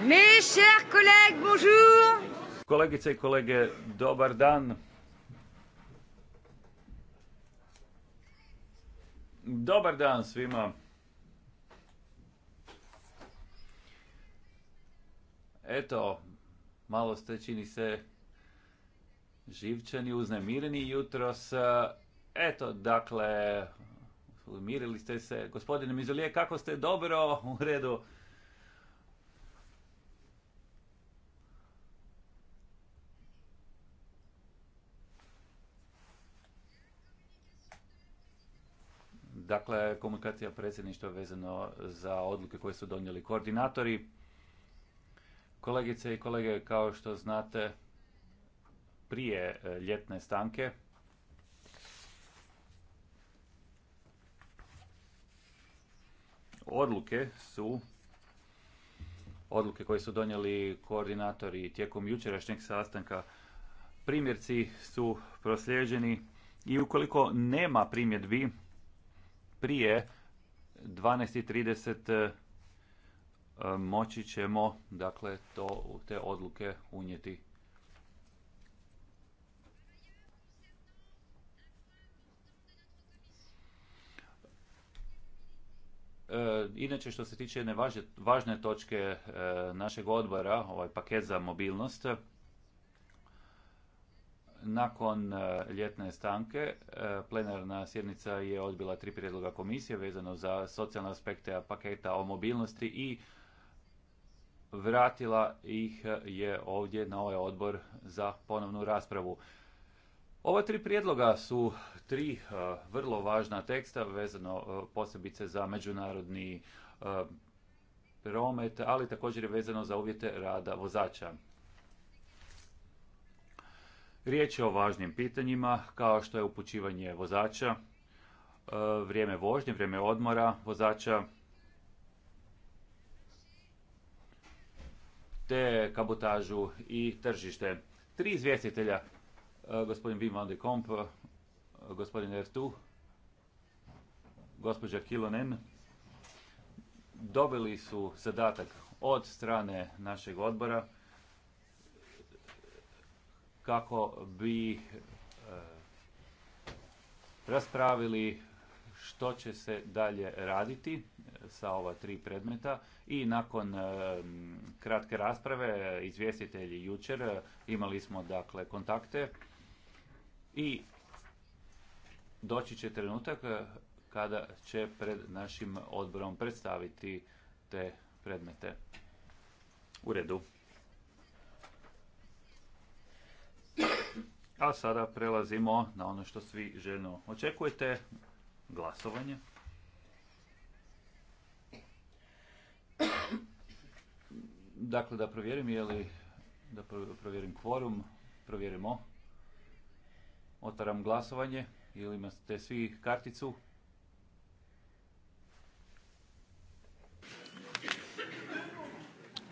Mes chers collègues, Kolegice i kolege, dobar dan. Dobar dan svima. Eto, malo ste čini se živčani, uznemireni jutros. Eto, dakle, umirili ste se. Gospodine Mizolije, kako ste dobro u redu? Dakle, komunikacija predsjedništva vezano za odluke koje su donijeli koordinatori. Kolegice i kolege, kao što znate, prije e, ljetne stanke odluke su odluke koje su donijeli koordinatori tijekom jučerašnjeg sastanka primjerci su proslijeđeni i ukoliko nema primjedbi prije 12.30 eh, moći ćemo dakle to, te odluke unijeti. Eh, inače što se tiče jedne važne, točke eh, našeg odbora, ovaj paket za mobilnost, nakon e, ljetne stanke e, plenarna sjednica je odbila tri prijedloga komisije vezano za socijalne aspekte paketa o mobilnosti i vratila ih je ovdje na ovaj odbor za ponovnu raspravu. Ova tri prijedloga su tri e, vrlo važna teksta vezano posebice za međunarodni promet, ali također je vezano za uvjete rada vozača. Riječ je o važnim pitanjima, kao što je upućivanje vozača, e, vrijeme vožnje, vrijeme odmora vozača, te kabotažu i tržište. Tri izvjestitelja, e, gospodin Wim van de Komp, e, gospodin Ertu, gospođa Kilonen, dobili su zadatak od strane našeg odbora kako bi e, raspravili što će se dalje raditi e, sa ova tri predmeta i nakon e, kratke rasprave izvjestitelji jučer imali smo dakle kontakte i doći će trenutak kada će pred našim odborom predstaviti te predmete. U redu. A sada prelazimo na ono što svi željno očekujete, glasovanje. Dakle, da provjerim je li, da provjerim kvorum, provjerimo. Otvaram glasovanje, ili imate svi karticu?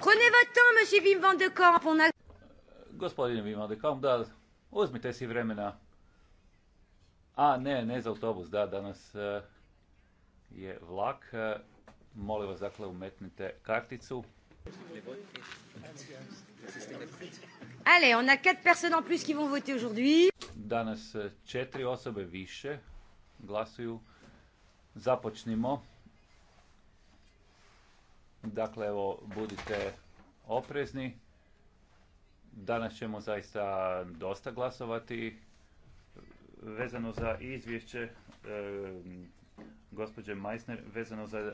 Prenez votre temps, Gospodine Vim de da, Uzmite si vremena. A, ne, ne za autobus, da, danas eh, je vlak. Eh, molim vas, dakle, umetnite karticu. Ale on a quatre personnes plus qui vont voter aujourd'hui. Danas eh, četiri osobe više glasuju. Započnimo. Dakle, evo, budite oprezni. Danas ćemo zaista dosta glasovati vezano za izvješće e, gospođe Meissner, vezano za e,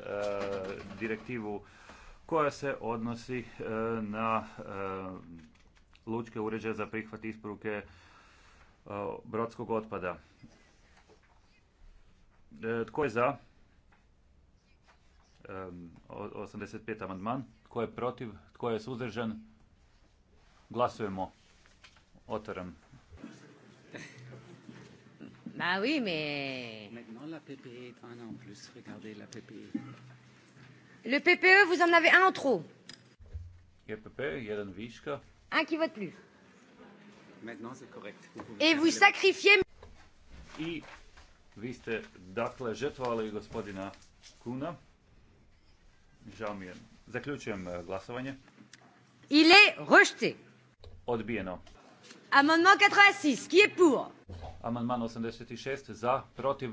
direktivu koja se odnosi e, na lučke uređaje za prihvat isporuke brodskog otpada. Tko je za? 85 amandman. Tko je protiv? Tko je suzdržan? Glasujemo. Otvaram. Ma oui, mais... Maintenant, la PPE est un an en plus. Regardez la PPE. Le PPE, vous en avez un en trop. PPE, jedan viška. Un qui vote plus. Maintenant, c'est correct. Et vous sacrifiez... I vi ste, dakle, žetvali gospodina Kuna. Žao mi je. Zaključujem eh, glasovanje. Il est rejeté. Odbijeno. Amandman 86, ki je pour? Amandman 86, za, protiv,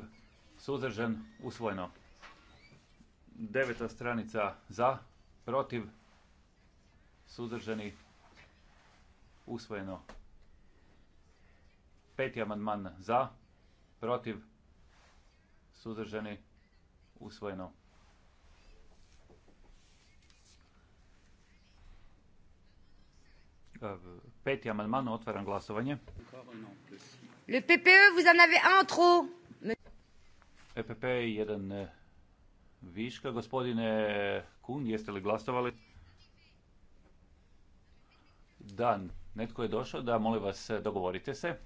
suzdržan, usvojeno. Deveta stranica za, protiv, suzdržani, usvojeno. Peti amandman za, protiv, suzdržani, usvojeno. Eh, peti amandman, otvaram glasovanje. Le PPE, vous en EPP e jedan eh, viška. Gospodine Kun, jeste li glasovali? Dan. Netko je došao, da, molim vas, eh, dogovorite se.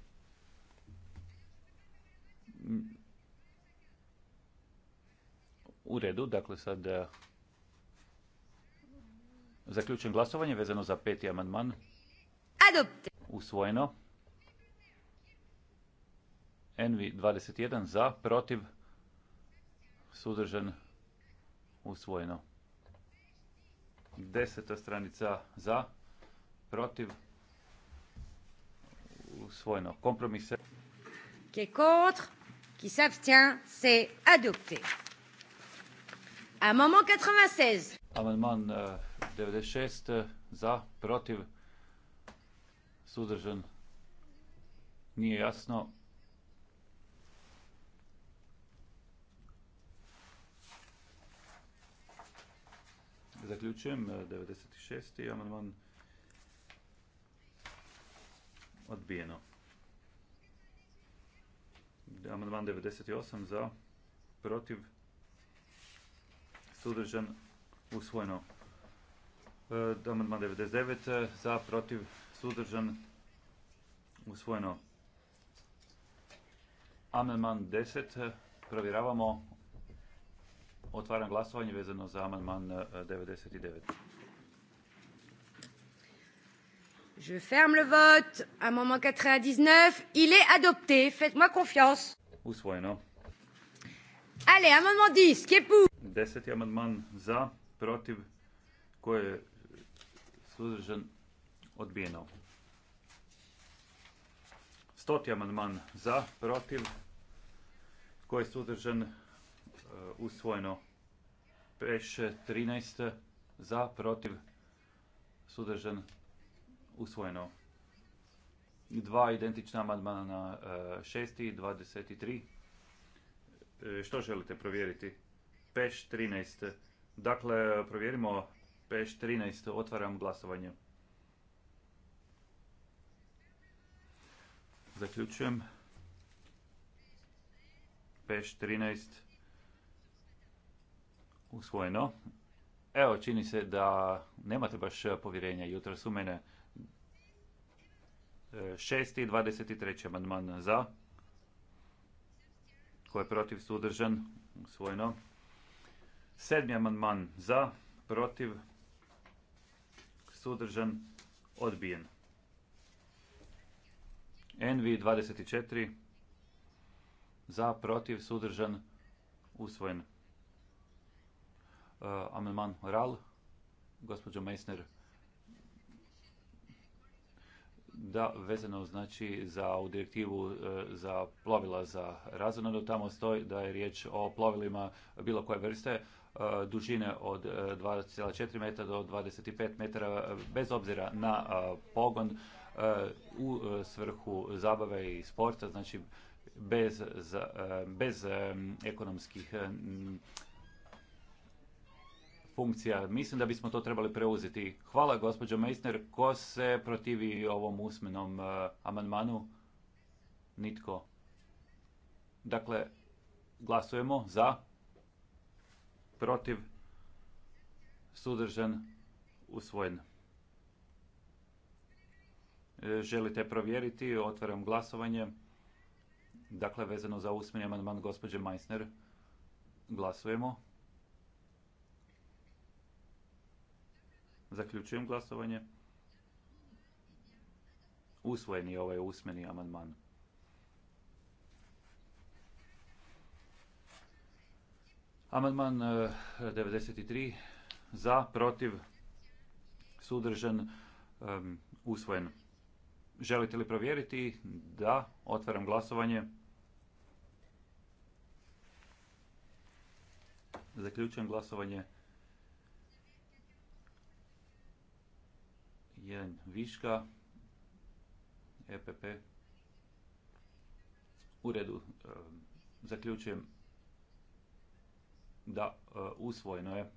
U redu, dakle sad zaključujem glasovanje vezano za peti amandman. Adopt. Usvojeno. Envi 21 za, protiv, sudržan, usvojeno. Deseta stranica za, protiv, usvojeno. Kompromise. se... Qui ki contre, qui s'abstient, c'est adopté. Amendement 96. Amendman 96 za, protiv, Suzdržan? Nije jasno. Zaključujem 96. E, amandman odbijeno. Amandman 98 za, protiv, sudržan, usvojeno. E, amandman 99 e, za, protiv, suzdržan, usvojeno. Amandman 10, eh, provjeravamo, otvaram glasovanje vezano za amandman 99. Eh, je ferme le vote. Amendement 99, il est adopté. Faites-moi confiance. Usvojeno. Allez, amenman 10, qui est pour? Deseti amandman za, protiv, koje je suzdržan, odbijeno. Stoti amandman za, protiv, koji je sudržan, e, usvojeno. Peš 13 za, protiv, sudržan, usvojeno. Dva identična amandmana 6 e, i 23. E, što želite provjeriti? Peš 13. Dakle, provjerimo Peš 13. Otvaram glasovanje. Zaključujem. Peš 13. Usvojeno. Evo, čini se da nemate baš povjerenja jutros u mene. 6. E, i 23. amandman za. Ko je protiv sudržan? Usvojeno. Sedmi amandman za, protiv, sudržan, odbijen. NV24 za, protiv, sudržan, usvojen. E, Amelman oral, gospođo Meissner, da vezano znači za u direktivu e, za plovila za razonadu tamo stoji da je riječ o plovilima bilo koje vrste e, dužine od 2,4 metara do 25 metara bez obzira na pogon u e, svrhu zabave i sporta, znači bez, e, bez e, ekonomskih funkcija. Mislim da bismo to trebali preuzeti. Hvala gospođo Meissner. Ko se protivi ovom usmenom amandmanu? Nitko. Dakle, glasujemo za, protiv, sudržan, usvojen. E, želite provjeriti? Otvaram glasovanje. Dakle, vezano za usmeni amandman gospođe Meissner. Glasujemo. Zaključujem glasovanje. Usvojen je ovaj usmeni amandman. Amandman 93 e, za, protiv, sudržan, e, usvojen. Želite li provjeriti? Da. Otvaram glasovanje. Zaključujem glasovanje. Jedan viška. EPP. U redu. E, zaključujem. Da, e, usvojeno je.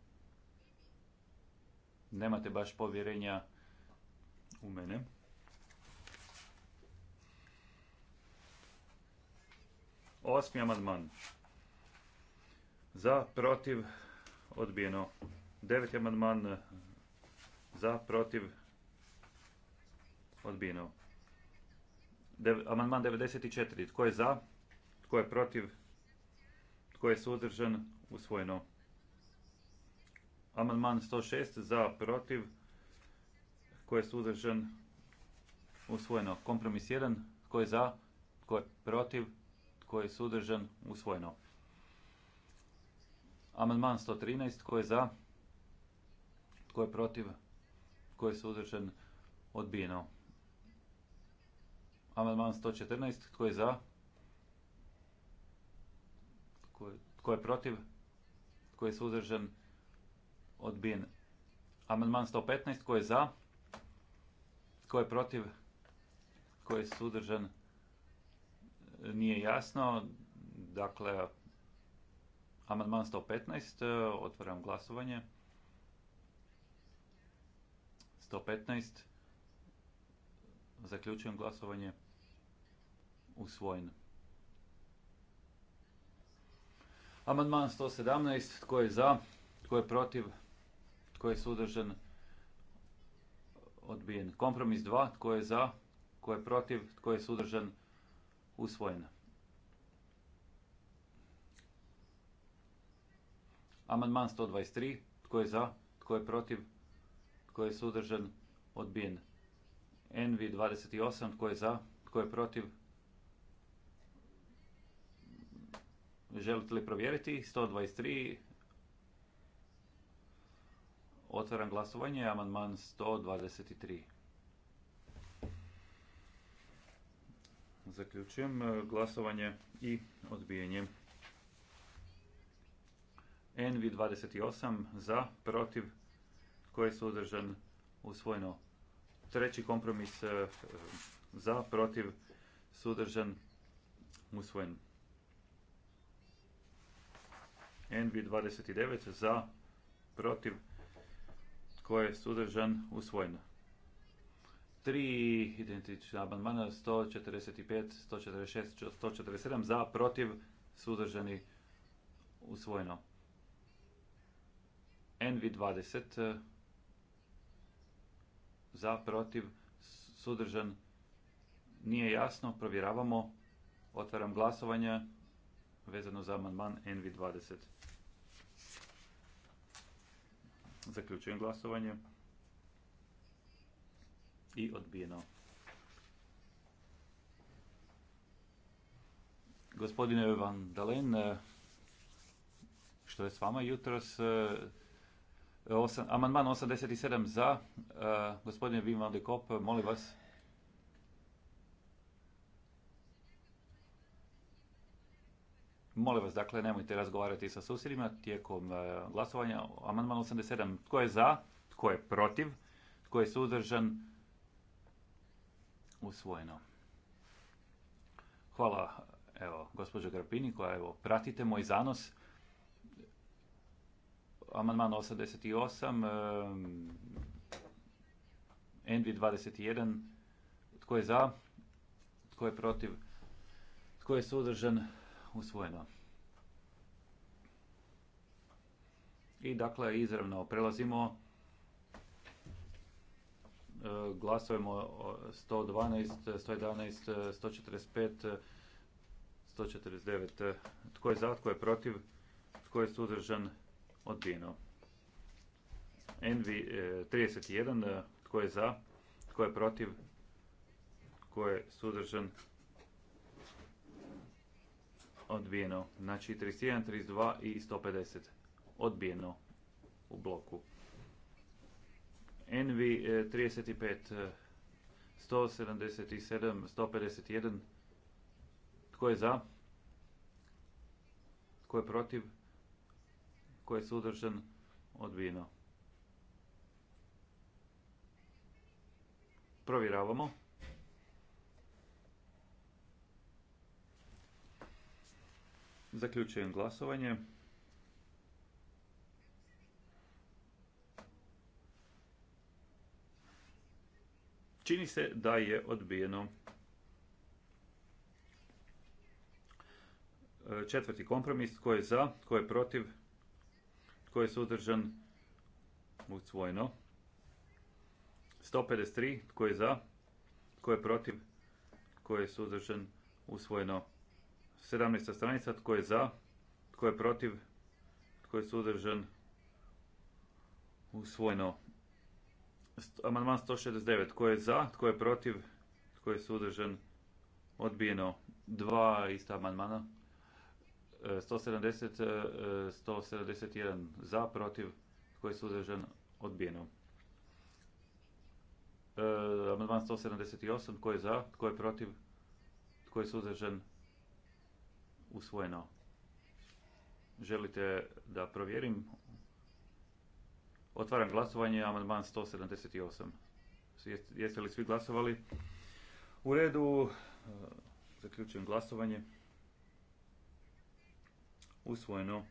Nemate baš povjerenja u mene. Osmi amandman. Za, protiv, odbijeno. Deveti amandman. Za, protiv, odbijeno. Amadman 94. Tko je za? Tko je protiv? Tko je suzdržan? Usvojeno. Amandman 106. Za, protiv. Tko je suzdržan? Usvojeno. Kompromis 1. Tko je za? Tko je protiv? Tko je sudržan? Usvojeno. Amandman 113. Tko je za? Tko je protiv? Tko je sudržan? Odbijeno. Amandman 114. Tko je za? Tko je, protiv? Tko je sudržan? Odbijen. Amandman 115. Tko je za? Tko je protiv? Tko je suzdržan? nije jasno. Dakle, amandman 115, e, otvaram glasovanje. 115, zaključujem glasovanje, usvojen. Amandman 117, tko je za, tko je protiv, tko je sudržan, odbijen. Kompromis 2, tko je za, tko je protiv, tko je sudržan, usvojena. Amandman 123. Tko je za? Tko je protiv? Tko je sudržan? Odbijen. Envi 28. Tko je za? Tko je protiv? Želite li provjeriti? 123. Otvaram glasovanje. Amandman 123. Zaključujem e, glasovanje i odbijenje. NV28 za, protiv, tko je suzdržan, usvojeno. Treći kompromis e, za, protiv, suzdržan, usvojen. NV29 za, protiv, tko je suzdržan, usvojeno tri identična amandmana 145, 146, 147 za, protiv, sudržani, usvojeno. NV20 za, protiv, sudržan, nije jasno, provjeravamo, otvaram glasovanje vezano za amandman NV20. Zaključujem glasovanje i odbijeno. Gospodine Van Dalen, eh, što je s vama jutros? Eh, amandman 87 za. Eh, gospodine Wim van molim vas. Molim vas, dakle, nemojte razgovarati sa susjedima tijekom glasovanja. Amandman 87. Tko je za? Tko je protiv? Tko je suzdržan? usvojeno. Hvala, evo, gospođo Grapini, koja, evo, pratite moj zanos. Amandman 88, Envi 21, tko je za, tko je protiv, tko je suzdržan, usvojeno. I dakle, izravno prelazimo E, glasujemo 112, 111, 145, 149. Tko je za, tko je protiv, tko je sudržan, odbijeno. Envi 31, tko je za, tko je protiv, tko je sudržan, odbijeno. Znači 31, 32 i 150, odbijeno u bloku nv 35, 177, 151. Tko je za? Tko je protiv? Tko je sudržan? Odbijeno. Provjeravamo. Zaključujem glasovanje. Čini se da je odbijeno. E, četvrti kompromis. Tko je za? Tko je protiv? Tko je suzdržan? Usvojeno. 153. Tko je za? Tko je protiv? Tko je suzdržan? Usvojeno. 17. stranica. Tko je za? Tko je protiv? Tko je suzdržan? Usvojeno. Amandman 169. Tko je za? Tko je protiv? Tko je sudržan? Odbijeno. Dva ista amandmana. 170, e, 171 e, za, protiv, tko je suzdržan, odbijeno. E, amandman 178, tko je za, tko je protiv, tko je suzdržan, usvojeno. Želite da provjerim? Otvaram glasovanje, amandman 178. Jeste li svi glasovali? U redu, e, zaključujem glasovanje. Usvojeno.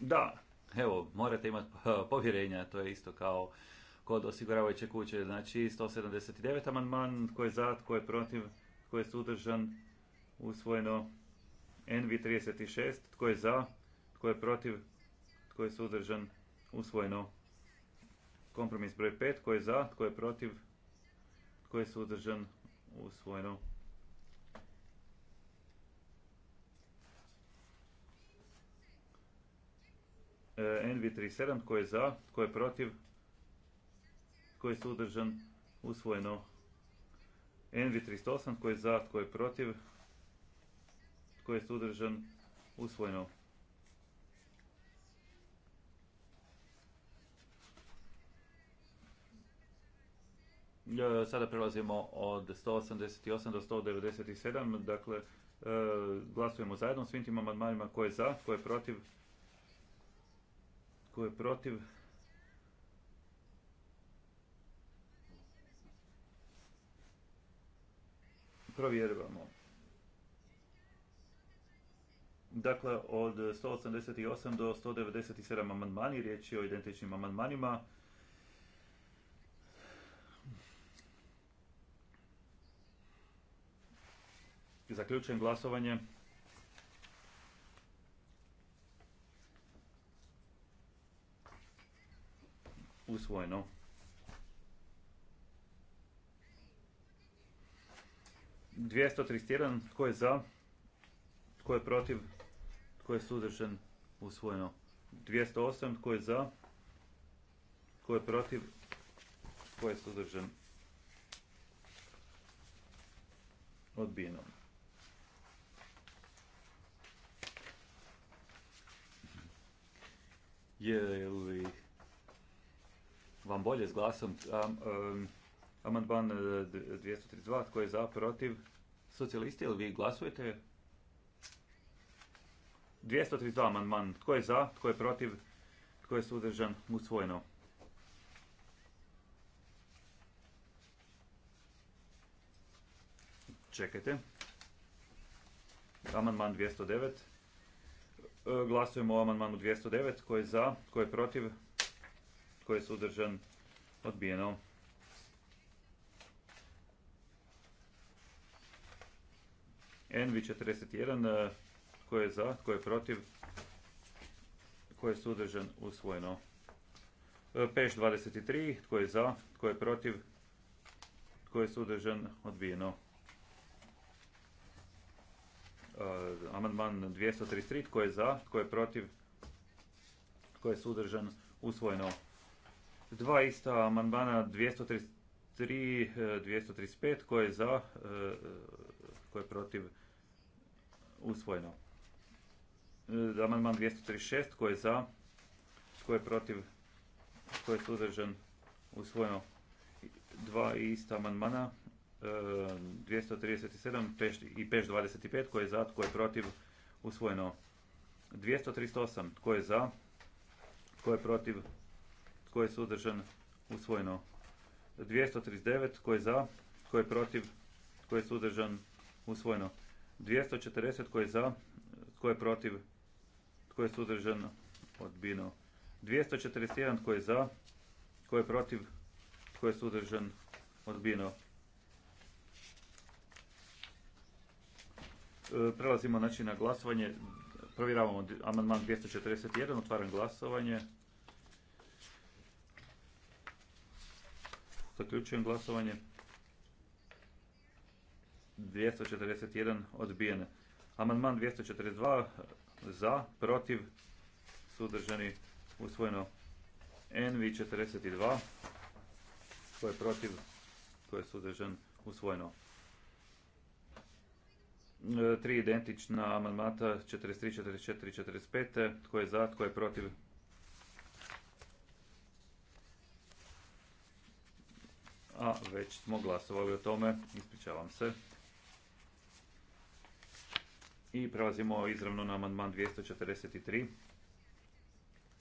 Da, evo, morate imati povjerenja, to je isto kao kod osiguravajuće kuće. Znači, 179 amandman, tko je za, tko je protiv, tko je sudržan, usvojeno. NV36, tko je za, tko je protiv? Tko je sudržan? Usvojeno. Kompromis broj 5. Tko je za? Tko je protiv? Tko je sudržan? Usvojeno. NV37, tko je za, tko je protiv, tko je suzdržan, usvojeno. nv 3.8, tko je za, tko je protiv, tko je sudržan? usvojeno. E, sada prelazimo od 188 do 197, dakle e, glasujemo zajedno svim tim amandmanima ko je za, ko je protiv, ko je protiv. Provjerujemo. Dakle, od 188 do 197 amandmani, riječ je o identičnim amandmanima. Zaključujem glasovanje. Usvojeno. Dvijesto jedan tko je za, tko je protiv, tko je suzdržan, usvojeno. 208, tko je za, tko je protiv, tko je suzdržan, odbijeno. je li vam bolje s glasom Am, um, amandman 232 e, tko je za protiv socijalisti ili vi glasujete 232 amandman tko je za tko je protiv tko je suzdržan usvojeno čekajte amandman 209 E, glasujemo o amandmanu 209. Tko je za? Tko je protiv? Tko je sudržan, Odbijeno. nv 41. E, tko je za? Tko je protiv? Tko je sudržan, Usvojeno. E, peš 23. Tko je za? Tko je protiv? Tko je sudržan, Odbijeno. Eh, amandman 233, tko je za, tko je protiv, tko je sudržan, usvojeno. Dva ista amandmana 233, 235, eh, tko je za, eh, tko je protiv, usvojeno. Amandman 236, tko je za, tko je protiv, tko je sudržan, usvojeno. Dva ista amandmana 237 i peš 25 tko je za, tko je protiv, usvojeno 238 tko je za, tko je protiv, tko je suzdržan, usvojeno 239 tko je za, tko je protiv, tko je suzdržan, usvojeno 240 tko je za, tko je protiv, tko je suzdržan, odbino 241 tko je za, tko je protiv, tko je suzdržan, odbino E, prelazimo znači na glasovanje. Provjeravamo amandman 241. Otvaram glasovanje. Zaključujem glasovanje. 241 odbijen. Amandman 242 za, protiv, sudržani, usvojeno. NV 42, tko je protiv, tko je sudržan, usvojeno. E, tri identična amandmata 43, 44, 45. Tko je za, tko je protiv? A već smo glasovali o tome, ispričavam se. I prelazimo izravno na amandman 243.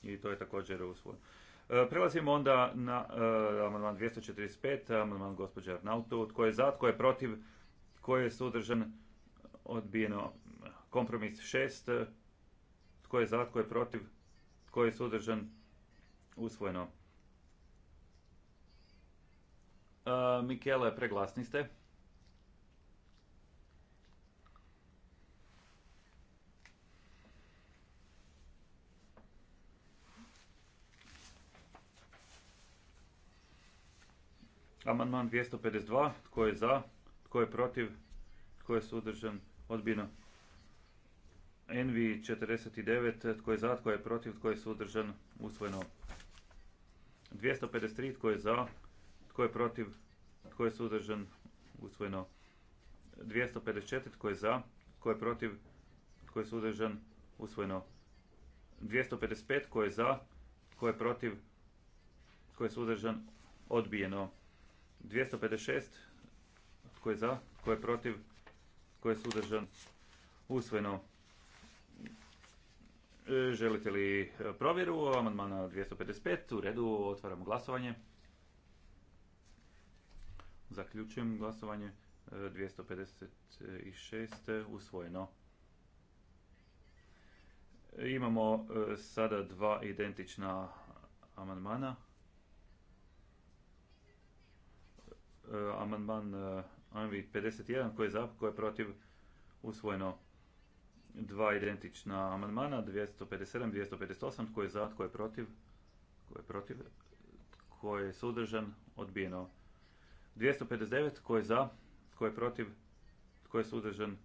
I to je također usvojeno. E, prelazimo onda na e, amandman 245, amandman gospođe Arnautu. Tko je za, tko je protiv, tko je sudržan? odbijeno. Kompromis šest tko je za, tko je protiv, tko je sudržan, usvojeno. E, Mikele, preglasni ste. Amandman 252. Tko je za? Tko je protiv? Tko je sudržan? odbijeno. Envi 49, tko je za, tko je protiv, tko je sudržan? usvojeno. 253, tko je za, tko je protiv, tko je sudržan? usvojeno. 254, tko je za, tko je protiv, tko je sudržan? usvojeno. 255, tko je za, tko je protiv, tko je sudržan? odbijeno. 256, tko je za, tko je protiv, koje je suzdržan? Usvojeno. E, želite li e, provjeru amandmana 255? U redu, otvaramo glasovanje. Zaključujem glasovanje. 256. E, usvojeno. Imamo sada dva identična amandmana. Amandman Anvi 51 koji je za, koji je protiv usvojeno dva identična amandmana 257 258 koji je za, koji je protiv, koji je protiv, koji je suzdržan, odbijeno. 259 koji je za, koji je protiv, koji je suzdržan,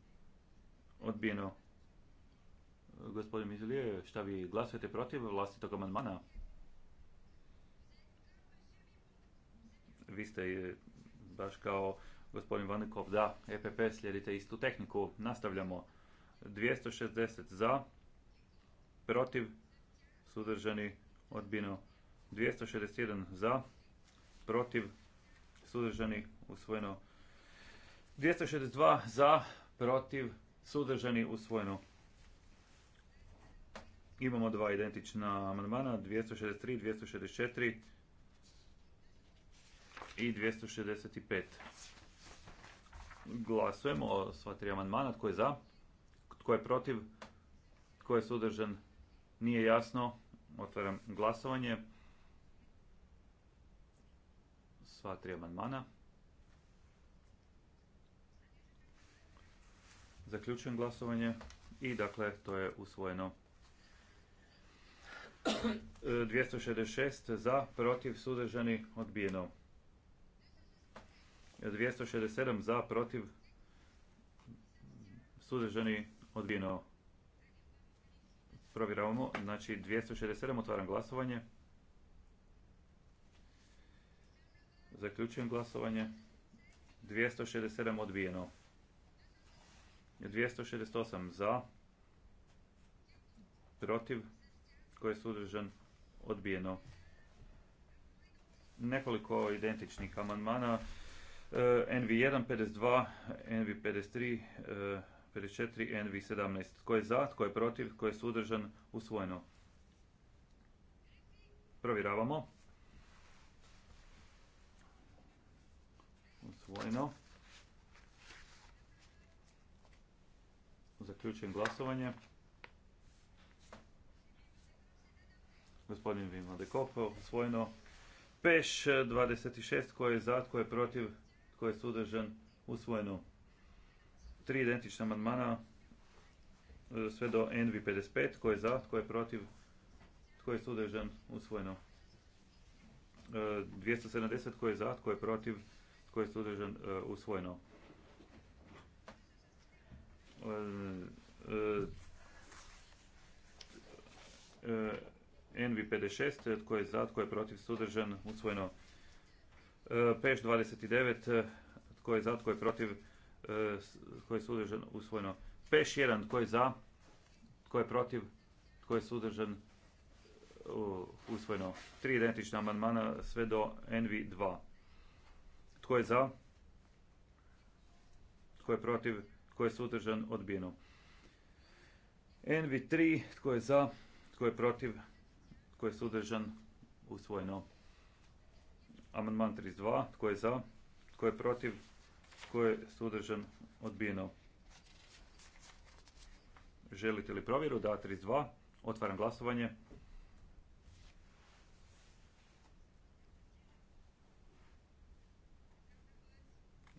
odbijeno. Gospodin Mizulije, šta vi glasujete protiv vlastitog amandmana? Vi ste baš kao Gospodin Vanikov, da, EPP, slijedite istu tehniku. Nastavljamo. 260 za, protiv, sudržani, odbino. 261 za, protiv, sudržani, usvojeno. 262 za, protiv, sudržani, usvojeno. Imamo dva identična amandmana, 263, 264 i 265. Glasujemo o sva tri amandmana. Tko je za? Tko je protiv? Tko je sudržan? Nije jasno. Otvaram glasovanje. Sva tri amandmana. Zaključujem glasovanje i dakle to je usvojeno. 266 e, za, protiv, sudržani, odbijeno. 267 za, protiv, suzdržani, odbijeno. Provjeravamo, znači 267, otvaram glasovanje. Zaključujem glasovanje. 267 odbijeno. 268 za, protiv, koji je suzdržan, odbijeno. Nekoliko identičnih amandmana. NV1, 52, NV53, 54, NV17. Tko je za, tko je protiv, tko je sudržan, usvojeno. Provjeravamo. Usvojeno. Zaključujem glasovanje. Gospodin Vimodekov, usvojeno. Peš 26, tko je za, tko je protiv, tko je sudržan? Usvojeno. Tri identična amandmana e, sve do NV55. Tko je za? Tko je protiv? Tko je sudržan? Usvojeno. 270. E, tko je za? Tko je protiv? Tko je sudržan? E, usvojeno. nv 56 tko je za, tko je protiv, sudržan, usvojeno Peš 29, tko je za, tko je protiv, tko je sudržan, usvojeno. Peš 1, tko je za, tko je protiv, tko je sudržan, usvojeno. Tri identična amandmana, sve do NV2. Tko je za, tko je protiv, tko je sudržan, odbijeno. NV3, tko je za, tko je protiv, tko je sudržan, usvojeno. Amandman 32. Tko je za? Tko je protiv? Tko je sudržan, Odbijeno. Želite li provjeru? Da, 32. Otvaram glasovanje.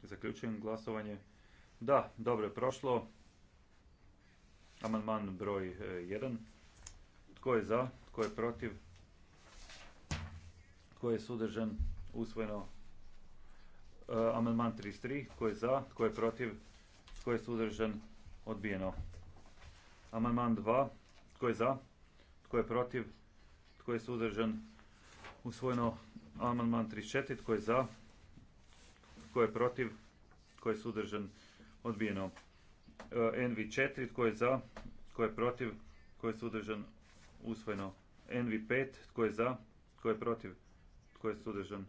Zaključujem glasovanje. Da, dobro je prošlo. Amandman broj 1. E, Tko je za? Tko je protiv? Tko je sudržan? usvojeno e, amandman 33, tko je za, tko je protiv, tko je sudržan odbijeno. Amandman 2, tko je za, tko je protiv, tko je sudržan usvojeno amandman 34, tko je za, tko je protiv, tko je sudržan odbijeno. E, NV4, tko je za, tko je protiv, tko je sudržan usvojeno. NV5, tko je za, tko je protiv, tko je suzdržan,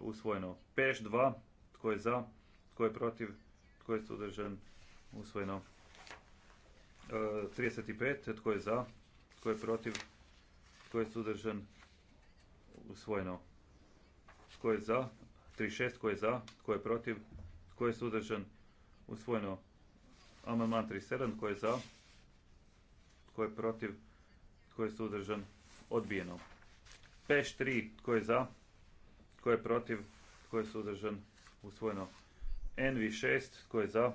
usvojeno. Peš 2, tko je za, tko je protiv, tko je sudržan usvojeno. 35, tko je za, tko je protiv, tko je sudržan usvojeno. Tko je za, 36, tko je za, tko je protiv, tko je sudržan usvojeno. Amandman 37, tko je za, tko je protiv, tko je sudržan odbijeno. Peš 3, tko je za, tko je protiv? Tko je suzdržan? Usvojeno. NV6. Tko je za?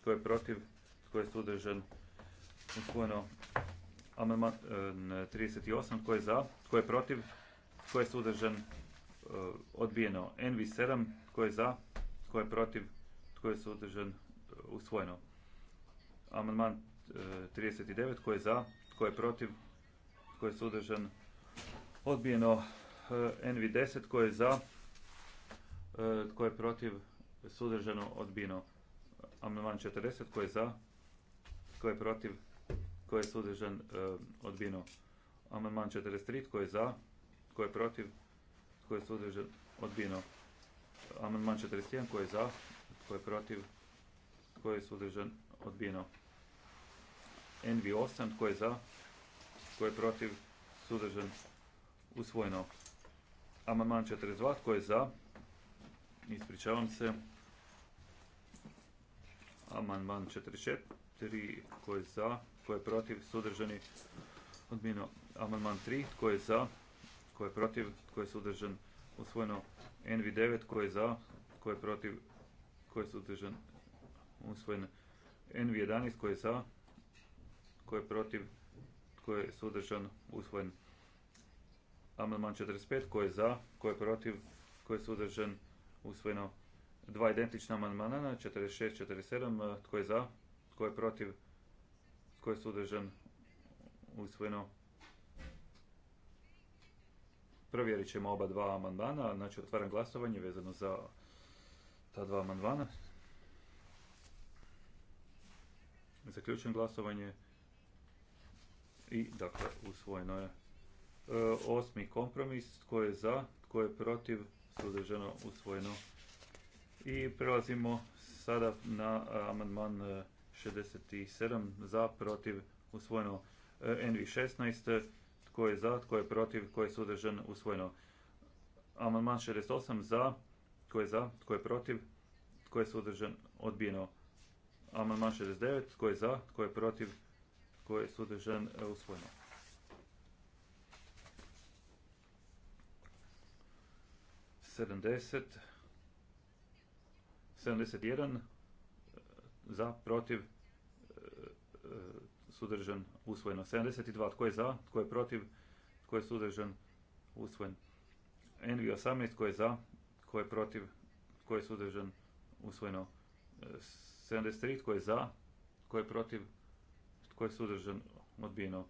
Tko je protiv? Tko je suzdržan? Usvojeno. Amandman 38. Tko je za? Tko je protiv? Tko je suzdržan? Odbijeno. NV7. Tko je za? Tko je protiv? Tko je suzdržan? Usvojeno. Amandman 39. Tko je za? Tko je protiv? Tko je suzdržan? Odbijeno. NV10 tko je za, tko je protiv, sudržano odbino. Amandman 40 tko je za, tko je protiv, tko je sudržan? Odbino? Amandman 43 tko je za, tko je protiv, tko je sudržan Odbino. Amandman 41 tko je za, tko je protiv, tko je sudržan? Odbino. NV8 tko je za, tko je protiv, sudržan usvojeno. Amandman 42. Tko je za? Ispričavam se. Amandman 44. Tko je za? Tko je protiv? Sudržani? odmino. Amandman 3. Tko je za? Tko je protiv? Tko je sudržan? Usvojeno. NV9. Tko je za? Tko je protiv? Tko je sudržan? Usvojeno. NV11. Tko je za? Tko je protiv? Tko je sudržan? Usvojeno. Amandman 45. Ko je za? Ko je protiv? Ko je suzdržan? Usvojeno. Dva identična amandmana 46, 47. E, tko je za? Tko je protiv? Tko je suzdržan? Usvojeno. Provjerit ćemo oba dva amandmana. Znači otvaram glasovanje vezano za ta dva amandmana. Zaključujem glasovanje. I dakle, usvojeno je. Osmi kompromis, tko je za, tko je protiv, suzdržano, usvojeno. I prelazimo sada na amandman 67, za, protiv, usvojeno. NV16, tko je za, tko je protiv, tko je suzdržan, usvojeno. Amandman 68, za, tko je za, tko je protiv, tko je suzdržan, odbijeno. Amandman 69, tko je za, tko je protiv, tko je suzdržan, usvojeno. 70, 71 za, protiv, sudržan, usvojeno. 72, tko je za, tko je protiv, tko je sudržan, usvojen. nv 18, tko je za, tko je protiv, tko je sudržan, usvojeno. 73, tko je za, tko je protiv, tko je sudržan, odbijeno.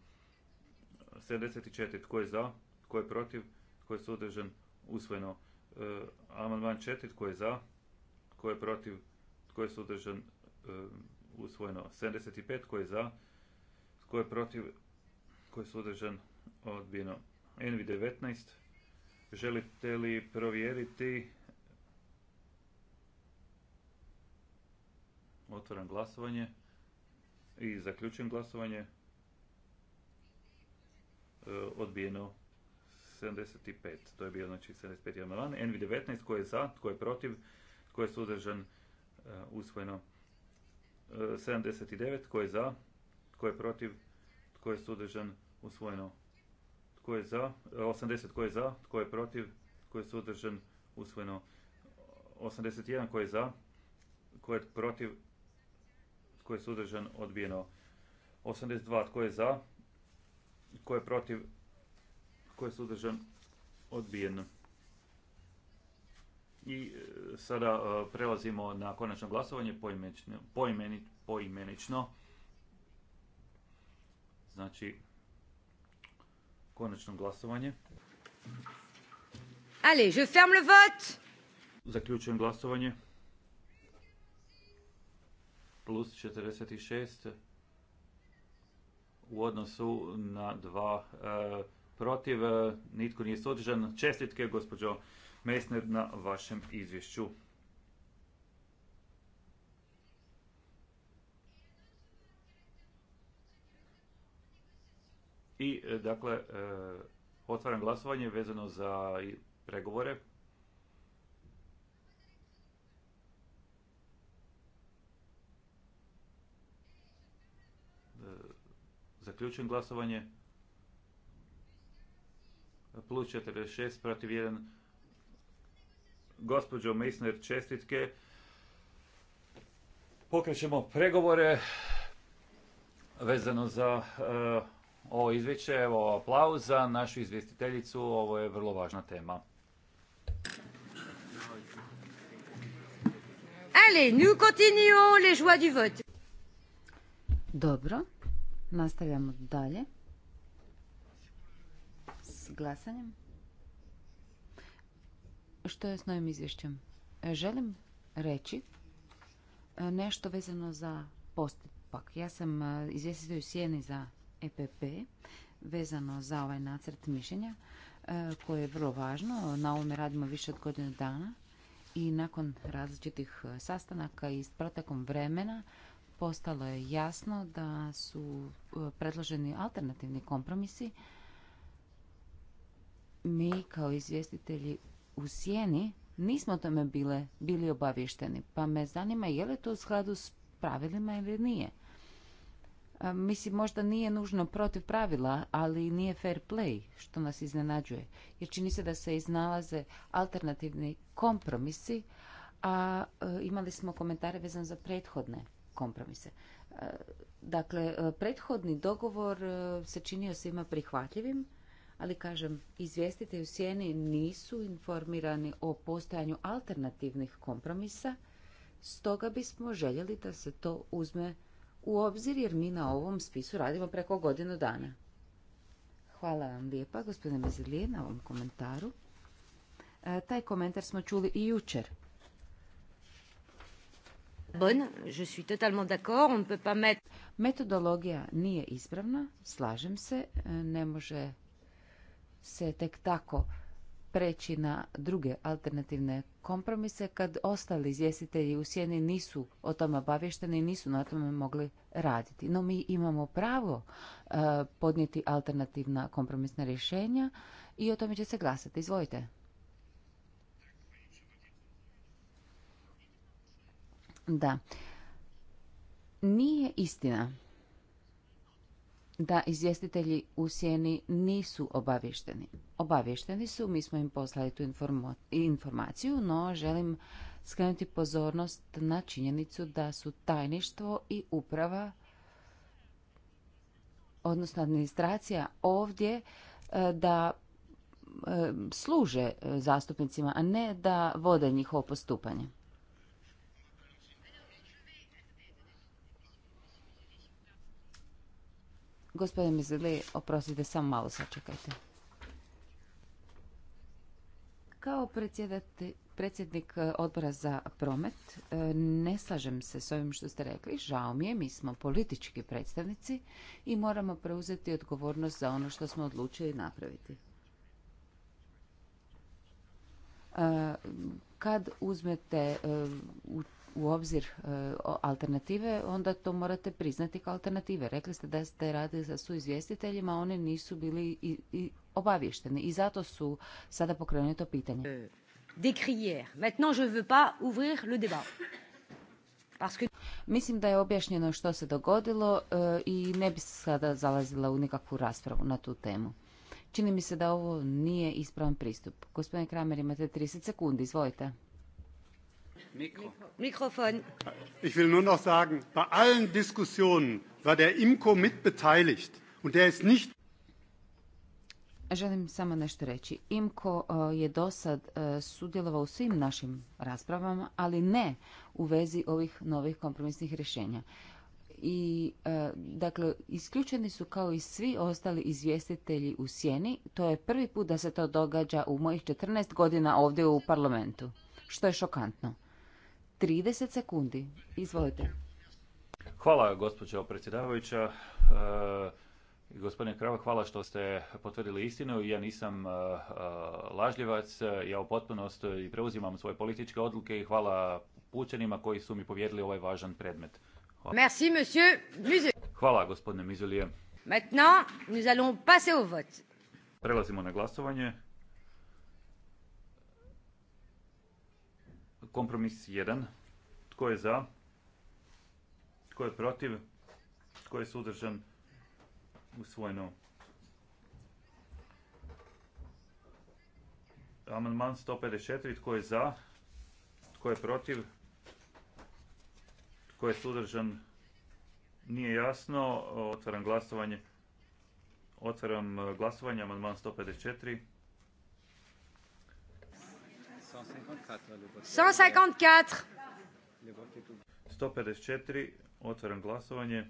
74, tko je za, tko je protiv, tko je sudržan, usvojeno. E, amandman četiri Tko je za? Tko je protiv? Tko je suzdržan? E, usvojeno. 75. Tko je za? Tko je protiv? Tko je sudržan Odbijeno. Envi 19. Želite li provjeriti? Otvaram glasovanje i zaključujem glasovanje. E, odbijeno 75. To je bio znači 75 jedan NV19 tko je za, tko je protiv, tko je suzdržan, usvojeno. 79 tko je za, tko je protiv, tko je suzdržan, usvojeno. Tko je za, 80 tko je za, tko je protiv, tko je suzdržan, usvojeno. 81 tko je za, tko je protiv, tko je suzdržan, odbijeno. 82 tko je za, tko je protiv, koji je suzdržan? Odbijeno. I e, sada e, prelazimo na konačno glasovanje poimenično. Znači, konačno glasovanje. Allez, je ferme le Zaključujem glasovanje. Plus 46 u odnosu na dva e, protiv, e, nitko nije sudržan. Čestitke, gospođo Mesner, na vašem izvješću. I, e, dakle, e, otvaram glasovanje vezano za pregovore. Zaključujem glasovanje plus 46 protiv 1. Gospođo Meissner, čestitke. Pokrećemo pregovore vezano za eh, ovo izvješće. Evo aplauz za našu izvjestiteljicu. Ovo je vrlo važna tema. nous continuons les Dobro, nastavljamo dalje glasanjem. Što je s novim izvješćem? E, želim reći e, nešto vezano za postupak. Ja sam e, izvjestitelj u sjeni za EPP vezano za ovaj nacrt mišljenja koje je vrlo važno. Na ovome radimo više od godinu dana i nakon različitih sastanaka i s protekom vremena postalo je jasno da su predloženi alternativni kompromisi mi kao izvjestitelji u sjeni nismo o tome bile, bili obavješteni. Pa me zanima je li to u skladu s pravilima ili nije. mislim, možda nije nužno protiv pravila, ali nije fair play, što nas iznenađuje. Jer čini se da se iznalaze alternativni kompromisi, a e, imali smo komentare vezan za prethodne kompromise. E, dakle, e, prethodni dogovor se činio svima prihvatljivim, ali kažem, izvjestitelji u sjeni nisu informirani o postojanju alternativnih kompromisa, stoga bismo željeli da se to uzme u obzir jer mi na ovom spisu radimo preko godinu dana. Hvala vam lijepa, gospodine Mezilije, na ovom komentaru. E, taj komentar smo čuli i jučer. Bon, je suis totalement d'accord, on peut pas mettre... Metodologija nije ispravna, slažem se, e, ne može se tek tako preći na druge alternativne kompromise kad ostali izvjestitelji u sjeni nisu o tome obavješteni i nisu na tome mogli raditi. No mi imamo pravo e, podnijeti alternativna kompromisna rješenja i o tome će se glasati. Izvojite. Da. Nije istina da izvjestitelji u sjeni nisu obavješteni. Obavješteni su, mi smo im poslali tu informaciju, no želim skrenuti pozornost na činjenicu da su tajništvo i uprava, odnosno administracija ovdje, e, da e, služe zastupnicima, a ne da vode njihovo postupanje. Gospodin Mizeli, oprostite, samo malo sačekajte. Kao predsjednik e, odbora za promet e, ne slažem se s ovim što ste rekli. Žao mi je, mi smo politički predstavnici i moramo preuzeti odgovornost za ono što smo odlučili napraviti. E, kad uzmete u u obzir e, alternative, onda to morate priznati kao alternative. Rekli ste da ste radili sa suizvjestiteljima, oni nisu bili i, i obavješteni i zato su sada pokrenuli to pitanje. Euh, Maintenant, je veux pas ouvrir le Mislim da je objašnjeno što se dogodilo e, i ne bi se sada zalazila u nikakvu raspravu na tu temu. Čini mi se da ovo nije ispravan pristup. Gospodine Kramer, imate 30 sekundi, izvolite. Mikrofon. Ich will nur noch sagen, bei allen Diskussionen war der IMCO mitbeteiligt und der ist nicht Želim samo nešto reći. IMKO e, je do sad e, sudjelovao u svim našim raspravama, ali ne u vezi ovih novih kompromisnih rješenja. I, e, dakle, isključeni su kao i svi ostali izvjestitelji u sjeni. To je prvi put da se to događa u mojih 14 godina ovdje u parlamentu, što je šokantno. 30 sekundi. Izvolite. Hvala, gospođo predsjedavajuća. E, gospodine Krava, hvala što ste potvrdili istinu. Ja nisam e, lažljivac, ja u potpunosti preuzimam svoje političke odluke i hvala pućenima koji su mi povjerili ovaj važan predmet. Hvala, Merci, monsieur. hvala gospodine Mizulije. Maintenant, nous allons passer au vote. Prelazimo na glasovanje. Kompromis 1. Tko je za? Tko je protiv? Tko je sudržan? Usvojeno. Amandman 154. Tko je za? Tko je protiv? Tko je sudržan? Nije jasno. Otvaram glasovanje. Otvaram eh, glasovanje. Amandman 154. 154. 154. Otvaram glasovanje.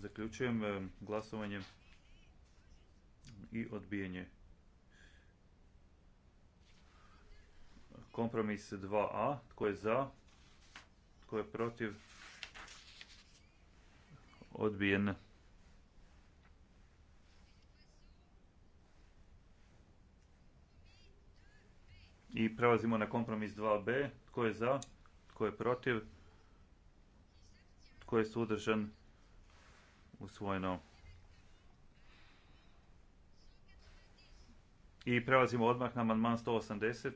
Zaključujem eh, glasovanje i odbijanje. Kompromis 2a. Tko je za? Tko je protiv? Odbijen. I prelazimo na kompromis 2b. Tko je za? Tko je protiv? Tko je sudržan, Usvojeno. I prelazimo odmah na amandman 180,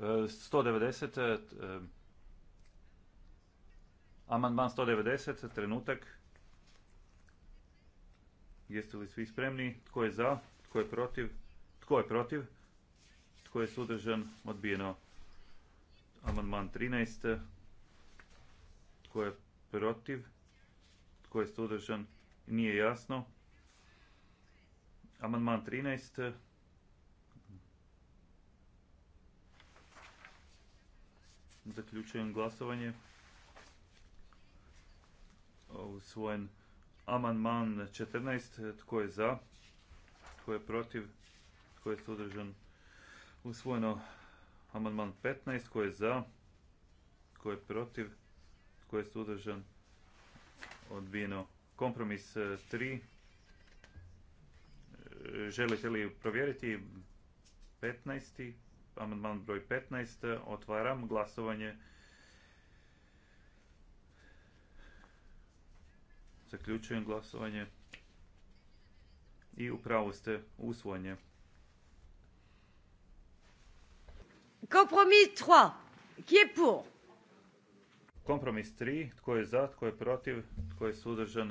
190, eh, eh, amandman 190, trenutak. Jeste li svi spremni? Tko je za? Tko je protiv? Tko je protiv? Tko je sudržan? Odbijeno. Amandman 13. Tko je protiv? Tko je sudržan? Nije jasno. Amandman 13. Zaključujem glasovanje. Usvojen amandman 14. Tko je za? Tko je protiv? Tko je sudržan? Usvojeno amandman 15. Tko je za? Tko je protiv? koji je sudržan, Odbijeno. Kompromis 3. E, e, želite li provjeriti 15. Amandman broj 15. Otvaram glasovanje. Zaključujem glasovanje. I upravo ste usvojenje. Kompromis 3. Qui est pour? Kompromis 3. Tko je za, tko je protiv, tko je sudržan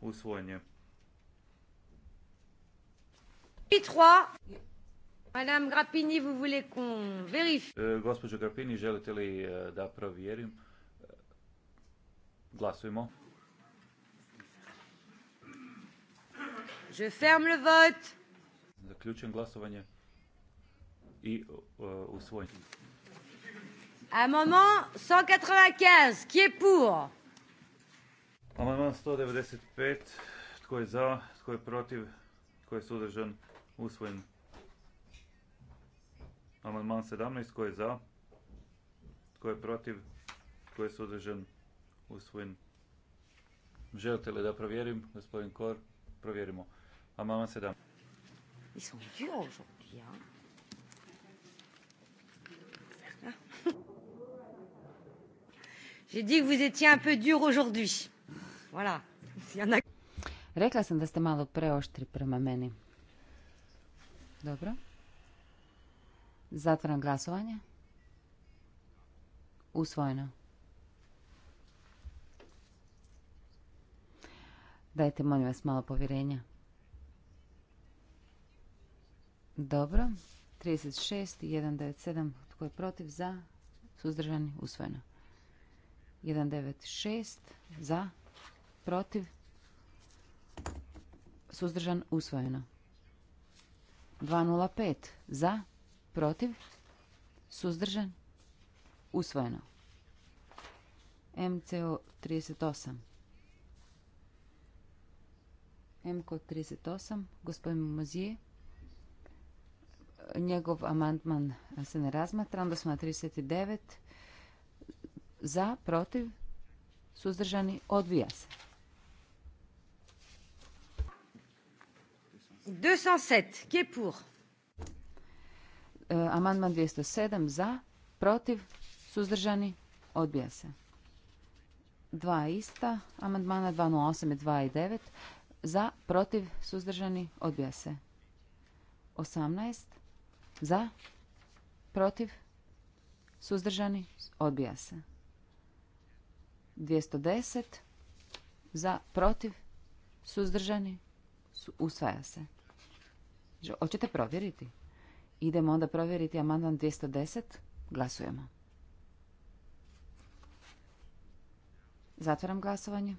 u je. I 3. Madame Grappini, vous voulez qu'on vérifie? E, Grappini, želite li e, da provjerim? glasujemo. Je ferme le vote. Zaključujem glasovanje i usvojen. Amendment 195, qui est pour? Amendment 195, tko je za, tko je protiv, tko je sudržan, usvojen. Amandman 17, tko je za, tko je protiv, tko je sudržan, usvojen. Želite li da provjerim, gospodin Kor? Provjerimo. Amandman 17. Ils sont durs aujourd'hui, hein? J'ai dit que vous étiez un peu dur aujourd'hui. Voilà. Rekla sam da ste malo preoštri prema meni. Dobro. Zatvaram glasovanje. Usvojeno. Dajte, molim vas, malo povjerenja. Dobro. 36 i 197. Tko je protiv? Za. Suzdržani. Usvojeno. 196 za, protiv, suzdržan, usvojeno. 205 za, protiv, suzdržan, usvojeno. MCO 38. MCO 38, gospodin Mozije. Njegov amantman se ne razmatra. Onda smo na 39. Za, protiv, suzdržani, odbija se. 207, e, amandman 207, za, protiv, suzdržani, odbija se. Dva ista, amandmana 208 i 209, za, protiv, suzdržani, odbija se. 18, za, protiv, suzdržani, odbija se. 210 za, protiv, suzdržani, usvaja se. Hoćete provjeriti? Idemo onda provjeriti amandman 210. Glasujemo. Zatvaram glasovanje.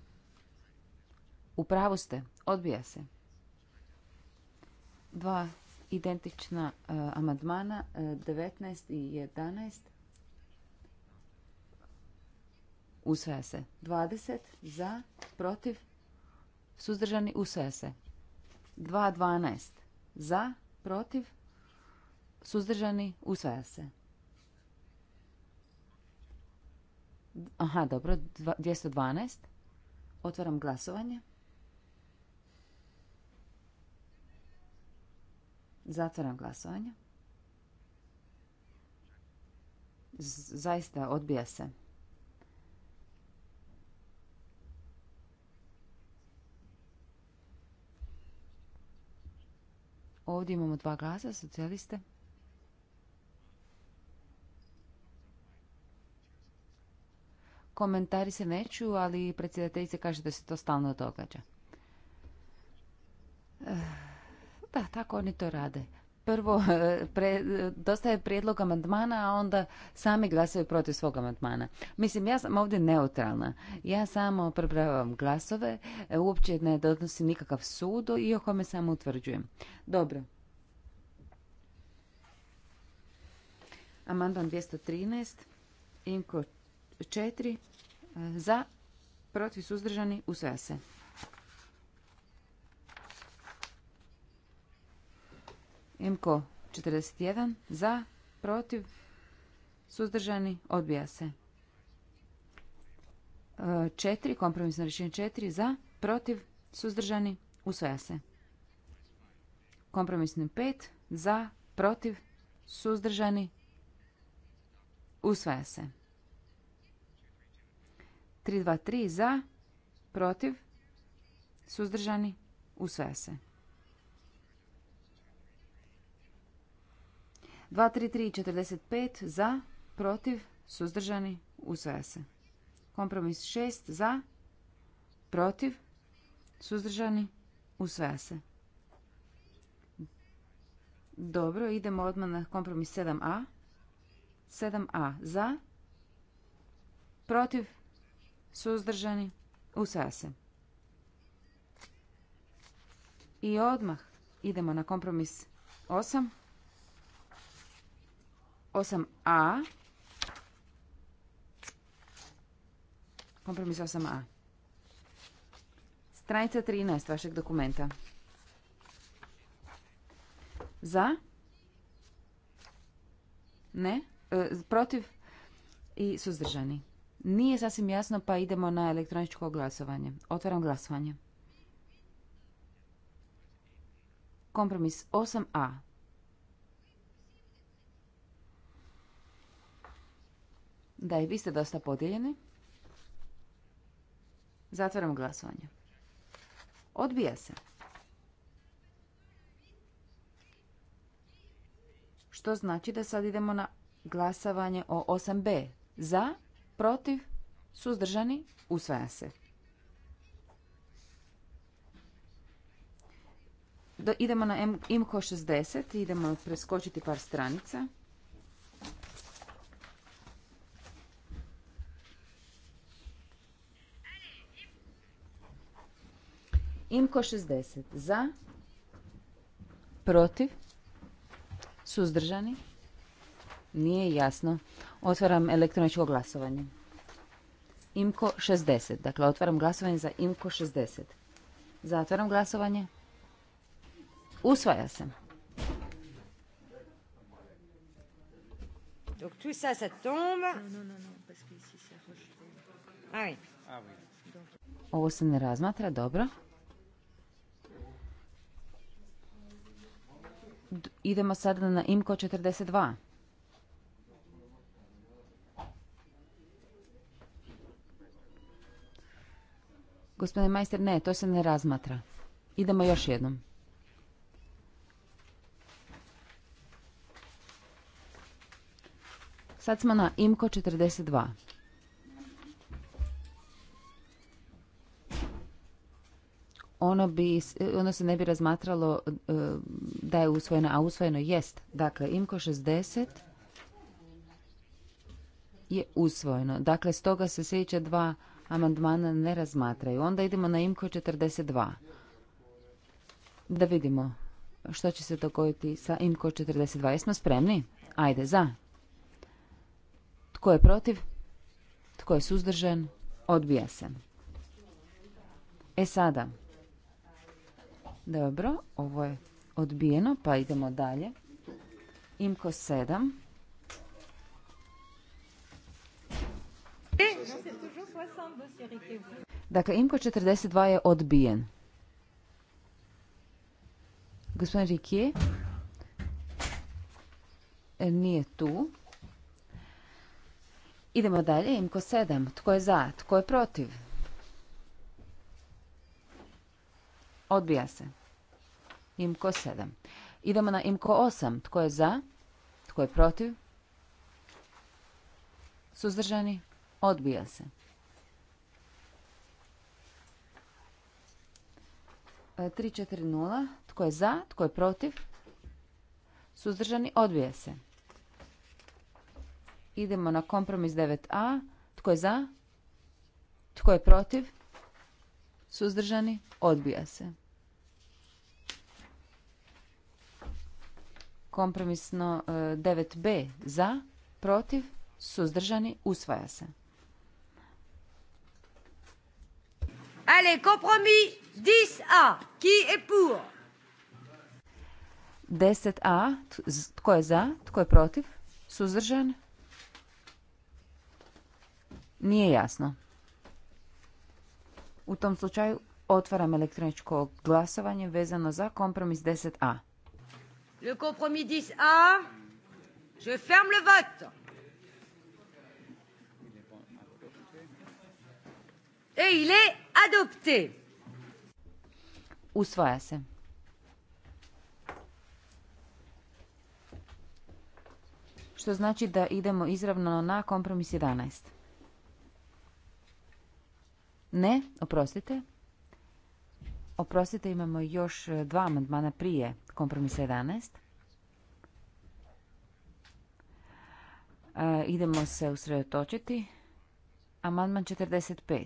U pravu ste. Odbija se. Dva identična eh, amandmana, 19 eh, i 11. usvaja se. 20 za, protiv, suzdržani, usvaja se. 2.12 za, protiv, suzdržani, usvaja se. Aha, dobro, 212. Otvaram glasovanje. Zatvaram glasovanje. zaista odbija se. Ovdje imamo dva glasa, socijaliste. Komentari se neću, ali predsjedateljice kaže da se to stalno događa. Eh, da, tako oni to rade prvo pre, dostaje prijedlog amandmana, a onda sami glasaju protiv svog amandmana. Mislim, ja sam ovdje neutralna. Ja samo prebravam glasove, e, uopće ne donosim nikakav sud i o kome samo utvrđujem. Dobro. Amandman 213, Imko 4, e, za, protiv suzdržani, u se. Imko 41 za, protiv, suzdržani, odbija se. E, četiri kompromisno rješenje četiri za, protiv, suzdržani, usvaja se. Kompromisni pet za, protiv, suzdržani, usvaja se. 323 za, protiv, suzdržani, usvaja se. 3, 45 za, protiv, suzdržani, usvaja se. Kompromis 6 za, protiv, suzdržani, usvaja se. Dobro, idemo odmah na kompromis 7a. 7a za, protiv, suzdržani, usvaja se. I odmah idemo na kompromis 8 8a. Kompromis 8a. Stranica 13 vašeg dokumenta. Za? Ne? E, protiv? I suzdržani. Nije sasvim jasno pa idemo na elektroničko glasovanje. Otvaram glasovanje. Kompromis 8a. Da, i vi ste dosta podijeljeni. Zatvaram glasovanje. Odbija se. Što znači da sad idemo na glasovanje o 8b. Za, protiv, suzdržani, usvaja se. idemo na imko 60, idemo preskočiti par stranica. Imko 60 za, protiv, suzdržani, nije jasno. Otvaram elektroničko glasovanje. Imko 60. Dakle, otvaram glasovanje za Imko 60. Zatvaram glasovanje. Usvaja se. Donc tout ça, ça tombe. Non, non, non, non, parce ici, c'est rejeté. Ah oui. Ah oui. Ovo se ne razmatra, dobro. idemo sada na IMCO 42. Gospodine majster, ne, to se ne razmatra. Idemo još jednom. Sad smo na IMCO 42. ono, bi, ono se ne bi razmatralo e, da je usvojeno, a usvojeno jest. Dakle, IMKO 60 je usvojeno. Dakle, stoga se sljedeća dva amandmana ne razmatraju. Onda idemo na IMKO 42. Da vidimo što će se dogoditi sa IMKO 42. Jesmo spremni? Ajde, za. Tko je protiv? Tko je suzdržan? Odbija se. E sada, dobro, ovo je odbijeno, pa idemo dalje. Imko 7. Dakle, Imko 42 je odbijen. Gospodin Rikije e, nije tu. Idemo dalje, Imko 7. Tko je za, tko je protiv? Odbija se. Imko 7. Idemo na Imko 8. Tko je za? Tko je protiv? Suzdržani? Odbija se. E, 3.4.0. Tko je za? Tko je protiv? Suzdržani? Odbija se. Idemo na kompromis 9a. Tko je za? Tko je protiv? Suzdržani? Odbija se. Kompromisno 9b e, za, protiv, suzdržani, usvaja se. Allez, kompromis 10a, qui est pour? 10a, tko je za, tko je protiv, suzdržan? Nije jasno. U tom slučaju otvaram elektroničko glasovanje vezano za kompromis 10a. Le compromis 10A. Je ferme le vote. Et il est adopté. Usvaja se. Što znači da idemo izravno na kompromis 11. Ne, oprostite. Oprostite, imamo još dva amandmana prije. Kompromis 11. E, idemo se usredotočiti. Amandman 45.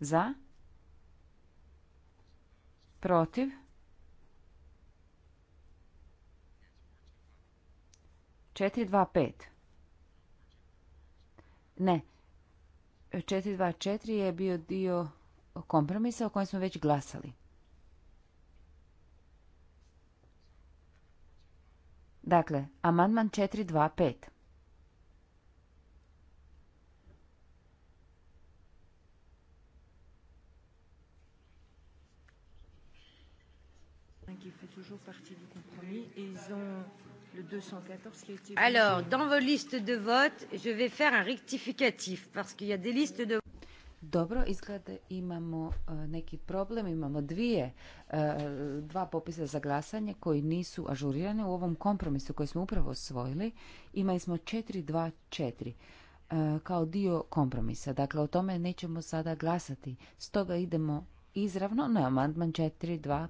Za? Protiv? Četiri, dva, pet. Ne. E, četiri, dva, četiri je bio dio kompromisa o kojem smo već glasali. Dakle, amandman 425. Alors, dans vos listes de vote, je vais faire un rectificatif parce qu'il y a des listes de... Dobro, izgleda imamo e, neki problem, imamo dvije, e, dva popisa za glasanje koji nisu ažurirane u ovom kompromisu koji smo upravo osvojili. Imali smo 4-2-4 e, kao dio kompromisa, dakle o tome nećemo sada glasati. Stoga idemo izravno na amandman 4-2-5.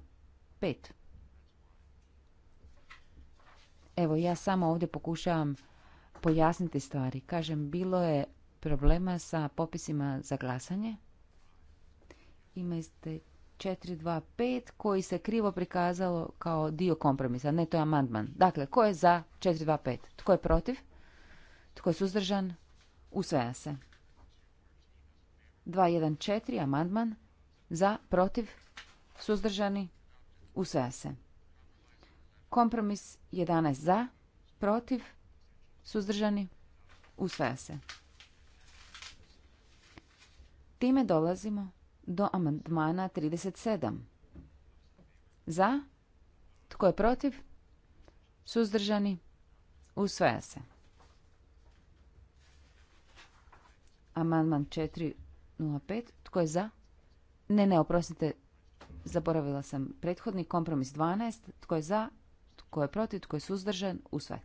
Evo, ja samo ovdje pokušavam pojasniti stvari. Kažem, bilo je problema sa popisima za glasanje. Imate 425 koji se krivo prikazalo kao dio kompromisa. Ne, to je amandman. Dakle, ko je za 425? Tko je protiv? Tko je suzdržan? Usvaja se. 214 amandman. Za, protiv, suzdržani, usvaja se. Kompromis 11 za, protiv, suzdržani, usvaja se. Time dolazimo do amandmana 37. Za? Tko je protiv? Suzdržani? Usvaja se. Amandman 405. Tko je za? Ne, ne, oprostite, zaboravila sam prethodni kompromis 12. Tko je za? Tko je protiv? Tko je suzdržan? Usvaja.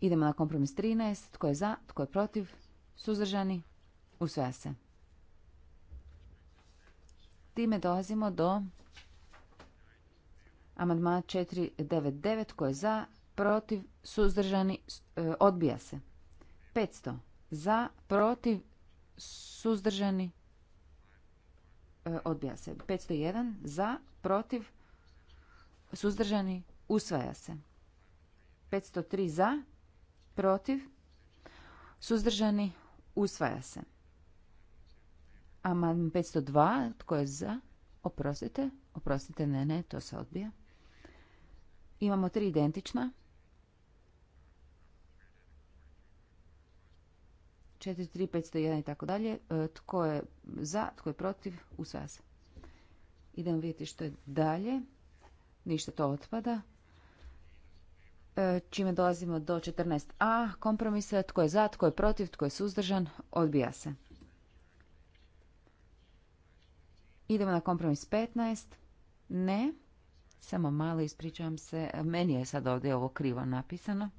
Idemo na kompromis 13. Tko je za? Tko je protiv? Suzdržani? Usvaja se. Time dolazimo do amadma 499 koje je za, protiv, suzdržani, e, odbija se. 500. Za, protiv, suzdržani, e, odbija se. 501. Za, protiv, suzdržani, usvaja se. 503. Za, protiv, suzdržani, Usvaja se. Amandman 502. Tko je za? Oprostite. Oprostite, ne, ne, to se odbija. Imamo tri identična. 4, 3, 501 i tako dalje. E, tko je za, tko je protiv, usvaja se. Idemo vidjeti što je dalje. Ništa to otpada čime dolazimo do 14a kompromisa. Tko je za, tko je protiv, tko je suzdržan, odbija se. Idemo na kompromis 15. Ne. Samo malo ispričavam se. Meni je sad ovdje ovo krivo napisano.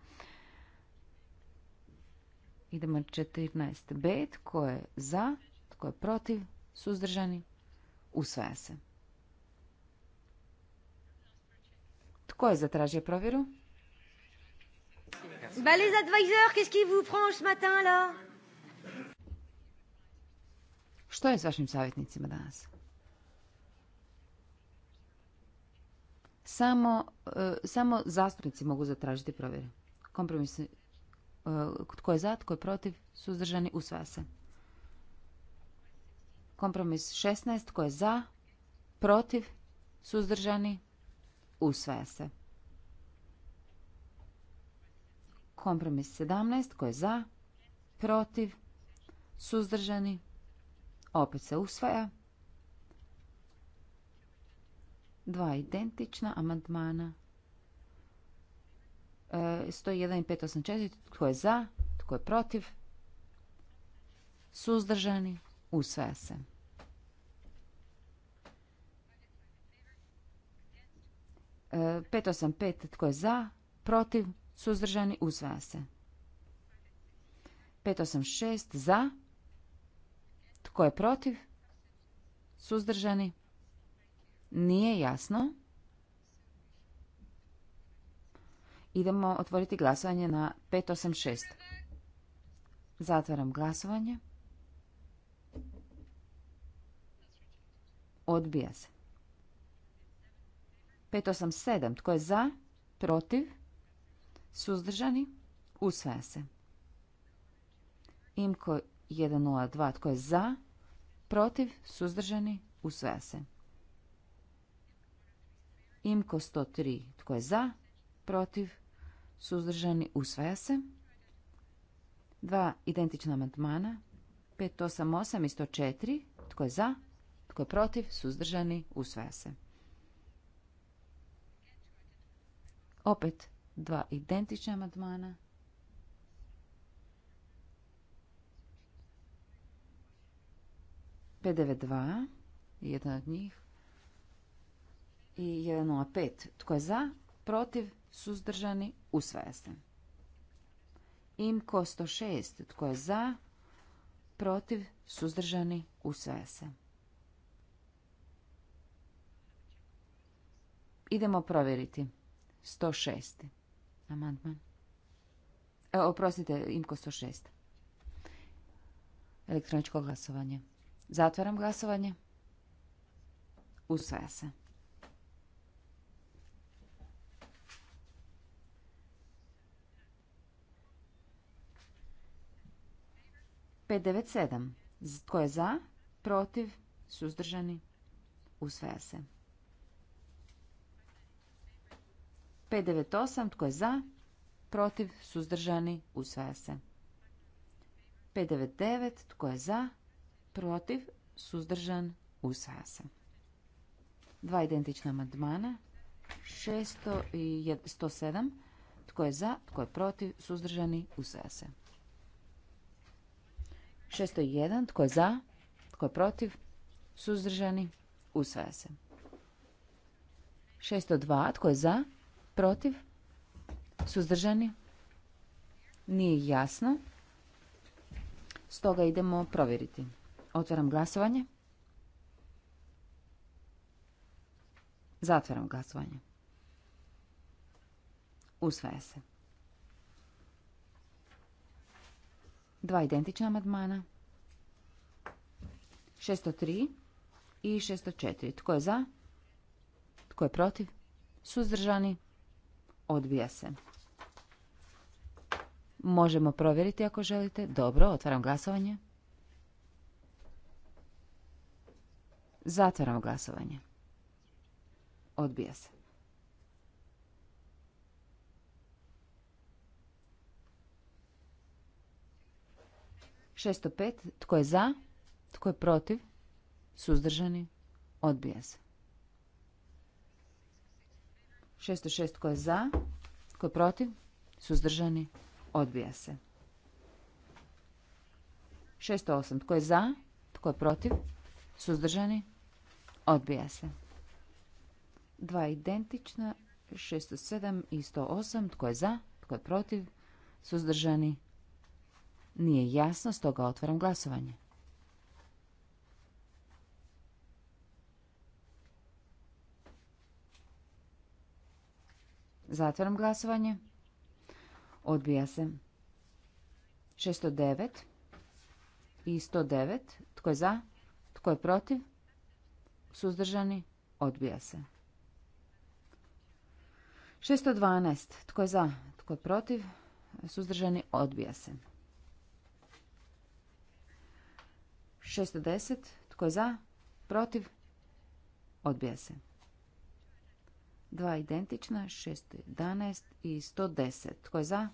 Idemo 14b. Tko je za, tko je protiv, suzdržani, usvaja se. Tko je zatražio provjeru? Bah les advisors, qu'est-ce qui vous prend ce matin là? Što je s vašim savjetnicima danas? Samo, e, samo zastupnici mogu zatražiti provjere. Kompromis uh, e, tko je za, tko je protiv, suzdržani, usvaja se. Kompromis 16, tko je za, protiv, suzdržani, usvaja se. Kompromis 17. Tko je za? Protiv? Suzdržani? Opet se usvaja. Dva identična amandmana. 101 e, i 584. Tko je za? Tko je protiv? Suzdržani? Usvaja se. E, 585. Tko je za? Protiv? suzdržani, usvaja se. 586 za, tko je protiv, suzdržani, nije jasno. Idemo otvoriti glasovanje na 586. Zatvaram glasovanje. Odbija se. 587. Tko je za? Protiv? Suzdržani? Usvaja se. Imko 102. Tko je za? Protiv? Suzdržani? Usvaja se. Imko 103. Tko je za? Protiv? Suzdržani? Usvaja se. Dva identična amandmana. 588 i 104. Tko je za? Tko je protiv? Suzdržani? Usvaja se. Opet dva identična amandmana. p 2 jedan od njih, i 105. Tko je za, protiv, suzdržani, usvaja se. IMKO 106. Tko je za, protiv, suzdržani, usvaja se. Idemo provjeriti. 106. Amandman. E, oprostite, imko 106. Elektroničko glasovanje. Zatvaram glasovanje. Usvaja se. Pet devedeset Tko je za? Protiv? Suzdržani? Usvaja se. 598. Tko je za? Protiv? Suzdržani? Usvaja se. 599. Tko je za? Protiv? Suzdržan? Usvaja se. Dva identična madmana. 600 i 107. Tko je za? Tko je protiv? Suzdržani? Usvaja se. 601. Tko je za? Tko je protiv? Suzdržani? Usvaja se. 602. Tko je za? Protiv? Suzdržani? Nije jasno. Stoga idemo provjeriti. Otvaram glasovanje. Zatvaram glasovanje. Usvaja se. Dva identična madmana. 603 i 604. Tko je za? Tko je protiv? Suzdržani? Odbija se. Možemo provjeriti ako želite. Dobro, otvaram glasovanje. Zatvaram glasovanje. Odbija se. Šesto pet. Tko je za? Tko je protiv? Suzdržani? Odbija se. 606 tko je za, tko je protiv, suzdržani, odbija se. 608 tko je za, tko je protiv, suzdržani, odbija se. Dva identična, 607 i 108 tko je za, tko je protiv, suzdržani, nije jasno, stoga otvaram glasovanje. Zatvaram glasovanje. Odbija se. 609 i 109. Tko je za? Tko je protiv? Suzdržani? Odbija se. 612. Tko je za? Tko je protiv? Suzdržani? Odbija se. 610. Tko je za? Protiv? Odbija se. Dva identična, 11 i 110. Tko je za?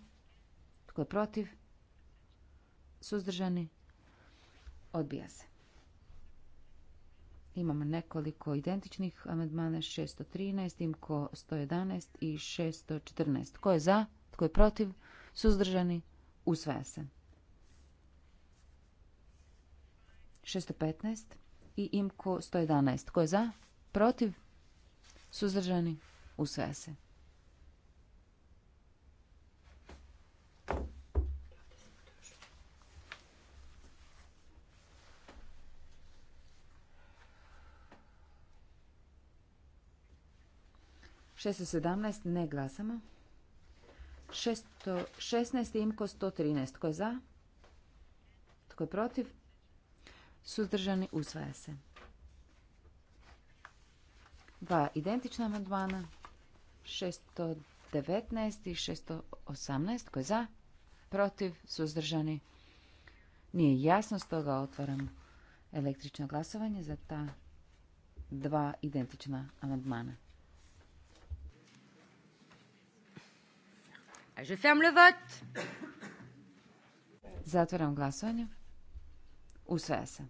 Tko je protiv? Suzdržani? Odbija se. Imamo nekoliko identičnih amandmana 613, imko 111 i 614. Tko je za? Tko je protiv? Suzdržani? Usvaja se. 615 i imko 111. Tko je za? Protiv? Suzdržani? Usvaja se. Šesto sedamnaest, ne glasamo. Šesto šestnaest, imko sto trinaest. Tko je za? Tko je protiv? Suzdržani usvaja se. Dva identična amandmana. 619 i 618. tko je za? Protiv? Suzdržani? Nije jasno, stoga otvaram električno glasovanje za ta dva identična amandmana. Ah, je ferme le Zatvaram glasovanje. Usvaja se.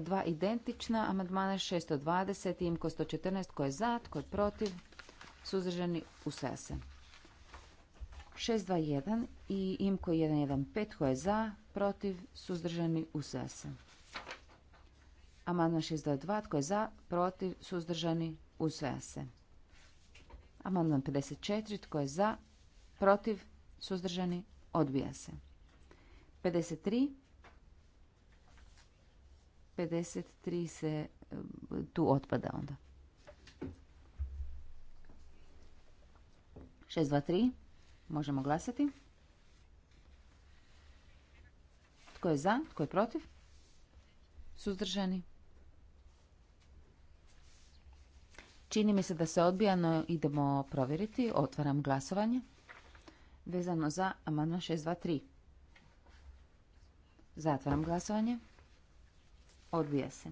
dva identična amandmana 620 i imko 114 koje je za, koje je protiv, suzdržani u se. 621 i imko 115 koje je za, protiv, suzdržani u se. Amandman 622 tko je za, protiv, suzdržani u se. Amandman 54 tko je za, protiv, suzdržani odbija se. 53 53 se eh, tu otpada onda. 623. Možemo glasati. Tko je za? Tko je protiv? Suzdržani. Čini mi se da se odbijano idemo provjeriti. Otvaram glasovanje. Vezano za amandman 623. Zatvaram glasovanje. Odbija se.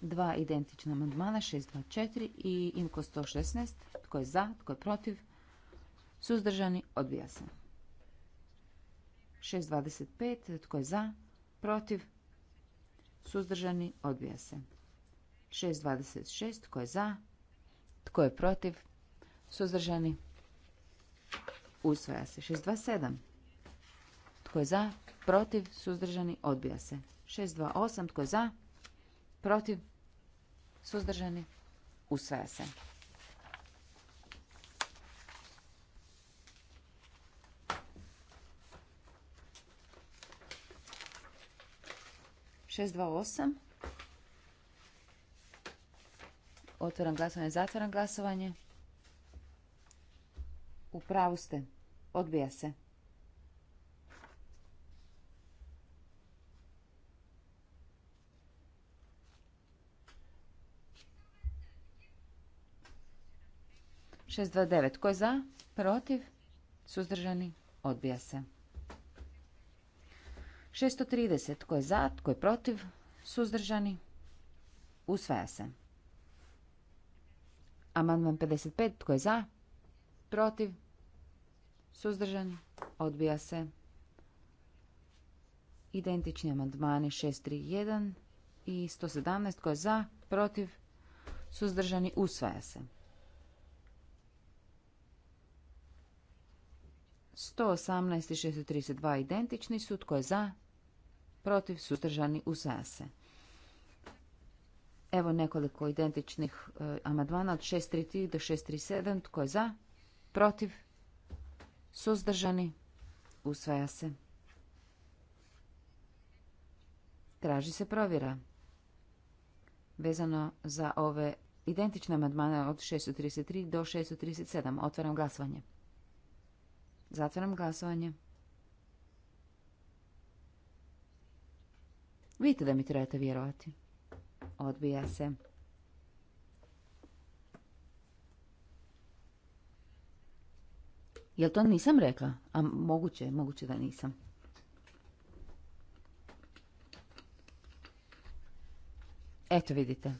Dva identična amandmana, 624 i INKO 116. Tko je za, tko je protiv? Suzdržani, odbija se. 625. Tko je za, protiv? Suzdržani, odbija se. 626. Tko je za, tko je protiv? Suzdržani, usvaja se. 627. Tko je za, protiv, suzdržani, odbija se. 628, tko je za, protiv, suzdržani, usvaja se. Šest, dva, osam. Otvoram glasovanje, zatvoram glasovanje. U pravu ste. Odbija se. 629. Tko je za? Protiv? Suzdržani? Odbija se. 630. Tko je za? Tko je protiv? Suzdržani? Usvaja se. Amandman 55. Tko je za? Protiv? Suzdržani? Odbija se. Identični amandmani 631 i 117. Tko je za? Protiv? Suzdržani? Usvaja se. 118 i 632 identični su. Tko je za? Protiv? Suzdržani? Usvaja se. Evo nekoliko identičnih e, amandmana od 633 do 637. Tko je za? Protiv? Suzdržani? Usvaja se. Traži se provjera. Vezano za ove identične amandmane od 633 do 637. Otvaram glasovanje. Zatvaram glasovanje. Vidite da mi trebate vjerovati. Odbija se. Jel to nisam rekla? A moguće, moguće da nisam. Eto vidite.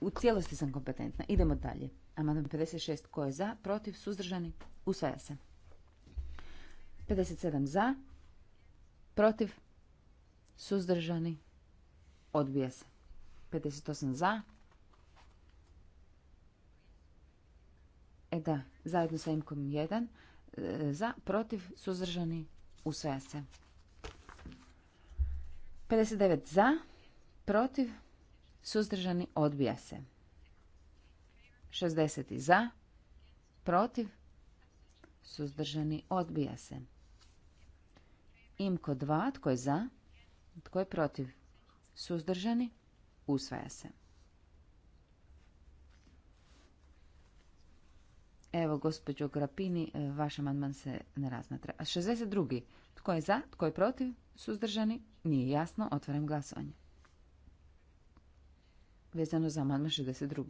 U, cijelosti sam kompetentna. Idemo dalje. Amandman 56 ko je za, protiv, suzdržani, Usvaja se. 57 za. Protiv. Suzdržani. Odbija se. 58 za. E da, zajedno sa imkom 1. E, za, protiv, suzdržani. Usvaja se. 59 za. Protiv. Suzdržani. Odbija se. 60 za. Protiv. Suzdržani odbija se. Imko 2. Tko je za? Tko je protiv? Suzdržani usvaja se. Evo, gospođo Grapini, vaš amandman se ne razmatra. 62. Tko je za? Tko je protiv? Suzdržani? Nije jasno. Otvaram glasovanje. Vezano za amandman 62.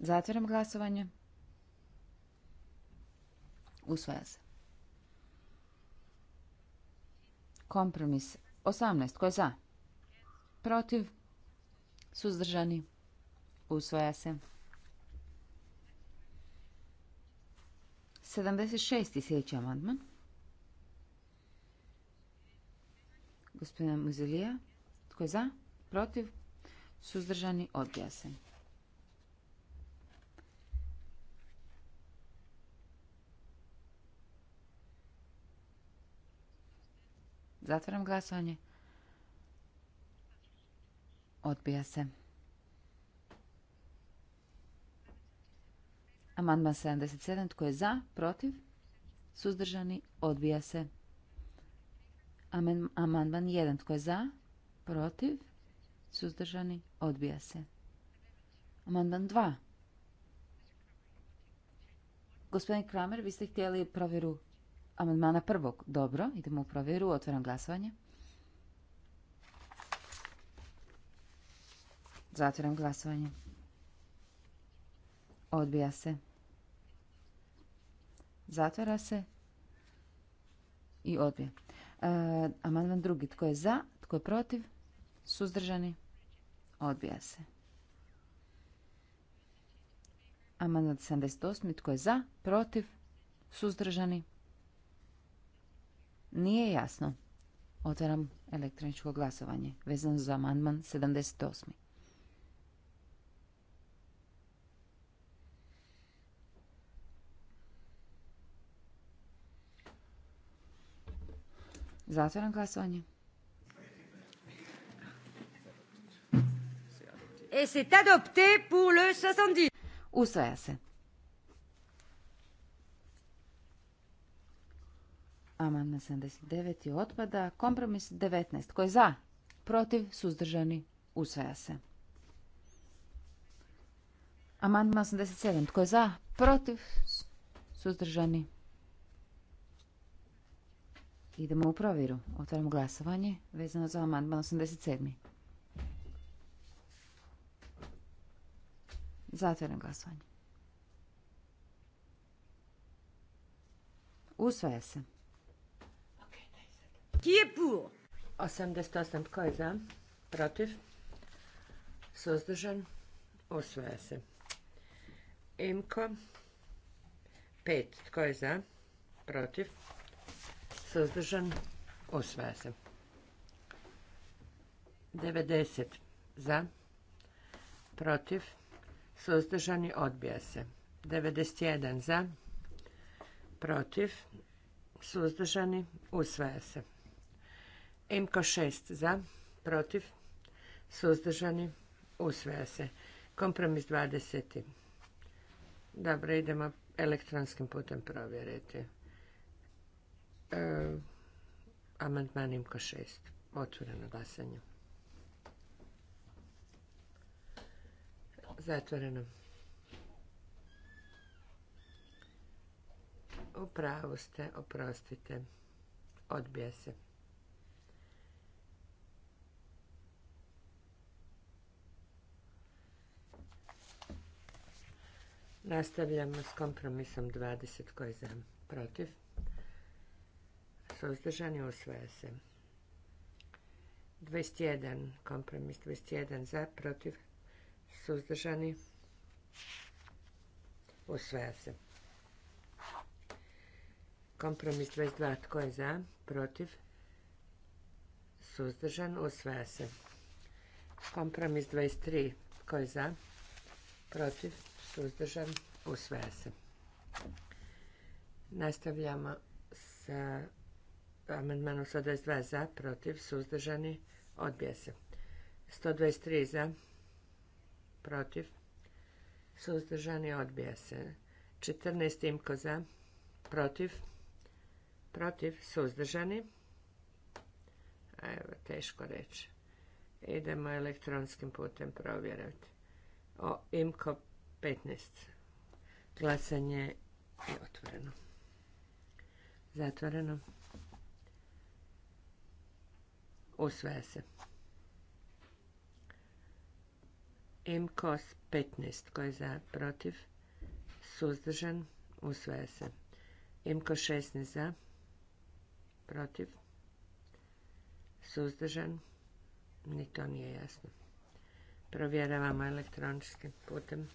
Zatvaram glasovanje. Usvaja se. Kompromis 18. Ko je za? Protiv? Suzdržani? Usvaja se. 76. sljedeći amandman. Gospodina Muzelija. Tko je za? Protiv? Suzdržani? Odbija se. Zatvaram glasovanje. Odbija se. Amandman 77. Tko je za? Protiv? Suzdržani? Odbija se. Amandman 1. Tko je za? Protiv? Suzdržani? Odbija se. Amandman 2. Gospodin Kramer, vi ste htjeli provjeru amandmana prvog. Dobro, idemo u provjeru, otvaram glasovanje. Zatvaram glasovanje. Odbija se. Zatvara se i odbija. E, amandman drugi. Tko je za? Tko je protiv? Suzdržani? Odbija se. Amandman 78. Tko je za? Protiv? Suzdržani? Nije jasno. Otvaram elektroničko glasovanje vezano za amandman 78. Zatvaram glasovanje. Et c'est adopté pour le 70. Usvaja se. Amandman 79. otpada. Kompromis 19. Tko je za? Protiv? Suzdržani? Usvaja se. Amandman 87. Tko je za? Protiv? Suzdržani? Idemo u provjeru. Otvaramo glasovanje vezano za amandman 87. Zatvaram glasovanje. Usvaja se. Qui est pour? 88. Tko je za? Protiv? Suzdržan? osvaja se. Imko? 5. Tko je za? Protiv? Suzdržan? osvaja se. 90. Za? Protiv? Suzdržani? Odbija se. 91. Za? Protiv? Suzdržani? Usvaja se mk 6 za, protiv, suzdržani, usvaja se. Kompromis 20. Dobro, idemo elektronskim putem provjeriti. Amantman, e, Amandman Imko 6. Otvoreno glasanje. Zatvoreno. U pravu ste, oprostite. Odbija se. Nastavljamo s kompromisom 20 koji je za protiv. Suzdržani usvaja se. 21 kompromis 21 za protiv. Suzdržani usvaja se. Kompromis 22 tko je za protiv. Suzdržan usvaja se. Kompromis 23 tko je za protiv suzdržan, usvaja se. Nastavljamo sa amandmanom 122 za, protiv, suzdržani, odbija se. 123 za, protiv, suzdržani, odbija se. 14 imko za, protiv, protiv, suzdržani. Evo, teško reći. Idemo elektronskim putem provjerati. O, imko 15. Glasanje je otvoreno. Zatvoreno. Usvaja se. MKOS 15. Koji je za? Protiv? Suzdržan? Usvaja se. MKO 16. Za? Protiv? Suzdržan? Ni to nije jasno. Provjeravamo elektroničkim putem.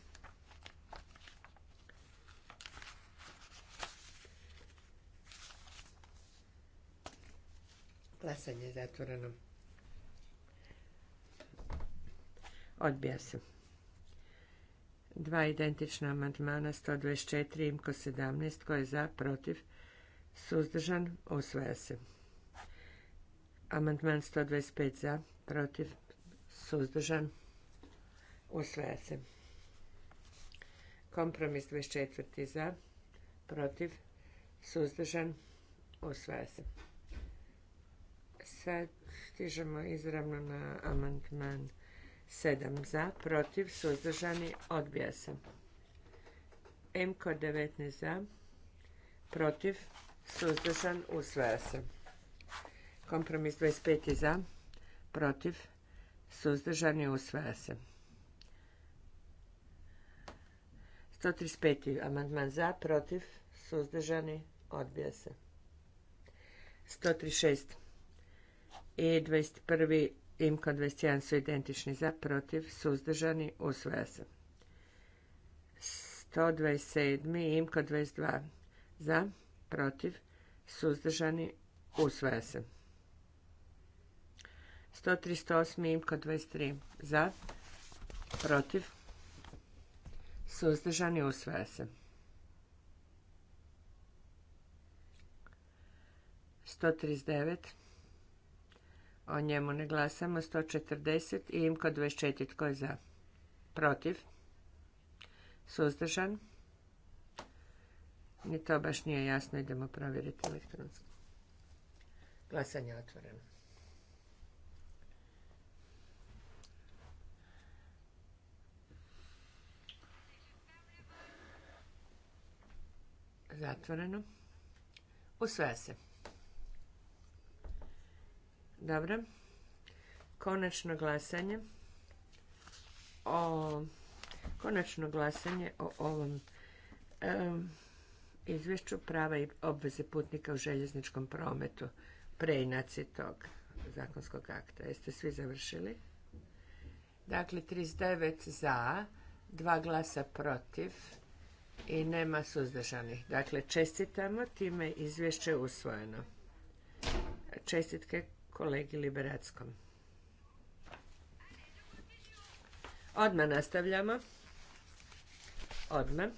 Glasanje je zatvoreno. Odbija se. Dva identična amandmana 124 imko 17 tko je za, protiv, suzdržan, usvaja se. Amandman 125 za, protiv, suzdržan, usvaja se. Kompromis 24 za, protiv, suzdržan, usvaja se. Sad stižemo izravno na amandman 7 za, protiv, suzdržani, odbija se. MKO 19 za, protiv, suzdržan, usvaja se. Kompromis 25 za, protiv, suzdržani, usvaja se. 135. amandman za, protiv, suzdržani, odbija se. 136 i 21. imko 21 su identični za, protiv, suzdržani, usvaja se. 127. imko 22 za, protiv, suzdržani, usvaja se. 138. imko 23 za, protiv, suzdržani, usvaja se. 139 o njemu ne glasamo. 140 i imko 24. Tko je za? Protiv? Suzdržan? Ni to baš nije jasno. Idemo provjeriti elektronsko. Glasanje je otvoreno. Zatvoreno. Usvaja se. Dobro. Konačno glasanje o konačno glasanje o ovom izvješću prava i obveze putnika u željezničkom prometu preinaci tog zakonskog akta. Jeste svi završili? Dakle, 39 za, dva glasa protiv i nema suzdržanih. Dakle, čestitamo, time izvješće je usvojeno. Čestitke kolegi Liberackom. Odmah nastavljamo. Odmah.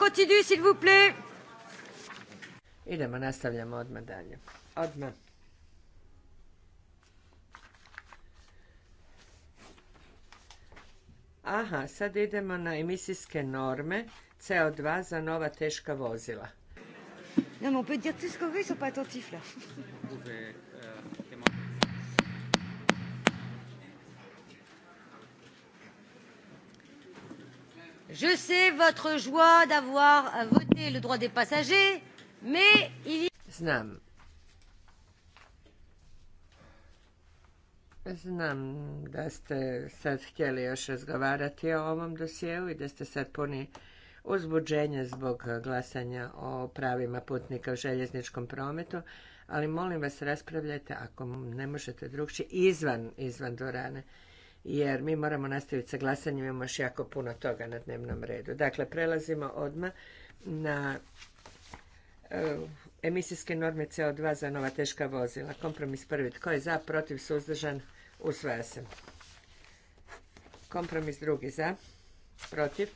continue, s'il vous plaît. Idemo, nastavljamo odmah dalje. Odmah. Aha, sad idemo na emisijske norme CO2 za nova teška vozila. ne, mais on peut Je sais votre joie d'avoir voté le droit des passagers, mais il Znam. Znam da ste sad htjeli još razgovarati o ovom dosjeu i da ste sad puni uzbuđenja zbog glasanja o pravima putnika u željezničkom prometu, ali molim vas raspravljajte ako ne možete drugčije izvan, izvan dvorane jer mi moramo nastaviti sa glasanjem, imamo još jako puno toga na dnevnom redu. Dakle, prelazimo odmah na eh, emisijske norme CO2 za nova teška vozila. Kompromis prvi. Tko je za, protiv, suzdržan, usvaja se. Kompromis drugi za, protiv,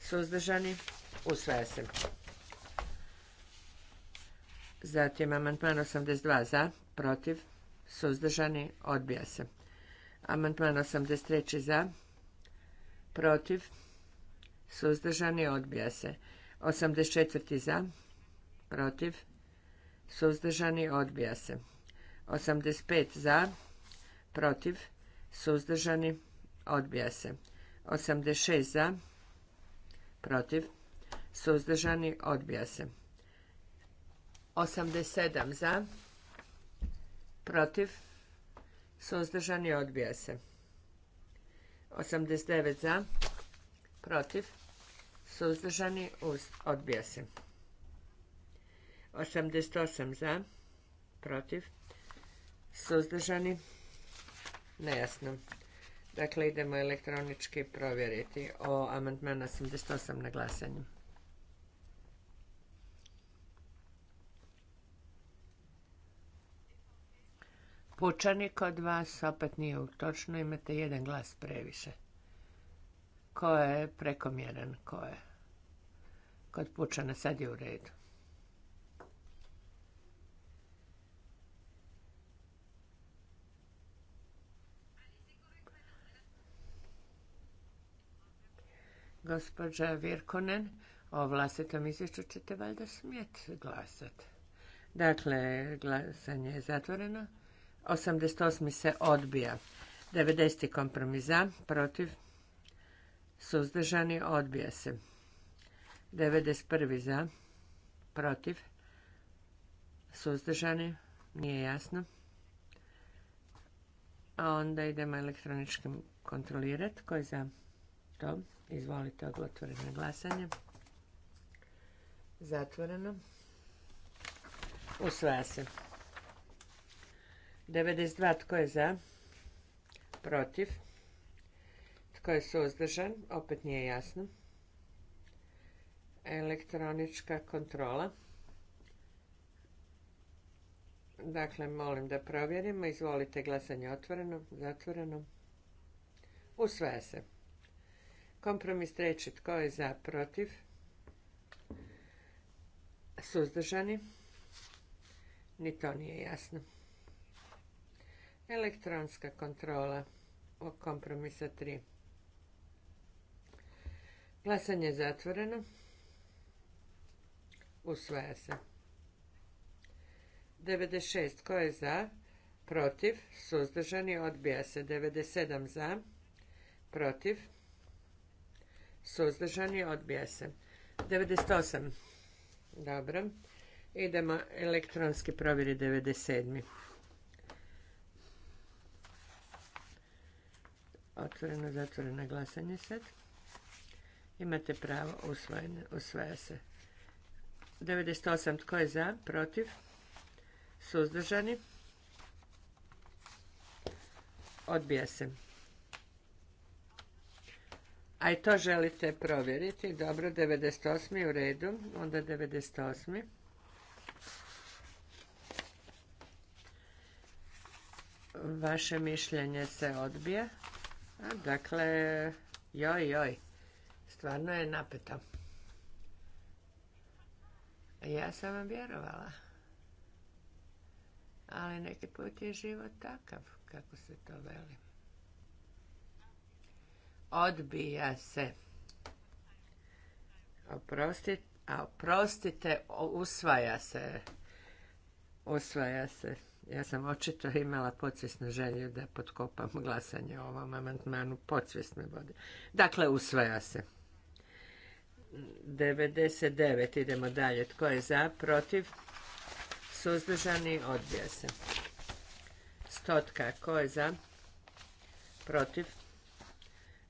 suzdržani, usvaja se. Zatim amandman 82 za, protiv, suzdržani, odbija se. Amandman 83. za. Protiv. Suzdržani odbija se. 84. za. Protiv. Suzdržani odbija se. 85. za. Protiv. Suzdržani odbija se. 86. za. Protiv. Suzdržani odbija se. 87. za. Protiv Suzdržani odbija se. 89 za. Protiv. Suzdržani odbija se. 88 za. Protiv. Suzdržani. Nejasno. Dakle, idemo elektronički provjeriti o amandmanu 88 na glasanju. Pučani kod vas opet nije točno, imate jedan glas previše. Ko je prekomjeran, ko je? Kod Pučana sad je u redu. Gospođa Virkonen, o vlastitom izvješću ćete valjda smjeti glasati. Dakle, glasanje je zatvoreno. 88. se odbija. 90. kompromis za, protiv, suzdržani, odbija se. 91. za, protiv, suzdržani, nije jasno. A onda idemo elektroničkim kontrolirati. koji je za to? Izvolite otvoreno glasanje. Zatvoreno. Usvaja se. 92. Tko je za? Protiv. Tko je suzdržan? Opet nije jasno. Elektronička kontrola. Dakle, molim da provjerimo. Izvolite glasanje otvoreno, zatvoreno. Usvaja se. Kompromis treći. Tko je za? Protiv. Suzdržani. Ni to nije jasno. Elektronska kontrola o kompromisa 3. Glasanje je zatvoreno. Usvaja se. 96. Ko je za? Protiv. Suzdržani. Odbija se. 97. Za. Protiv. Suzdržani. Odbija se. 98. Dobro. Idemo elektronski provjeri 97. Otvoreno, zatvoreno glasanje sad. Imate pravo, usvojene, usvaja se. 98. Tko je za? Protiv? Suzdržani? Odbija se. A i to želite provjeriti. Dobro, 98. u redu. Onda 98. Vaše mišljenje se odbija. Dakle, joj, joj, stvarno je napeto. Ja sam vam vjerovala. Ali neki put je život takav, kako se to veli. Odbija se. Oprostite, a oprostite, usvaja se. Usvaja se. Ja sam očito imala podsvjesnu želje da potkopam glasanje o ovom amantmanu. Podsvjesno vodi. Dakle, usvaja se. 99. Idemo dalje. Tko je za? Protiv? Suzdržani? Odbija se. Stotka. Tko je za? Protiv?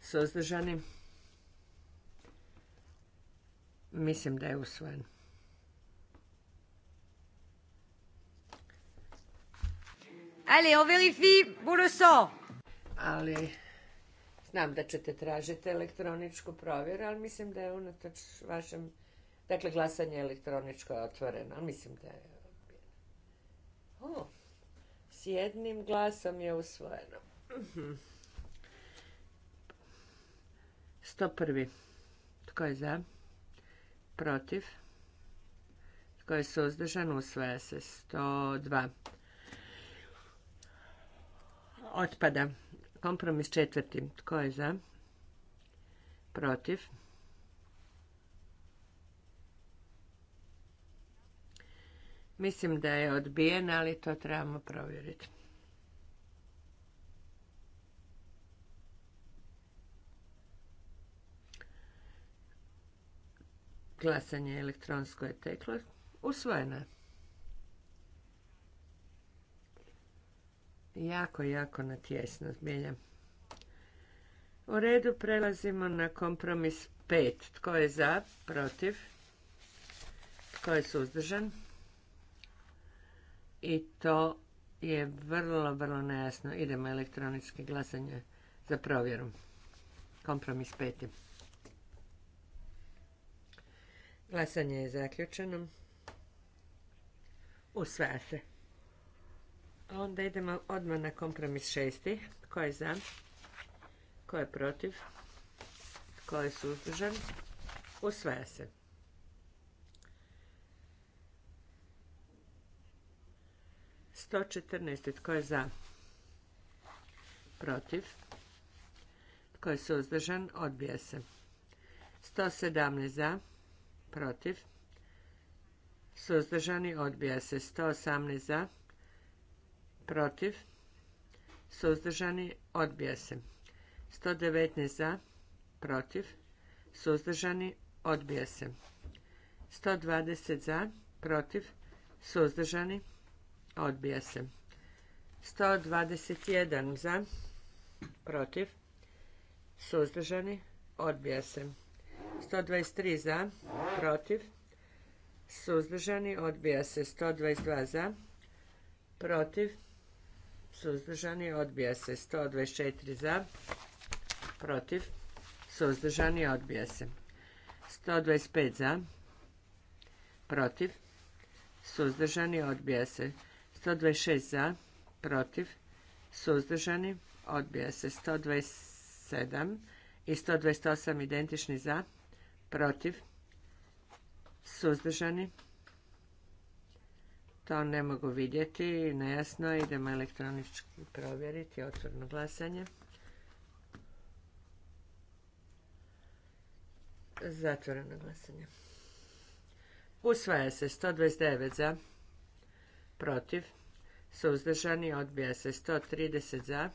Suzdržani? Mislim da je usvojen. Allez, on vérifie le Ali, znam da ćete tražiti elektroničku provjeru, ali mislim da je unatoč vašem... Dakle, glasanje elektroničko je otvoreno, ali mislim da je... O, s jednim glasom je usvojeno. 101. Tko je za? Protiv? Tko je suzdržan? usvoja se. dva otpada. Kompromis četvrti. Tko je za? Protiv. Mislim da je odbijen, ali to trebamo provjeriti. Glasanje elektronsko je teklo. Usvojena. jako, jako tjesno zbilja. U redu prelazimo na kompromis 5. Tko je za, protiv? Tko je suzdržan? I to je vrlo, vrlo nejasno. Idemo elektronički glasanje za provjeru. Kompromis 5. Glasanje je zaključeno. Usvaja se. Onda idemo odmah na kompromis šesti. Tko je za? Tko je protiv? Tko je suzdržan? Usvaja se. Sto četrnaest. Tko je za? Protiv? Tko je suzdržan? Odbija se. Sto za? Protiv? Suzdržani odbija se. Sto osamnaest za? protiv, suzdržani, odbija se. 119 za, protiv, suzdržani, odbija se. 120 za, protiv, suzdržani, odbija se. 121 za, protiv, suzdržani, odbija se. 123 za, protiv, suzdržani, odbija se. 122 za, protiv, suzdržani, odbija se. 124 za, protiv, suzdržani, odbija se. 125 za, protiv, suzdržani, odbija se. 126 za, protiv, suzdržani, odbija se. 127 i 128 identični za, protiv, suzdržani, to ne mogu vidjeti, nejasno, idemo elektronički provjeriti, otvoreno glasanje. Zatvoreno glasanje. Usvaja se 129 za, protiv, suzdržani, odbija se 130 za,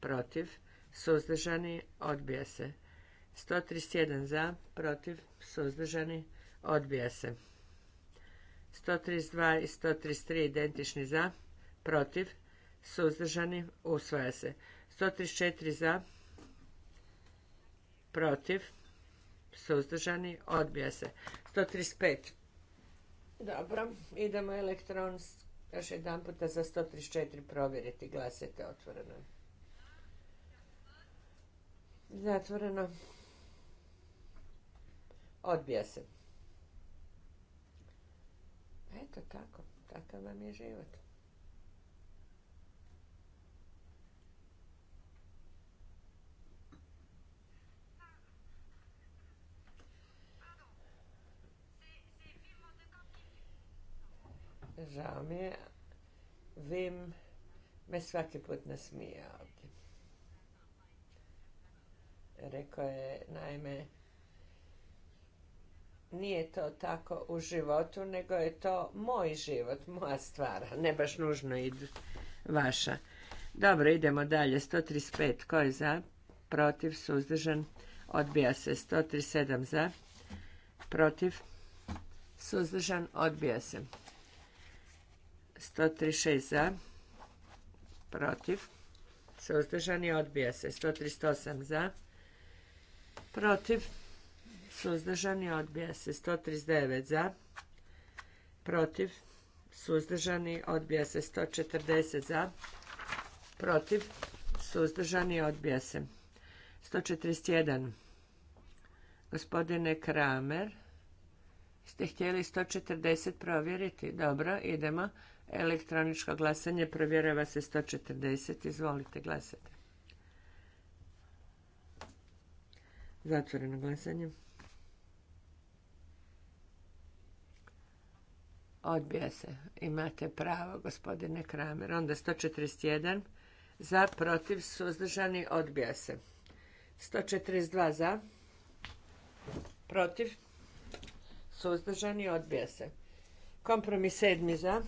protiv, suzdržani, odbija se 131 za, protiv, suzdržani, odbija se. 132 i 133 identični za, protiv, suzdržani, usvaja se. 134 za, protiv, suzdržani, odbija se. 135. Dobro, idemo elektronski još jedan puta za 134 provjeriti. Glasajte otvoreno. Zatvoreno. Odbija se. Eto tako, takav vam je život. Žao mi je, Vim me svaki put nasmija ovdje. Rekao je, naime, nije to tako u životu, nego je to moj život, moja stvar, ne baš nužno i vaša. Dobro, idemo dalje. 135, ko je za? Protiv, suzdržan, odbija se. 137 za, protiv, suzdržan, odbija se. 136 za, protiv, suzdržan i odbija se. 138 za, protiv, suzdržani, odbija se. 139 za, protiv, suzdržani, odbija se. 140 za, protiv, suzdržani, odbija se. 141. Gospodine Kramer, ste htjeli 140 provjeriti? Dobro, idemo. Elektroničko glasanje provjerava se 140. Izvolite, glasati. Zatvoreno glasanje. Odbija se. Imate pravo, gospodine Kramer. Onda 141 za, protiv, suzdržani, odbija se. 142 za, protiv, suzdržani, odbija se. Kompromis sedmi za,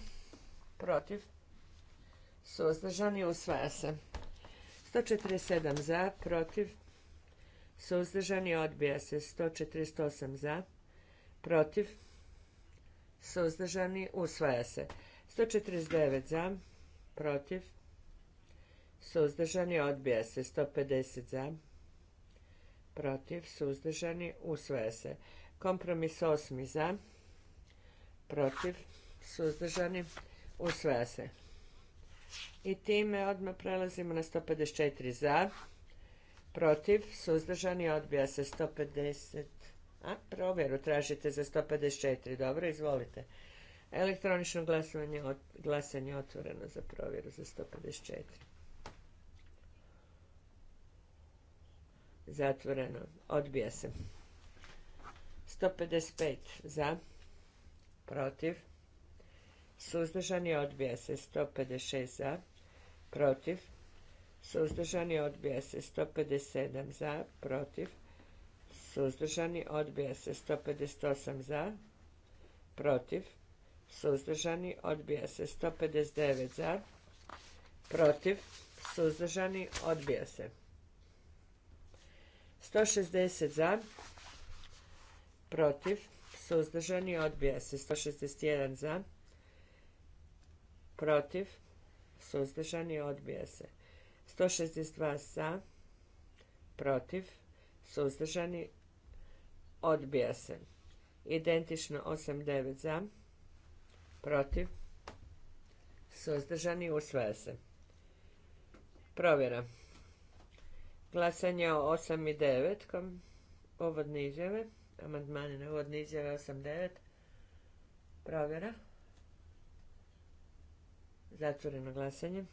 protiv, suzdržani, usvaja se. 147 za, protiv, suzdržani, odbija se. 148 za, protiv, suzdržani, usvaja se. 149 za, protiv, suzdržani, odbija se. 150 za, protiv, suzdržani, usvaja se. Kompromis 8 za, protiv, suzdržani, usvaja se. I time odmah prelazimo na 154 za, protiv, suzdržani, odbija se. 150 a, provjeru tražite za 154. Dobro, izvolite. Elektronično glasovanje, glasanje otvoreno za provjeru za 154. Zatvoreno. Odbija se. 155 za. Protiv. Suzdržani odbija se. 156 za. Protiv. Suzdržani odbija se. 157 za. Protiv suzdržani, odbija se 158 za, protiv, suzdržani, odbija se 159 za, protiv, suzdržani, odbija se 160 za, protiv, suzdržani, odbija se 161 za, protiv, suzdržani, odbija se 162 za, protiv, suzdržani, odbija se. Identično 8-9 za, protiv, suzdržani, usvaja se. Provjera. Glasanje o 8 i 9, uvodne izjave, amandmane na uvodne izjave 8-9, provjera. Zatvoreno glasanje.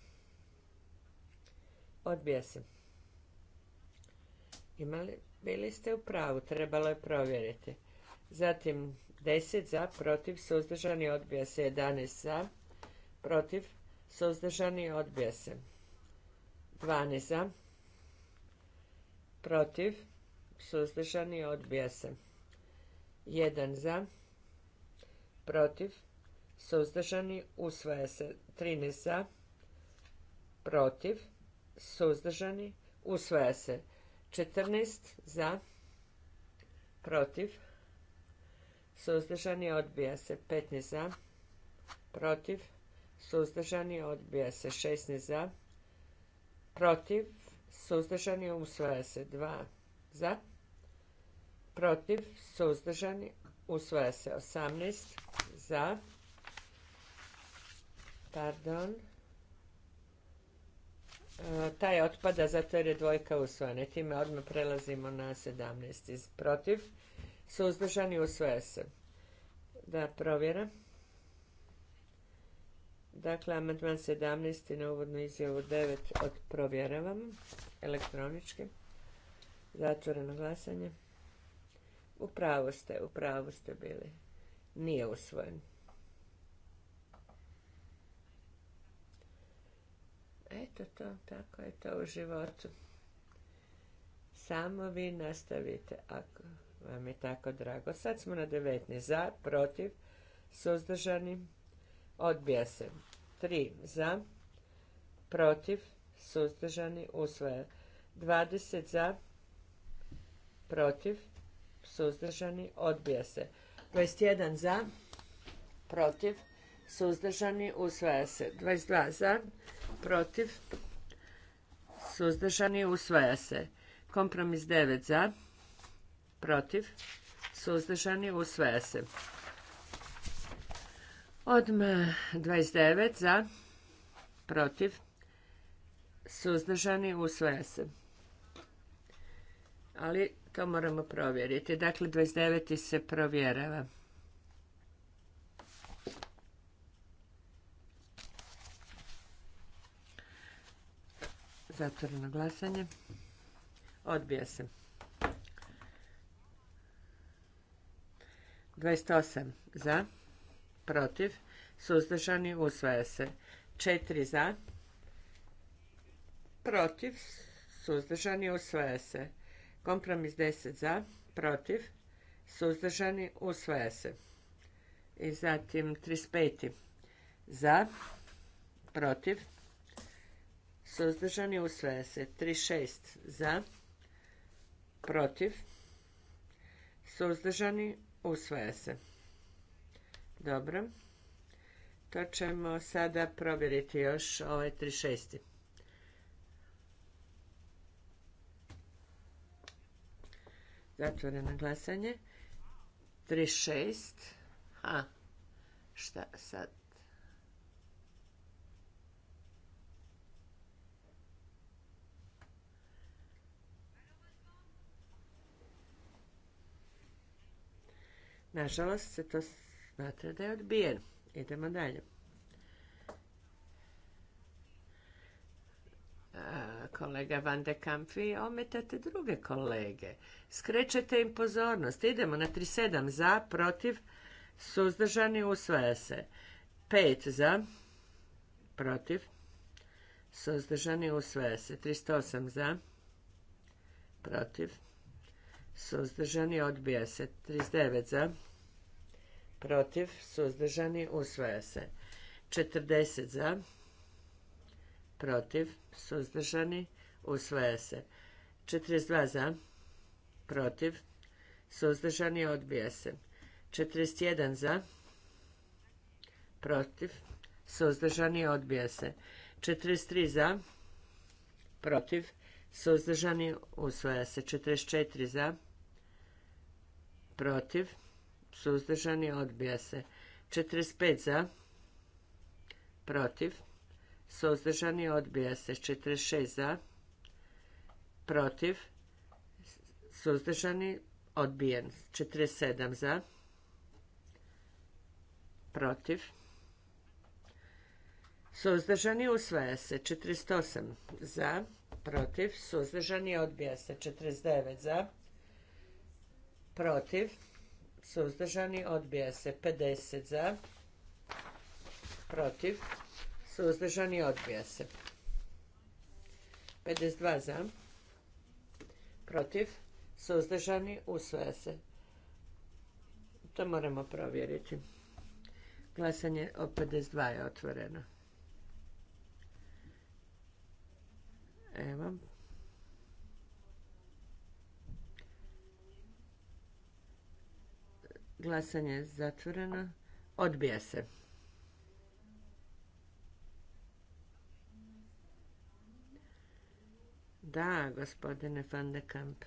Odbija se. Imali bili ste u pravu, trebalo je provjeriti. Zatim 10 za, protiv, suzdržani, odbija se. 11 za, protiv, suzdržani, odbija se. 12 za, protiv, suzdržani, odbija se. 1 za, protiv, suzdržani, usvaja se. 13 za, protiv, suzdržani, usvaja se. 14 za, protiv, suzdržani odbija se 15 za, protiv, suzdržani odbija se 16 za, protiv, suzdržani usvaja se 2 za, protiv, suzdržani usvaja se 18 za, pardon, taj otpada zato jer je dvojka usvojena. Time odmah prelazimo na 17. Iz protiv. Suzdržani usvoja se. Da, provjera. Dakle, amandman 17. na uvodnu izjavu 9 od provjeravam elektronički. Zatvoreno glasanje. U pravu ste, u pravu ste bili. Nije usvojeno. Eto to, tako je to u životu. Samo vi nastavite ako vam je tako drago. Sad smo na 19. Za, protiv, suzdržani, odbija se. 3. Za, protiv, suzdržani, usvaja. 20. Za, protiv, suzdržani, odbija se. 21. Za, protiv, suzdržani, usvaja se. 22. Za, protiv, suzdržani, usvaja se. Kompromis 9 za, protiv, suzdržani, usvaja se. Odmah 29 za, protiv, suzdržani, usvaja se. Ali to moramo provjeriti. Dakle, 29. se provjerava. Zatvoreno glasanje. Odbija se. 28 za, protiv, suzdržani, usvaja se. 4 za, protiv, suzdržani, usvaja se. Kompromis 10 za, protiv, suzdržani, usvaja se. I zatim 35 za, protiv, suzdržani, usvaja se. 36 za, protiv, suzdržani, usvaja se. Dobro. To ćemo sada provjeriti još ovaj 36. Zatvoreno glasanje. 36. Ha, šta sad? Nažalost se to smatra da je odbijen. Idemo dalje. kolega Van de Kamp, vi ometate druge kolege. Skrećete im pozornost. Idemo na 37 za, protiv, suzdržani, usvaja se. 5 za, protiv, suzdržani, usvaja se. 308 za, protiv, suzdržani, odbija se. 39 za, protiv, suzdržani, usvaja se. 40 za, protiv, suzdržani, usvaja se. 42 za, protiv, suzdržani, odbija se. 41 za, protiv, suzdržani, odbija se. 43 za, protiv, suzdržani, usvaja se. 44 za, protiv, suzdržani, odbija se. 45 za, protiv, suzdržani, odbija se. 46 za, protiv, suzdržani, odbijen. 47 za, protiv, suzdržani, usvaja se. 48 za, protiv, suzdržani, odbija se. 49 za, protiv, suzdržani, odbija se. 50 za, protiv, suzdržani, odbija se. 52 za, protiv, suzdržani, usvaja se. To moramo provjeriti. Glasanje o 52 je otvoreno. Evo, Glasanje je zatvoreno. Odbija se. Da, gospodine van de Kamp.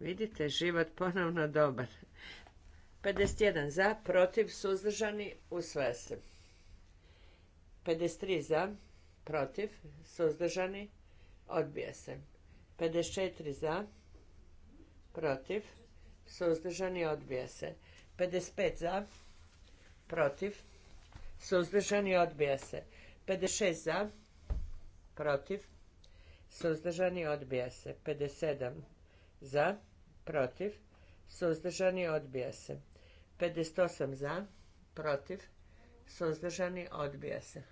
Vidite, život ponovno dobar. 51 za, protiv, suzdržani, usvaja se. 53 za, protiv, suzdržani, odbija se. 54 za, protiv, suzdržani, odbija se. 55 za, protiv, suzdržani odbija se. 56 za, protiv, suzdržani odbija se. 57 za, protiv, suzdržani odbija se. 58 za, protiv, suzdržani odbija se.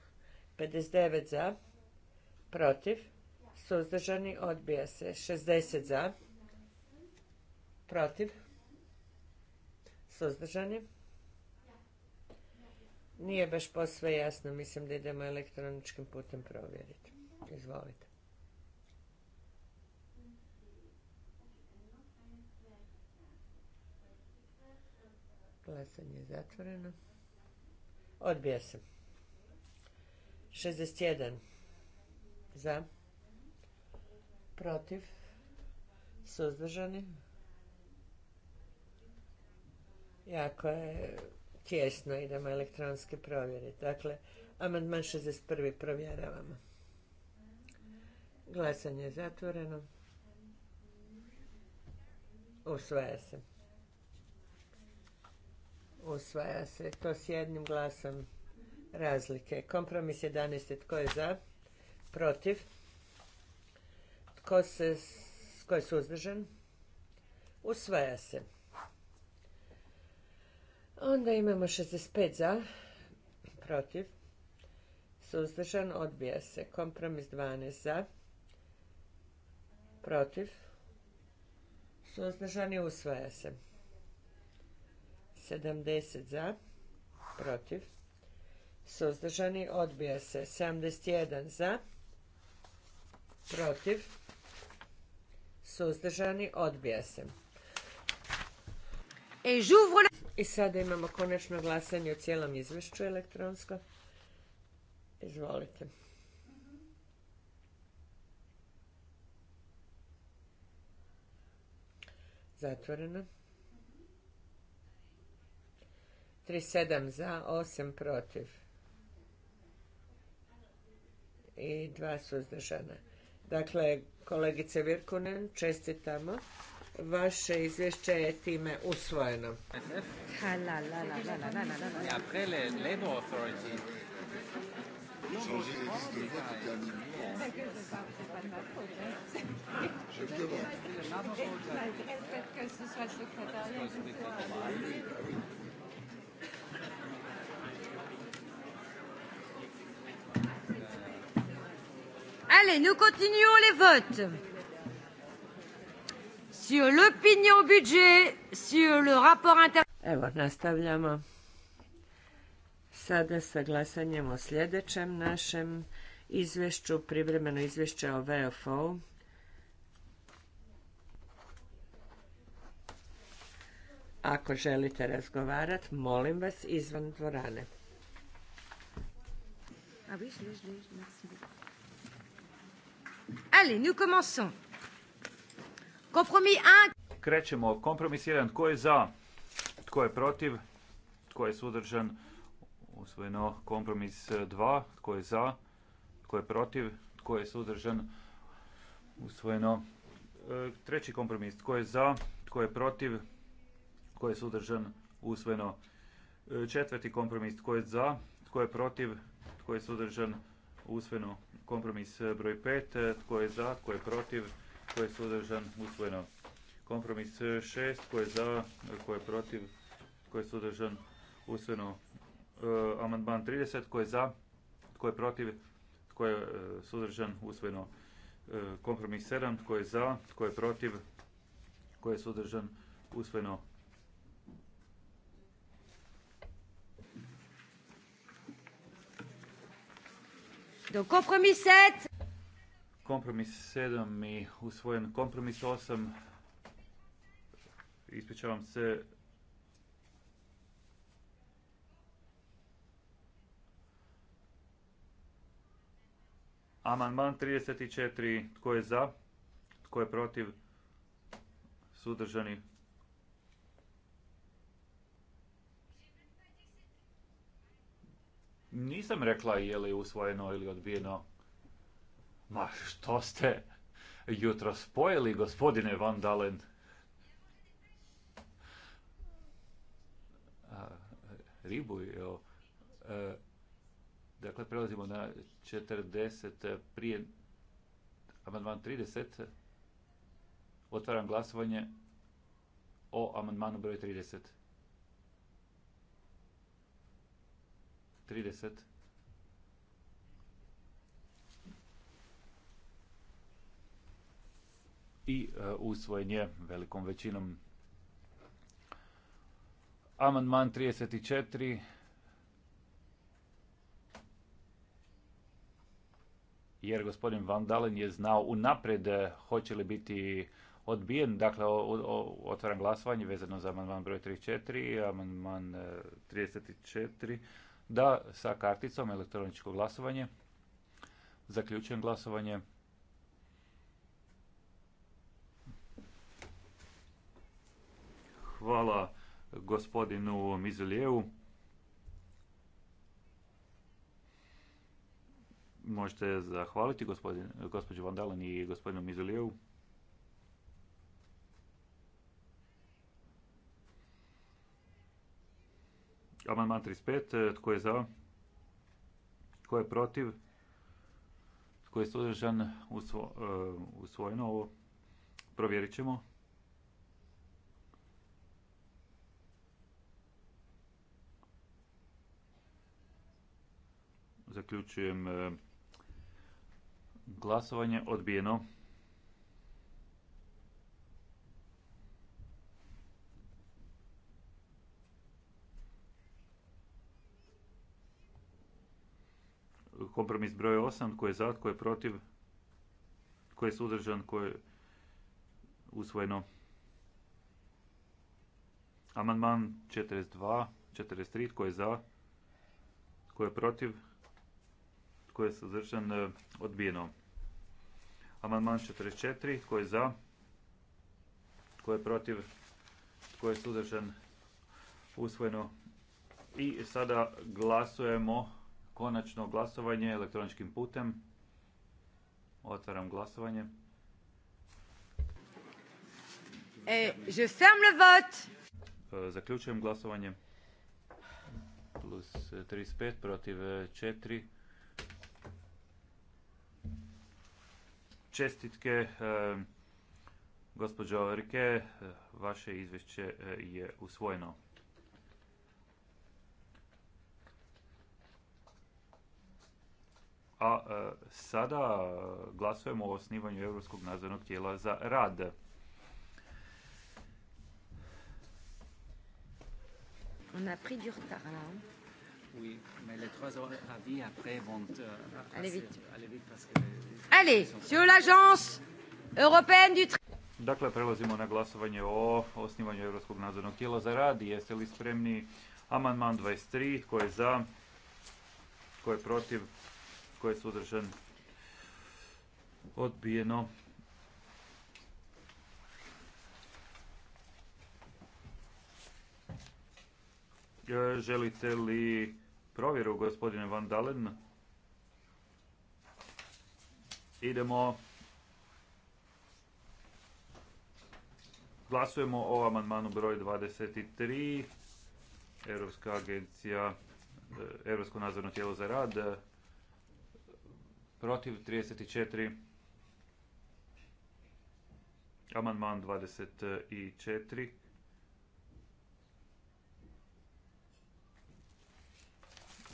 59 za, protiv, suzdržani odbija se. 60 za, protiv, Suzdržani? Nije baš posve jasno. Mislim da idemo elektroničkim putem provjeriti. Izvolite. Glasanje je zatvoreno. Odbija se. 61. Za. Protiv. Suzdržani jako je tjesno, idemo elektronske provjere. Dakle, amandman 61. provjeravamo. Glasanje je zatvoreno. Usvaja se. Usvaja se. To s jednim glasom razlike. Kompromis 11. Tko je za? Protiv? tko je suzdržan? Usvaja se. Onda imamo 65 za, protiv, suzdržan, odbija se. Kompromis 12 za, protiv, suzdržan i usvaja se. 70 za, protiv, suzdržani, odbija se. 71 za, protiv, suzdržani, odbija se. Et j'ouvre i sada imamo konačno glasanje o cijelom izvješću elektronsko. Izvolite. Zatvoreno. 37 za, 8 protiv. I dva suzdržana. Dakle, kolegice Virkunen, čestitamo. Vaše izvješće je time usvojeno. Allez, nous continuons les votes sur l'opinion budget, sur le rapport inter... Evo, nastavljamo sada sa glasanjem o sljedećem našem izvješću, privremeno izvješće o vfo Ako želite razgovarati, molim vas izvan dvorane. Ah Allez, nous commençons. Kompromis 1. Krećemo. Kompromis 1. Tko je za? Tko je protiv? Tko je sudržan? Usvojeno. Kompromis 2. Tko je za? Tko je protiv? Tko je sudržan? Usvojeno. Treći kompromis. Tko je za? Tko je protiv? Tko je sudržan? Usvojeno. Četvrti kompromis. Tko je za? Tko je protiv? Tko je sudržan? Usvojeno. Kompromis broj 5. Tko je za? Tko je protiv? tko je suzdržan, usvojeno. Kompromis 6, tko je za, tko je protiv, tko je suzdržan, usvojeno. E, amandman 30, tko je za, tko je protiv, tko je e, suzdržan, usvojeno. E, kompromis 7, tko je za, tko je protiv, tko je suzdržan, usvojeno. Donc compromis 7 kompromis 7 i usvojen kompromis 8. Ispričavam se. Amandman 34. Tko je za? Tko je protiv? Sudržani. Nisam rekla je li usvojeno ili odbijeno. Ma što ste jutro spojili, gospodine Van Dalen? A, ribu je... E, dakle, prelazimo na 40 prije amandman 30. Otvaram glasovanje o amandmanu broj 30. 30. i e, usvojen je velikom većinom. Amandman 34 jer gospodin Van Dalen je znao unaprijed e, hoće li biti odbijen. Dakle, otvaram glasovanje vezano za amandman broj 34, amandman 34, e, da, sa karticom elektroničko glasovanje. Zaključujem glasovanje. Hvala gospodinu Mizelijevu. Možete zahvaliti gospođu Vandalen i gospodinu Mizelijevu. Amandman 35. Tko je za? Tko je protiv? Tko je suzdržan? E, usvojeno ovo. Provjerit ćemo. Zaključujem e, glasovanje. Odbijeno. Kompromis broj 8. Tko je za, tko je protiv, tko je suzdržan, tko je usvojeno. Amandman 42, 43. Tko je za, tko je protiv, tko je suzdržan? E, odbijeno. Amandman 44. Tko je za? Tko je protiv? Tko je suzdržan? Usvojeno. I sada glasujemo konačno glasovanje elektroničkim putem. Otvaram glasovanje. E, je ferme e, Zaključujem glasovanje. Plus 35 e, protiv 4. Čestitke, e, gospođo Rike, e, vaše izvješće e, je usvojeno. A sada glasujemo o osnivanju Europskog nadzornog tijela za rad. On a pris du retard là. Oui, mais les trois avis après vont euh, Allez vite. Allez vite parce que Allez, sur du Dakle, prelazimo na glasovanje o osnivanju Europskog nadzornog tijela za rad. Jeste li spremni? Amandman 23. Tko je za? Tko je protiv? Tko je suzdržan? Odbijeno. E, želite li provjeru, gospodine Van Dalen? Idemo. Glasujemo o amandmanu broj 23. Europska agencija, e, Europsko nadzorno tijelo za rad. E, protiv 34. Amandman 24.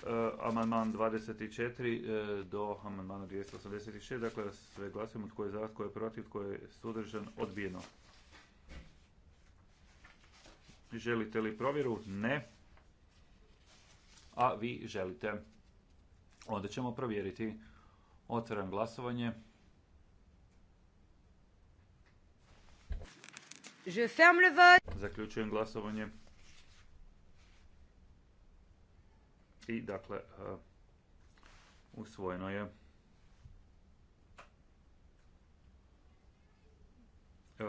Eh, amandman 24 eh, do amandmana 286, dakle sve glasimo tko je za, tko je protiv, tko je sudržan, odbijeno. Želite li provjeru? Ne. A vi želite. Onda ćemo provjeriti. Otvaram glasovanje. Je ferme Zaključujem glasovanje. i dakle e, usvojeno je. E,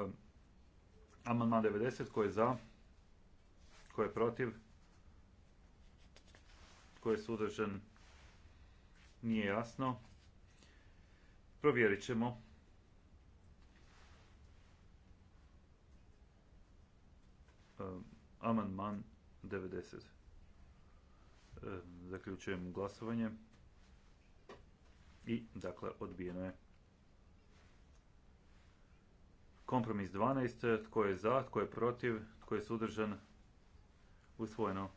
amandman 90, koji je za, koji je protiv, koji je sudržan, nije jasno. Provjerit ćemo. E, amandman 90. Zaključujem glasovanje. I, dakle, odbijeno je. Kompromis 12. Tko je za, tko je protiv, tko je sudržan? Usvojeno.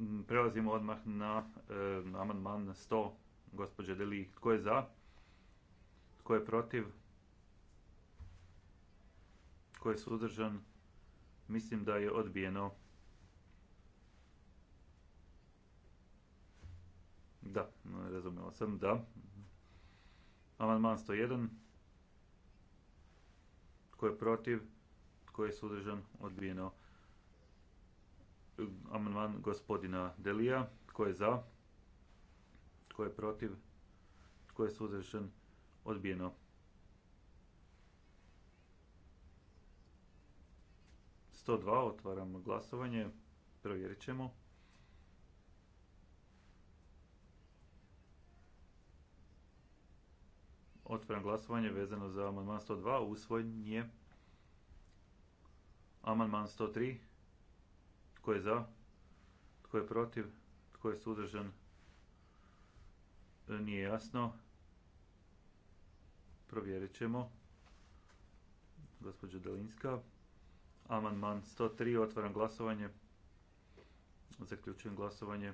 Mm, prelazimo odmah na e, amandman 100. Gospođe Deli, tko je za? Tko je protiv? Tko je sudržan? Mislim da je odbijeno. Da, razumio sam, da. Amandman 101. Tko je protiv? Tko je sudržan, Odbijeno. Amandman gospodina Delija. Tko je za? Tko je protiv? Tko je sudržan, Odbijeno. 102. otvaramo glasovanje. Provjerit ćemo. Otvaram glasovanje vezano za amandman 102. Usvojen je amandman 103. Tko je za? Tko je protiv? Tko je suzdržan? E, nije jasno. Provjerit ćemo. Gospođa Delinska. Amandman 103. Otvaram glasovanje. Zaključujem glasovanje.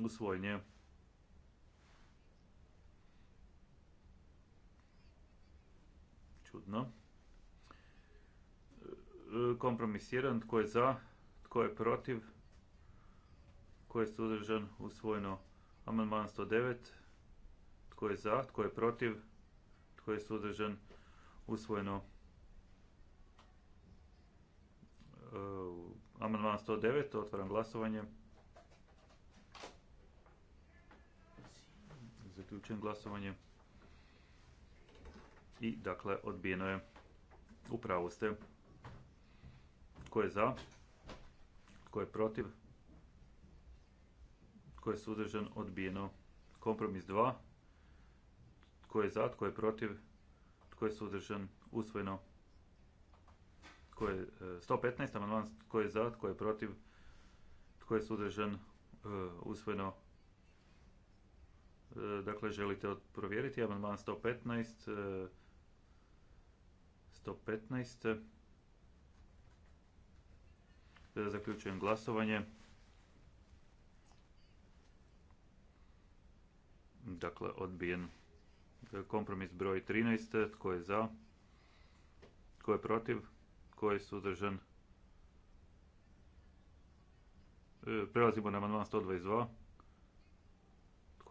Usvojenje. Čudno. E, Kompromisiran, tko je za, tko je protiv, tko je suzdržan, usvojeno. Amandman 109, tko je za, tko je protiv, tko je suzdržan, usvojeno. E, amandman 109, otvaram glasovanje. Zaključujem glasovanje. I dakle, odbijeno je. U ste. Tko je za? Tko je protiv? Tko je sudržan, Odbijeno. Kompromis 2. Tko je za? Tko je protiv? Tko je sudržan, Usvojeno. Tko je 115 amandman? Tko je za? Tko je protiv? Tko je sudržan, e, Usvojeno. E, dakle, želite provjeriti amandman 115. 115. E, e, zaključujem glasovanje. Dakle, odbijen. Kompromis broj 13. Tko je za? Tko je protiv? Tko je suzdržan? Prelazimo na amandman 122.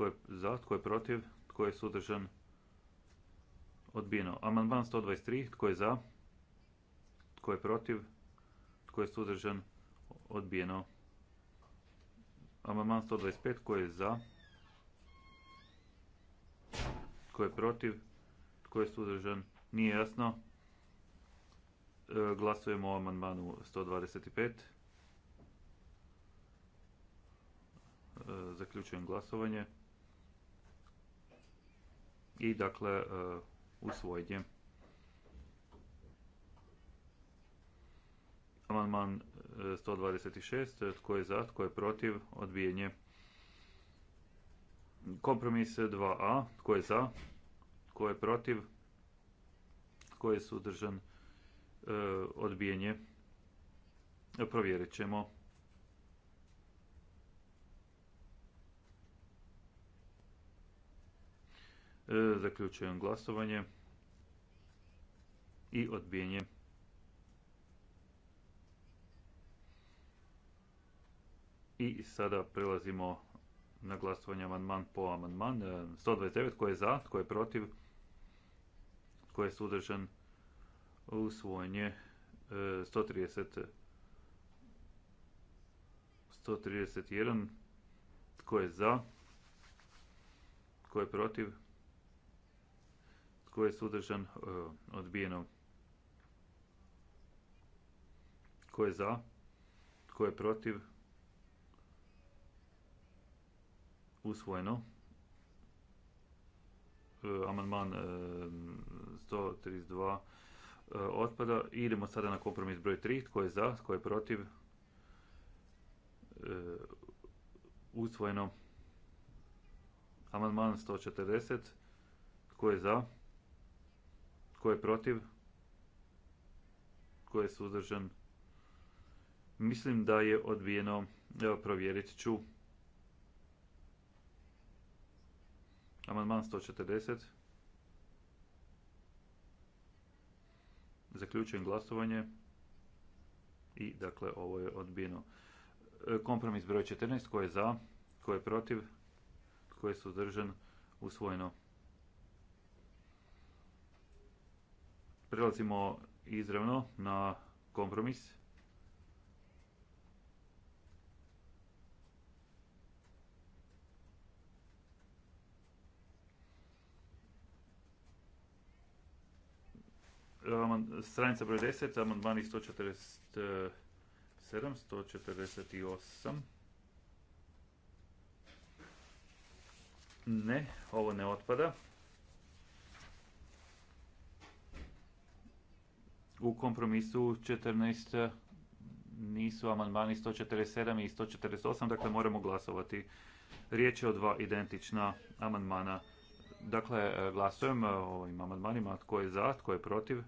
Tko je za? Tko je protiv? Tko je sudržan, Odbijeno. Amandman 123. Tko je za? Tko je protiv? Tko je sudržan, Odbijeno. Amandman 125. Tko je za? Tko je protiv? Tko je sudržan, Nije jasno. E, glasujemo o amandmanu 125. E, zaključujem glasovanje i dakle e, usvojen Amandman 126. E, e, tko je za? Tko je protiv? odbijenje. Kompromis 2a. Tko je za? Tko je protiv? Tko je sudržan? odbijenje. Provjerit ćemo. E, zaključujem glasovanje i odbijenje. I sada prelazimo na glasovanje amandman po amandman. 129 e, tko je za, tko je protiv, tko je sudržan usvojen 130 131 tko je za, tko je protiv, tko je sudržan? E, odbijeno. Tko je za? Tko je protiv? Usvojeno. E, amandman 132 e, otpada. Idemo sada na kompromis broj 3. Tko je za? Tko je protiv? Usvojeno. Amandman 140. Tko je za? Tko je protiv? Tko je suzdržan? Mislim da je odbijeno. Evo, provjerit ću. Amandman 140. Zaključujem glasovanje. I, dakle, ovo je odbijeno. E, kompromis broj 14. Tko je za? Tko je protiv? Tko je suzdržan? Usvojeno. Prelazimo izravno na kompromis. Stranica broj 10, amandmani 147, 148. Ne, ovo ne otpada. U kompromisu 14 eh, nisu amandmani 147 i 148, dakle moramo glasovati. Riječ je o dva identična amandmana. Dakle, eh, glasujem eh, o ovim amandmanima. Tko je za, tko je protiv?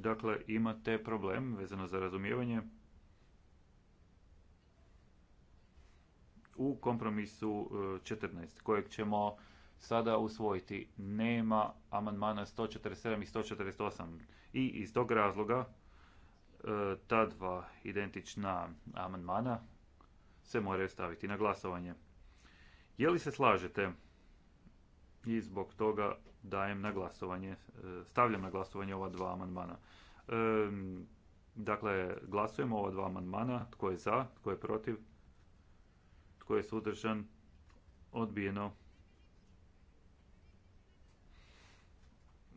Dakle, imate problem vezano za razumijevanje. U kompromisu 14, kojeg ćemo sada usvojiti. Nema amandmana 147 i 148 i iz tog razloga e, ta dva identična amandmana se moraju staviti na glasovanje. Je li se slažete? I zbog toga dajem na glasovanje, e, stavljam na glasovanje ova dva amandmana. E, dakle, glasujemo ova dva amandmana. Tko je za, tko je protiv, tko je sudržan, odbijeno.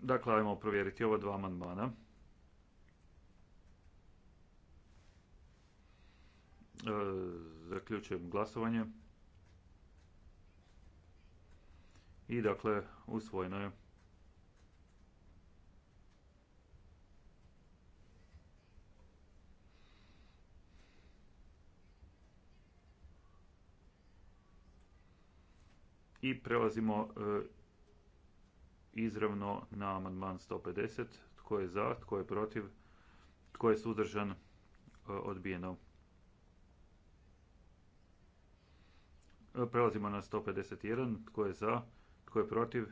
Dakle, ajmo provjeriti ova dva amandmana. E, zaključujem glasovanje. I dakle, usvojeno je. I prelazimo e, izravno na amandman 150. Tko je za, tko je protiv, tko je suzdržan, e, odbijeno. E, prelazimo na 151. Tko je za, tko je protiv,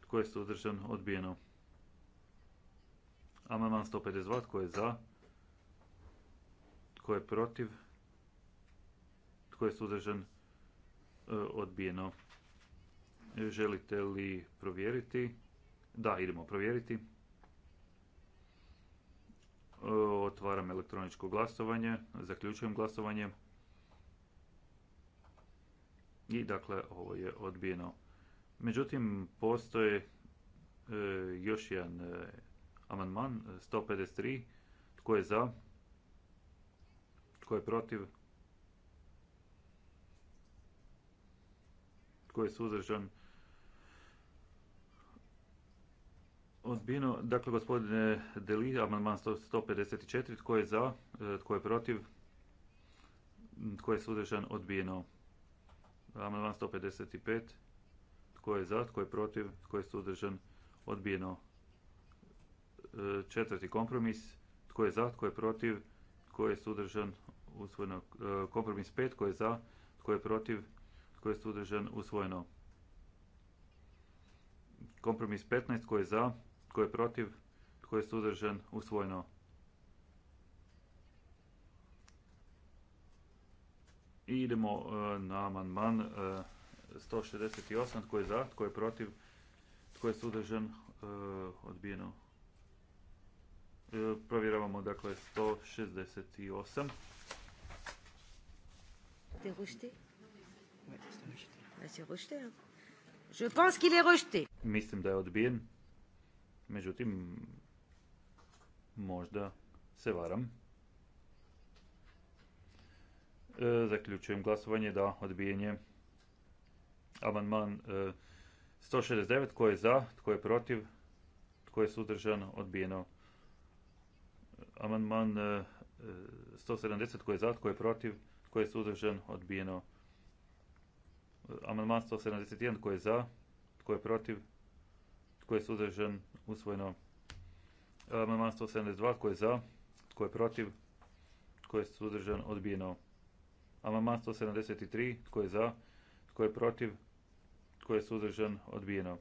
tko je suzdržan, odbijeno. Amandman 152. Tko je za, tko je protiv, tko je suzdržan, e, odbijeno. Želite li provjeriti? Da, idemo provjeriti. E, otvaram elektroničko glasovanje, zaključujem glasovanje. I dakle, ovo je odbijeno. Međutim, postoje e, još jedan e, amandman, 153. Tko je za? Tko je protiv? Tko je suzdržan? Odbino. Dakle, gospodine Deli, amandman 154. Tko je za? Tko je protiv? Tko je sudržan, Odbijeno. Amandman 155. Tko je za? Tko je protiv? Tko je sudržan, Odbijeno. Četvrti kompromis. Tko je za? Tko je protiv? Tko je sudržan, Usvojeno. Kompromis 5. Tko je za? Tko je protiv? Tko je sudržan, Usvojeno. Kompromis 15. Tko je za? Tko je protiv? Tko je suzdržan? Usvojeno. I idemo e, na amandman 168. E, Tko je za? Tko je protiv? Tko je suzdržan? E, odbijeno. Provjeravamo dakle 168. Mislim da je odbijen. Međutim, možda se varam. E, zaključujem glasovanje da odbijenje. Amandman 169. E, tko je za? Tko je protiv? Tko je suzdržan? Odbijeno. Amandman e, 170. E, tko je za? Tko je protiv? Tko je suzdržan? Odbijeno. Amandman 171. Tko je za? Tko je protiv? Tko je suzdržan? usvojeno. Amandman 172, tko je za, tko je protiv, tko je suzdržan, odbijeno. Amandman 173, tko je za, tko je protiv, tko je suzdržan, odbijeno.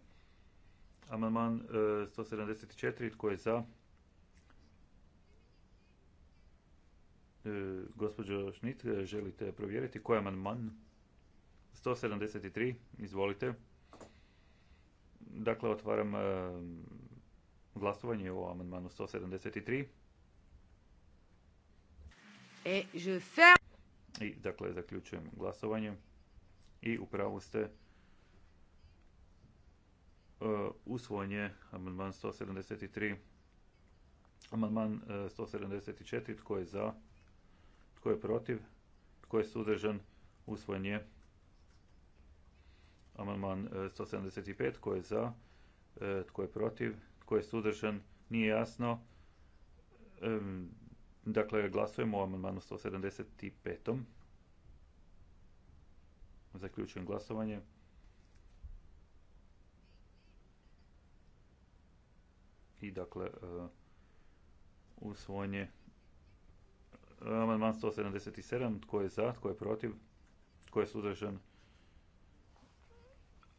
Amandman 174, e, tko je za, E, gospođo Šnit, e, želite provjeriti koji je amandman? 173, izvolite. Dakle, otvaram e, Glasovanje o amandmanu 173. E, je I dakle zaključujem glasovanje. I upravo ste e, usvojen je amandman 173. Amandman 174. E, tko je za? Tko je protiv? Tko je sudržan? Usvojen je. Amandman 175. Tko je za? Tko je protiv? Tko je suzdržan? Nije jasno. Dakle, glasujemo o amandmanu 175. Zaključujem glasovanje. I dakle, e, usvojen je amandman 177. Tko je za? Tko je protiv? Tko je suzdržan?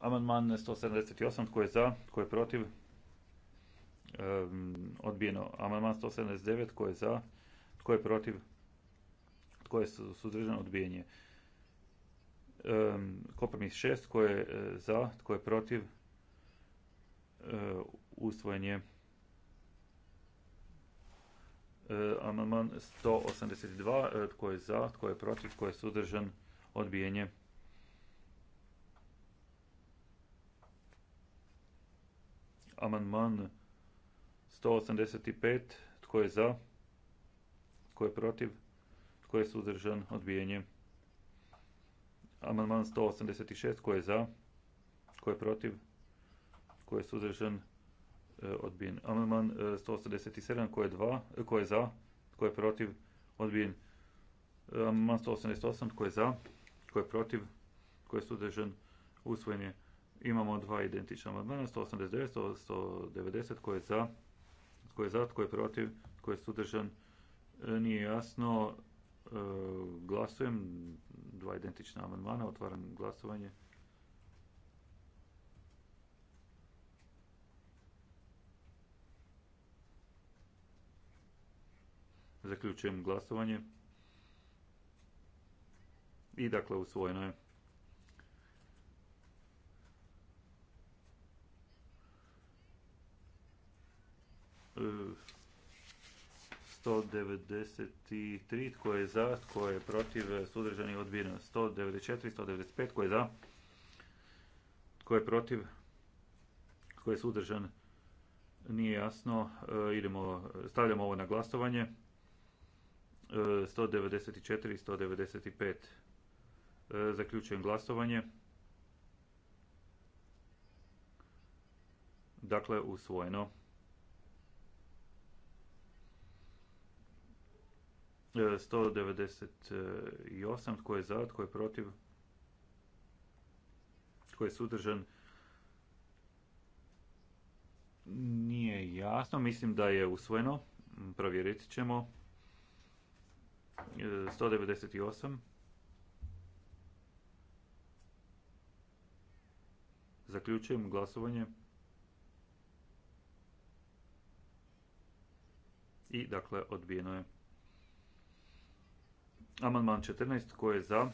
Amandman 178. Tko je za? Tko je protiv? odbijeno. Amandman 179 tko je za, tko je protiv, tko je suzdržan odbijenje. Kompromis 6 tko je za, tko je protiv, usvojenje. Amandman 182 tko je za, tko je protiv, tko je suzdržan odbijenje. Amandman 185. Tko je za? Tko je protiv? Tko je suzdržan? Odbijenje. Amandman 186. Tko je za? Tko je protiv? Tko je suzdržan? Odbijen. Amandman 187. Tko je, dva? Tko je za? Tko je protiv? Odbijen. Amandman 188. Tko je za? Tko je protiv? Tko je suzdržan? Usvojen je. Imamo dva identična amandmana, 189, 190, tko je za, tko je za, tko je protiv, tko je sudržan, e, nije jasno. E, glasujem, dva identična amandmana, otvaram glasovanje. Zaključujem glasovanje. I dakle, usvojeno je. 193, tko je za, tko je protiv, je odbijeno. 194, 195, tko je za, tko je protiv, tko je sudržan nije jasno. E, idemo, stavljamo ovo na glasovanje. 194, e, 195. E, zaključujem glasovanje. Dakle, usvojeno. 198. Tko je za? Tko je protiv? Tko je sudržan? Nije jasno. Mislim da je usvojeno. Provjerit ćemo. 198. E, Zaključujem glasovanje. I dakle odbijeno je. Amandman 14. Tko je za?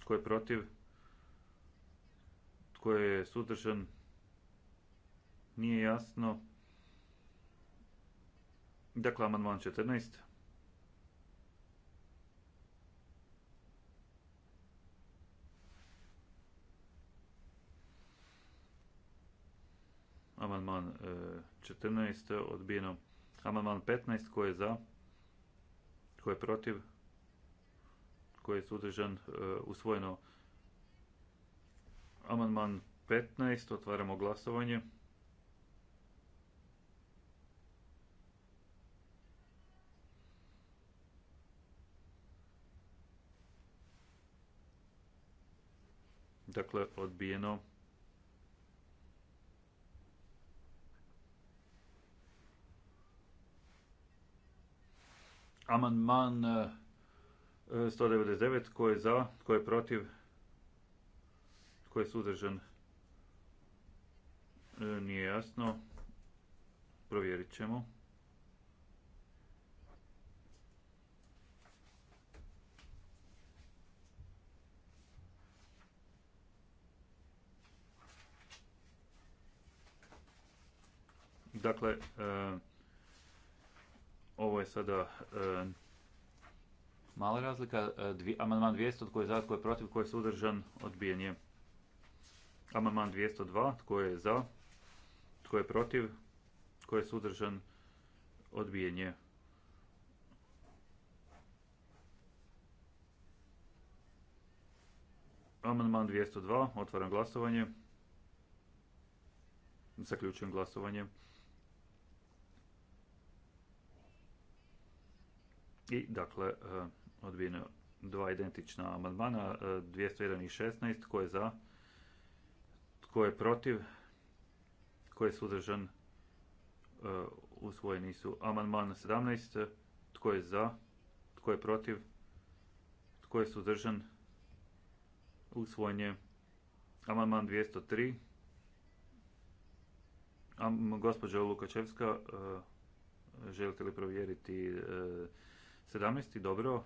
Tko je protiv? Tko je suzdržan? Nije jasno. Dakle, amandman 14. Amandman 14. E, odbijeno. Amandman 15. koji je za? koji je protiv? koji je sudržan, e, usvojeno. Amandman 15, otvaramo glasovanje. Dakle, odbijeno. Amandman e, 199. Tko je za? Tko je protiv? Tko je suzdržan? E, nije jasno. Provjerit ćemo. Dakle, e, ovo je sada e, Mala razlika, e, amandman 200, tko je za, tko je protiv, tko je suzdržan, odbijen je. Amandman 202, tko je za, tko je protiv, tko je suzdržan, odbijen je. Amandman 202, otvaram glasovanje. Zaključujem glasovanje. I dakle, e, odbijeno dva identična amandmana, 201 e, i 16, tko je za, tko je protiv, tko je suzdržan, e, usvojeni su amandman 17, tko je za, tko je protiv, tko je suzdržan, usvojen je amandman 203, gospođa Lukačevska, e, želite li provjeriti 17. Dobro.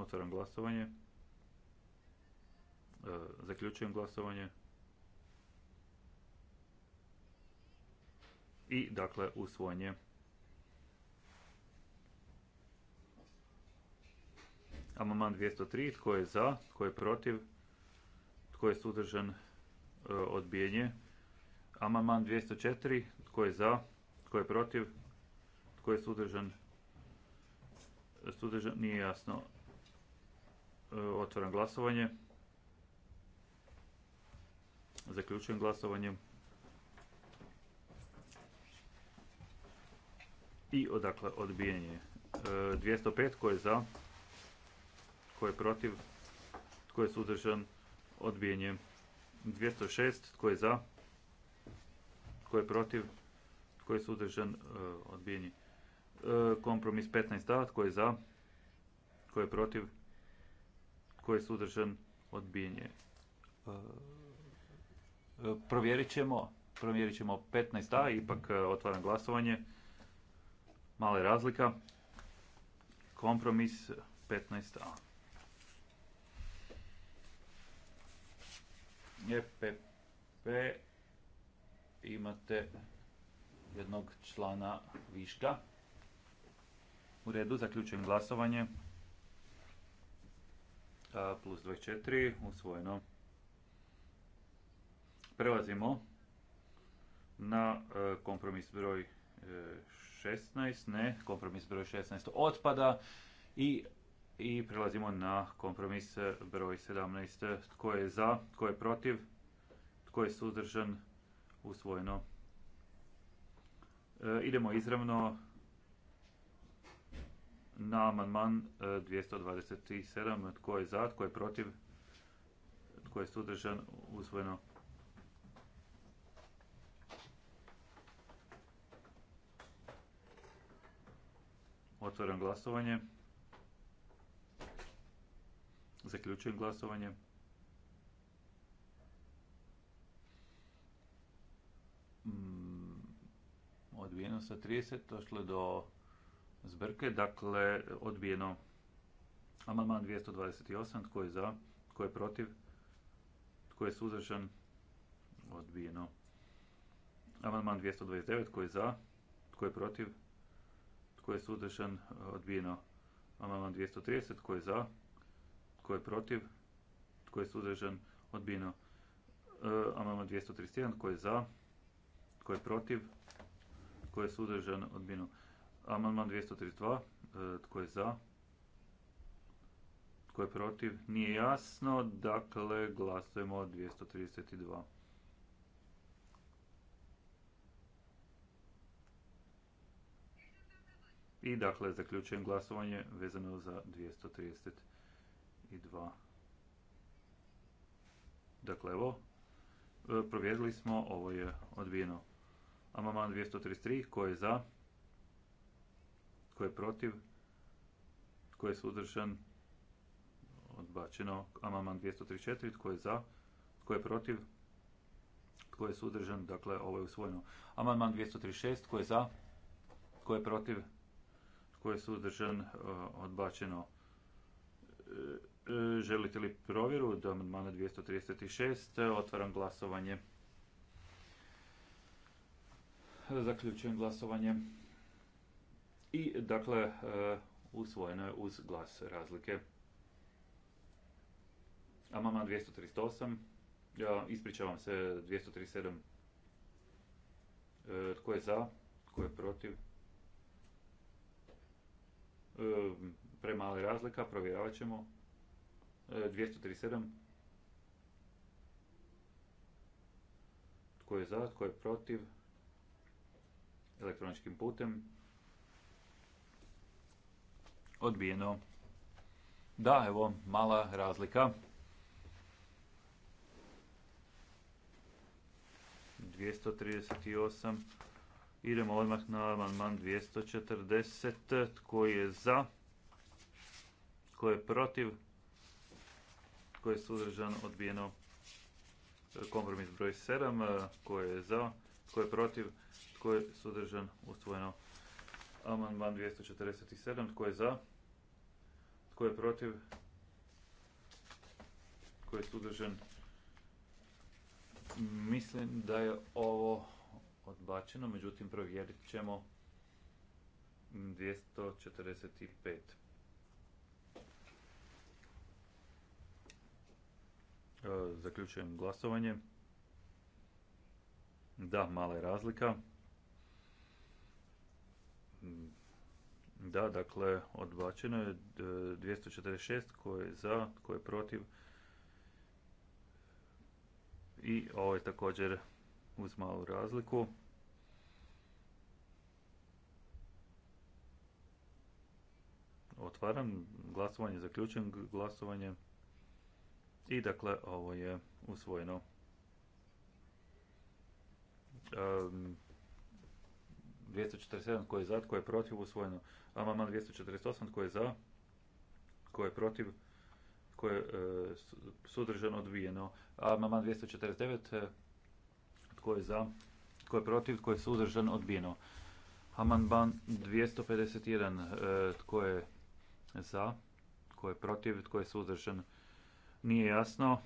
Otvaram glasovanje. E, zaključujem glasovanje. I dakle usvojenje. Amaman 203. Tko je za? Tko je protiv? Tko je sudržan e, odbijenje. Amaman 204. Tko je za? Tko je protiv? Tko je sudržan, Sudržan? nije jasno. Otvaram glasovanje. Zaključujem glasovanje. I odakle odbijenje. 205 e, ko je za, ko je protiv, tko je suzdržan, odbijenje. 206 tko je za, tko je protiv, tko je suzdržan, e, odbijenje. E, kompromis 15a, tko je za, tko je protiv, koji je sudržan odbijenje. E, e, provjerit ćemo. Provjerit 15a, ipak e, otvaram glasovanje. Mala je razlika. Kompromis 15a. EPP imate jednog člana viška. U redu, zaključujem glasovanje plus 24, usvojeno. Prelazimo na e, kompromis broj 16, e, ne, kompromis broj 16 otpada i, i prelazimo na kompromis broj 17. Tko je za, tko je protiv, tko je suzdržan, usvojeno. E, idemo izravno na amandman 227. E, tko je za, tko je protiv, tko je sudržan, usvojeno. Otvaram glasovanje. Zaključujem glasovanje. Mm, Odvijeno sa 30, došlo do zbrke, dakle odbijeno. Amandman 228, tko je za, tko je protiv, tko je suzdržan, odbijeno. Amandman 229, tko je za, tko je protiv, tko je suzdržan, odbijeno. Amandman 230, tko je za, tko je protiv, tko je suzdržan, odbijeno. Amalman 231, tko je za, tko je protiv, tko je suzdržan, odbijeno. Amandman 232. E, tko je za? Tko je protiv? Nije jasno. Dakle, glasujemo 232. I dakle, zaključujem glasovanje vezano za 232. Dakle, evo, e, provjerili smo, ovo je odbijeno. Amaman 233, ko je za? Tko je protiv? Tko je sudržan? Odbačeno. Amaman 234. Tko je za? Tko je protiv? Tko je suzdržan? Dakle, ovo je usvojeno. Amandman 236. Tko je za? Tko je protiv? Tko je suzdržan? E, odbačeno. E, e, želite li provjeru do amandmana 236? Otvaram glasovanje. Zaključujem glasovanje i dakle e, usvojeno je uz glas razlike. Amaman 238, ja ispričavam se 237, e, tko je za, tko je protiv, e, premala razlika, provjeravat ćemo, 237, tko je za, tko je protiv, elektroničkim putem, Odbijeno. Da, evo, mala razlika. 238. Idemo odmah na amandman 240. Tko je za? Tko je protiv? Tko je suzdržan? Odbijeno. Kompromis broj 7. Tko je za? Tko je protiv? Tko je sudržan? Usvojeno. Amandman 247. Tko je za? Tko je protiv? Tko je sudržan, Mislim da je ovo odbačeno, međutim provjerit ćemo 245. zaključujem glasovanje. Da, mala je razlika. Da, dakle, odbačeno je 246 koje je za, koje je protiv. I ovo je također uz malu razliku. Otvaram glasovanje, zaključujem glasovanje. I dakle, ovo je usvojeno. Um, 247 koje je za, koje je protiv usvojeno. Amandman 248. Tko je za? Tko je protiv? Tko je e, sudržano odbijeno? Amandman 249. E, tko je za? Tko je protiv? Tko je suzdržan? Odbijeno. Amandman 251. E, tko je za? Tko je protiv? Tko je suzdržan? Nije jasno.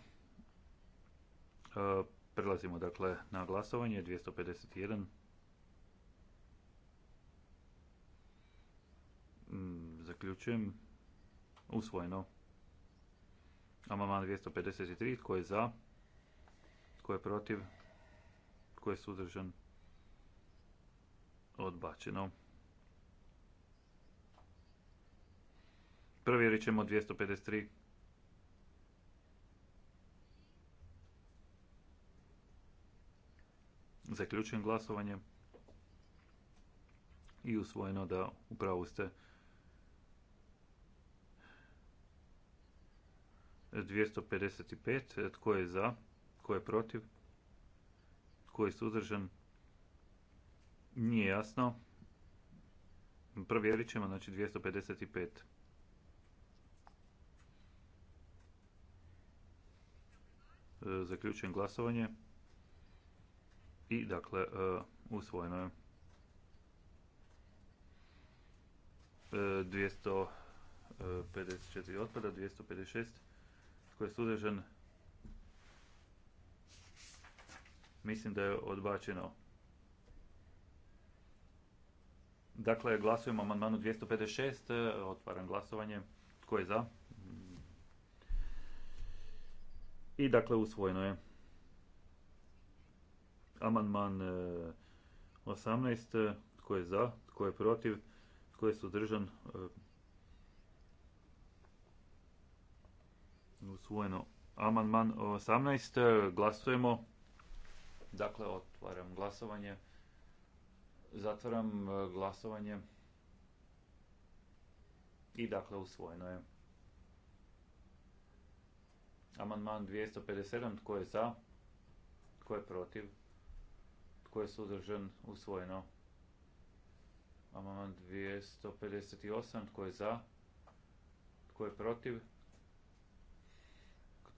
E, prelazimo dakle na glasovanje 251. Mm, zaključujem. Usvojeno. Amaman 253. Tko je za? Tko je protiv? Tko je suzdržan? Odbačeno. Provjerit ćemo 253. Zaključujem glasovanje i usvojeno da upravo ste 255. E, tko je za? Tko je protiv? Tko je suzdržan? Nije jasno. Provjerit ćemo, znači 255. E, zaključujem glasovanje. I dakle, e, usvojeno je. 254 otpada, 256. Tko je suzdržan? Mislim da je odbačeno. Dakle, glasujemo o amandmanu 256. Otvaram glasovanje. Tko je za? I dakle, usvojeno je. Amandman 18. E, Tko je za? Tko je protiv? Tko je suzdržan? E, usvojeno. Amandman 18. E, glasujemo. Dakle, otvaram glasovanje. Zatvaram e, glasovanje. I dakle, usvojeno je. Amandman 257. Tko je za? Tko je protiv? Tko je suzdržan? Usvojeno. Amandman 258. Tko je za? Tko je protiv?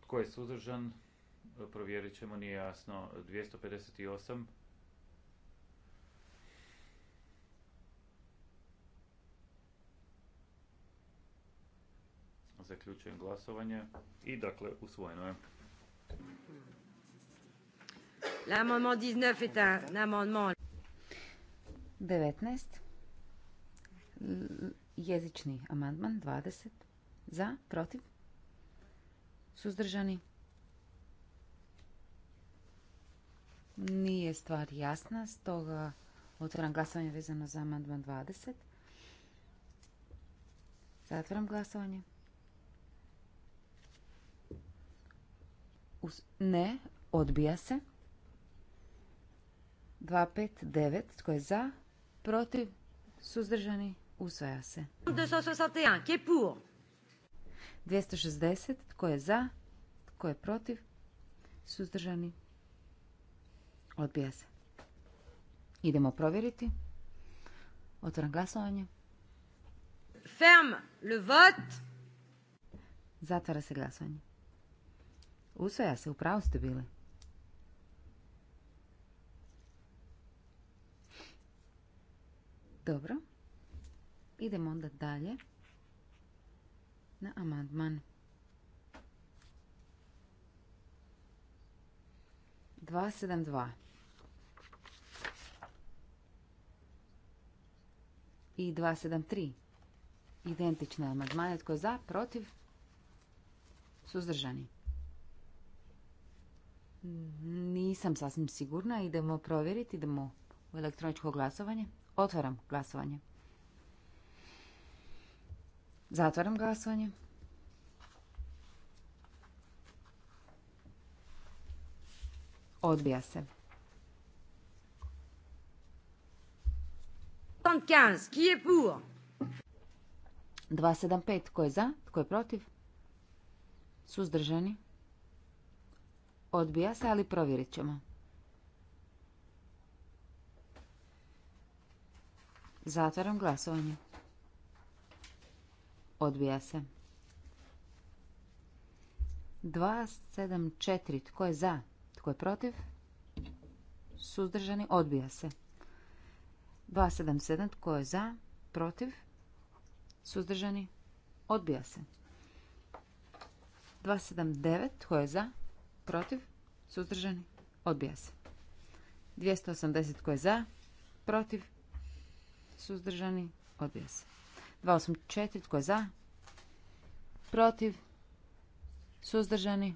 Tko je suzdržan? Provjerit ćemo, nije jasno. 258. Zaključujem glasovanje. I dakle, usvojeno je. L'amendement 19 est un amendement. 19. Jezični amandman 20. Za, protiv, Suzdržani? Nije stvar jasna, stoga otvoram glasovanje vezano za amandman 20. Zatvoram glasovanje. ne, odbija se. 259, tko je za, protiv, suzdržani, usvaja se. 261, qui je pour 260. Tko je za? Tko je protiv? Suzdržani? Odbija se. Idemo provjeriti. Otvoram glasovanje. Ferme le vote. Zatvara se glasovanje. Usvaja se, upravo ste bili. Dobro. Idemo onda dalje na amandman 272. I 273. Identične amandmane. Tko za, protiv, suzdržani. Nisam sasvim sigurna. Idemo provjeriti. Idemo u elektroničko glasovanje. Otvaram glasovanje. Zatvaram glasovanje. Odbija se. 75, je pet 275, tko je za, tko je protiv? Suzdržani? Odbija se, ali provjerit ćemo. Zatvaram glasovanje. Odbija se. 274. Tko je za? Tko je protiv? Suzdržani. Odbija se. 277. Tko je za? Protiv? Suzdržani. Odbija se. 279. Tko je za? Protiv? Suzdržani. Odbija se. 280. Tko je za? Protiv? Suzdržani. Odbija se. 284. Tko je za? Protiv? Suzdržani?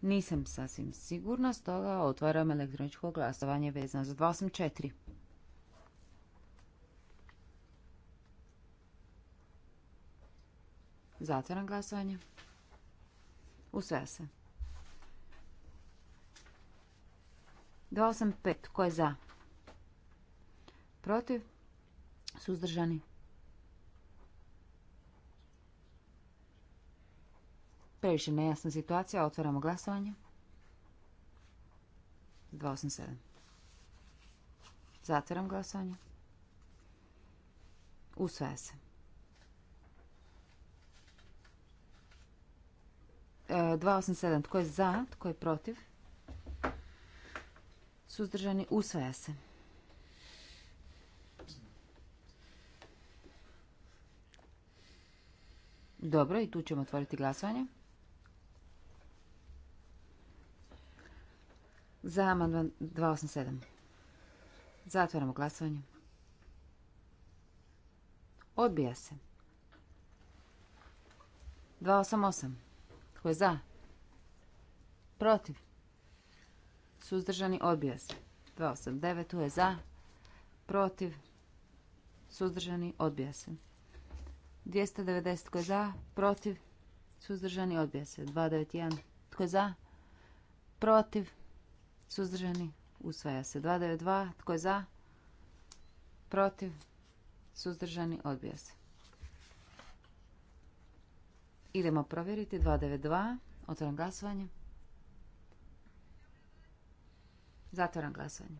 Nisam sasvim sigurna, stoga otvaram elektroničko glasovanje vezano za 284. Zatvaram glasovanje. Usvaja se. 285. Tko je za? Protiv? Suzdržani? Previše nejasna situacija. Otvaramo glasovanje. 287. Zatvaram glasovanje. Usvaja se. E, 287. Tko je za? Tko je protiv? Suzdržani? Usvaja se. Dobro, i tu ćemo otvoriti glasovanje. Za amandman 287. Zatvaramo glasovanje. Odbija se. 288. Tko je za? Protiv. Suzdržani odbija se. 289. Tko je za? Protiv. Suzdržani odbija se. 290 tko je za, protiv, suzdržani, odbija se. 291 tko je za, protiv, suzdržani, usvaja se. 292 tko je za, protiv, suzdržani, odbija se. Idemo provjeriti 292, otvoram glasovanje. Zatvoram glasovanje.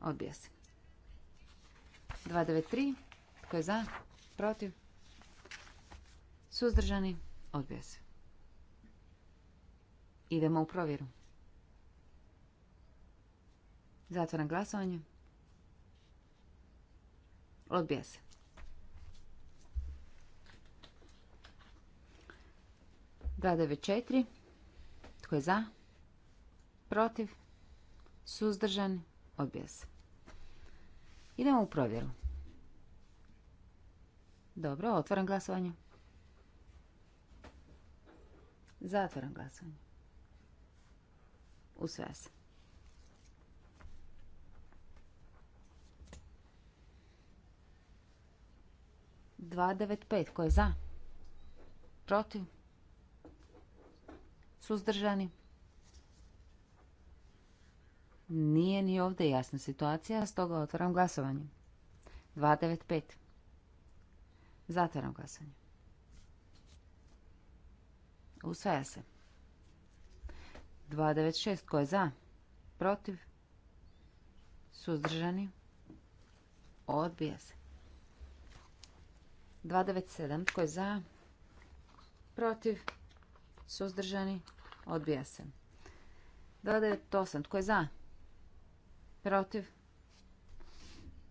Odbija se. 293 tko je za? Protiv? Suzdržani? Odbija se. Idemo u provjeru. Zatvoram glasovanje. Odbija se. Dva četiri. Tko je za? Protiv? Suzdržan? Odbija se. Idemo u provjeru. Dobro, otvaram glasovanje. Zatvaram glasovanje. Usvaja se. Dva devet pet. Ko je za? Protiv? Suzdržani? Nije ni ovdje jasna situacija, stoga otvaram glasovanje. 295. Zatvaram glasanje. Usvaja se. 296. Ko je za? Protiv? Suzdržani? Odbija se. 297. Tko je za? Protiv? Suzdržani? Odbija se. 298. Tko je za? Protiv?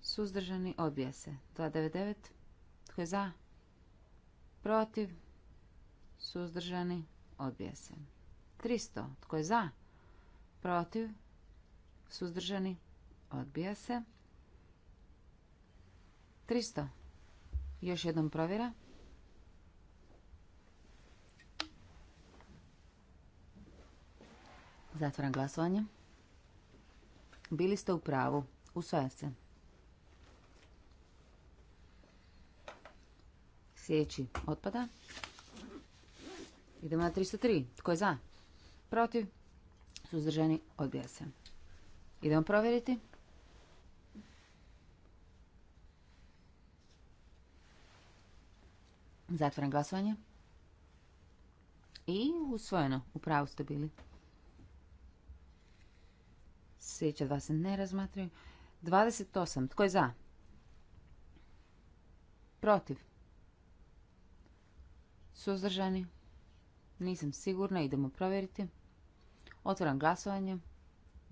Suzdržani? Odbija se. 299 za? Protiv? Suzdržani? Odbija se. 300. Tko je za? Protiv? Suzdržani? Odbija se. 300. Još jednom provjera. Zatvoram glasovanje. Bili ste u pravu. Usvaja se. Sljedeći otpada. Idemo na 303. Tko je za? Protiv? Suzdržani? Odbija se. Idemo provjeriti. Zatvoram glasovanje. I usvojeno. U pravu ste bili. Sjeća dva se ne razmatraju. 28. Tko je za? Protiv? Suzdržani? Nisam sigurna, idemo provjeriti. Otvoram glasovanje.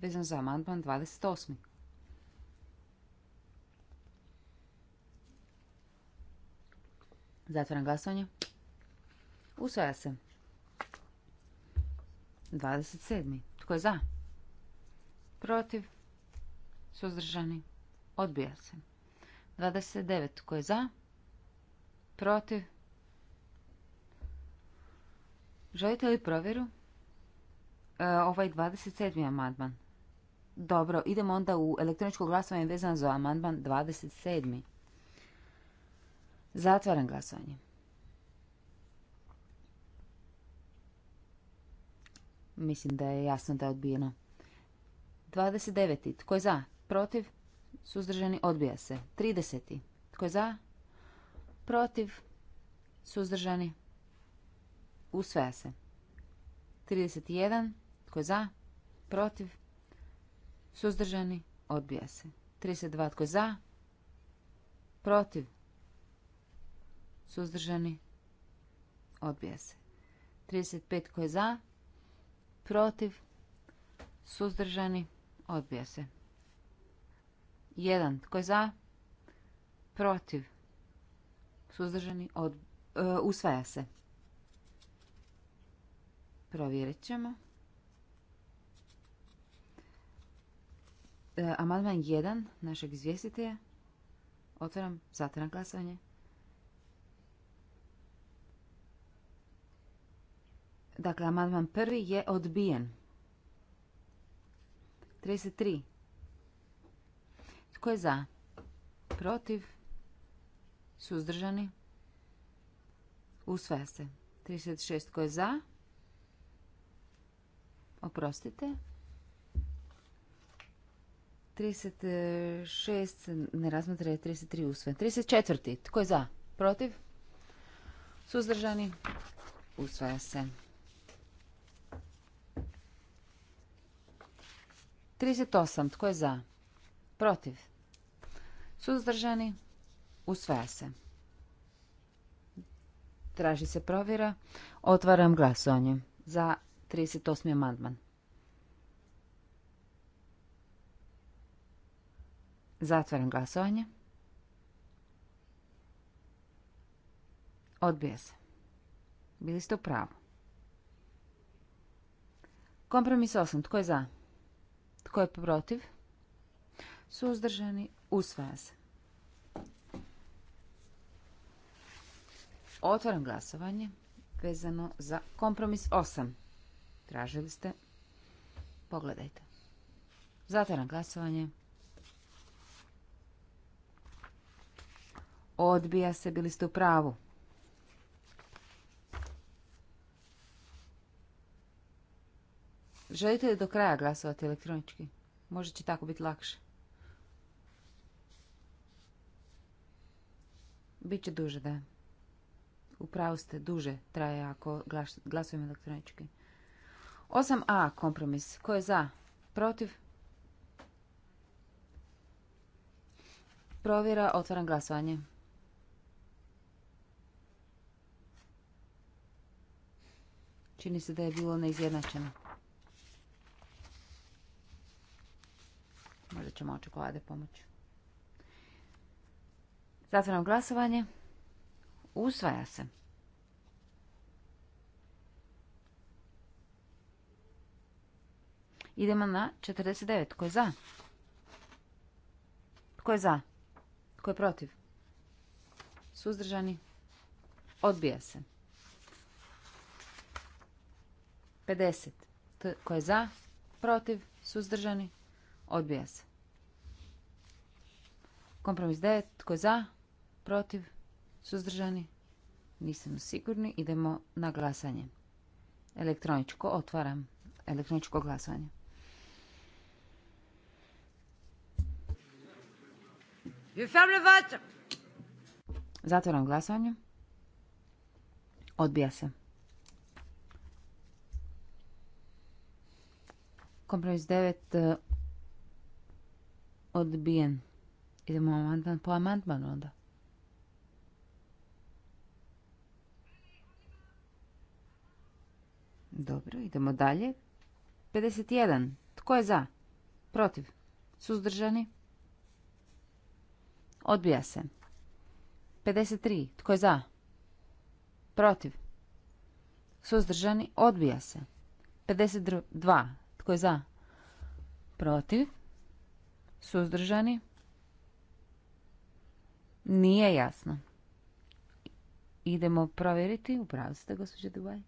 Vezam za amandman 28. Zatvoram glasovanje. Usvaja se. 27. Tko je za? Protiv? Suzdržani? Odbija se. 29. Tko je za? Protiv? Želite li provjeru? E, ovaj 27. amandman. Dobro, idemo onda u elektroničko glasovanje vezano za amandman 27. Zatvaram glasovanje. Mislim da je jasno da je odbijeno. 29. Tko je za? Protiv? Suzdržani? Odbija se. 30. Tko je za? Protiv? Suzdržani? Usvaja se. 31. Tko za? Protiv? Suzdržani? Odbija se. 32. Tko za? Protiv? Suzdržani? Odbija se. 35. Tko je za? Protiv? Suzdržani? Odbija se. 1. Tko je za? Protiv? Suzdržani? Od, e, usvaja se. Provjerit ćemo. E, Amadman 1 našeg izvjestitelja. Otvaram zatvoran glasanje. Dakle, amandman prvi je odbijen. 33. Tko je za? Protiv? Suzdržani? Usvaja se. 36. Tko je za? Oprostite. 36 ne razmatraje, je 33 usvojen. 34. Tko je za? Protiv? Suzdržani? Usvaja se. 38. Tko je za? Protiv? Suzdržani? Usvaja se. Traži se provjera. Otvaram glasovanje. Za 38. amandman. Zatvaram glasovanje. Odbija se. Bili ste u pravu. Kompromis 8. Tko je za? Tko je protiv? Suzdržani. Usvaja se. Otvaram glasovanje vezano za kompromis 8. Tražili ste. Pogledajte. na glasovanje. Odbija se, bili ste u pravu. Želite li do kraja glasovati elektronički? Možda će tako biti lakše. Biće duže, da. U pravu ste, duže traje ako glasujemo elektronički. 8a kompromis. Ko je za? Protiv? Provjera. Otvaram glasovanje. Čini se da je bilo neizjednačeno. Možda ćemo očekolade pomoći. Zatvaram glasovanje. Usvaja se. Idemo na 49. Tko je za? Tko je za? Tko je protiv? Suzdržani? Odbija se. 50. Tko je za? Protiv? Suzdržani? Odbija se. Kompromis 9. Tko je za? Protiv? Suzdržani? Nisam sigurni. Idemo na glasanje. Elektroničko otvaram. Elektroničko glasanje. Je ferme Zatvaram glasanje. Odbija se. Kompromis 9 e, odbijen. Idemo amandman po amandmanu onda. Dobro, idemo dalje. 51. Tko je za? Protiv? Suzdržani? Odbija se. 53. Tko je za? Protiv. Suzdržani. Odbija se. 52. Tko je za? Protiv. Suzdržani. Nije jasno. Idemo provjeriti. Upravo ste, gospođe Dubaj.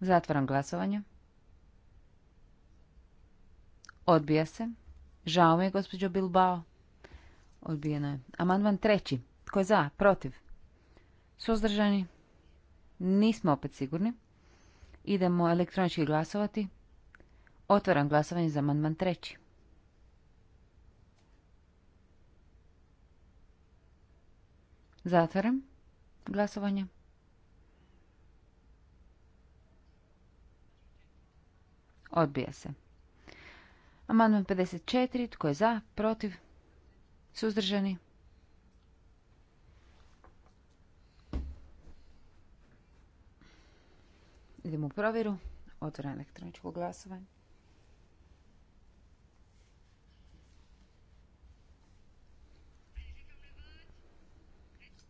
Zatvaram glasovanje. Odbija se. Žao mi je, gospođo Bilbao. Odbijeno je. Amandman treći. Tko je za? Protiv? Suzdržani? Nismo opet sigurni. Idemo elektronički glasovati. Otvaram glasovanje za amandman treći. Zatvaram glasovanje. Odbija se. Amandman 54. Tko je za? Protiv? Suzdržani? Idemo u provjeru. Otvoram elektroničko glasovanje.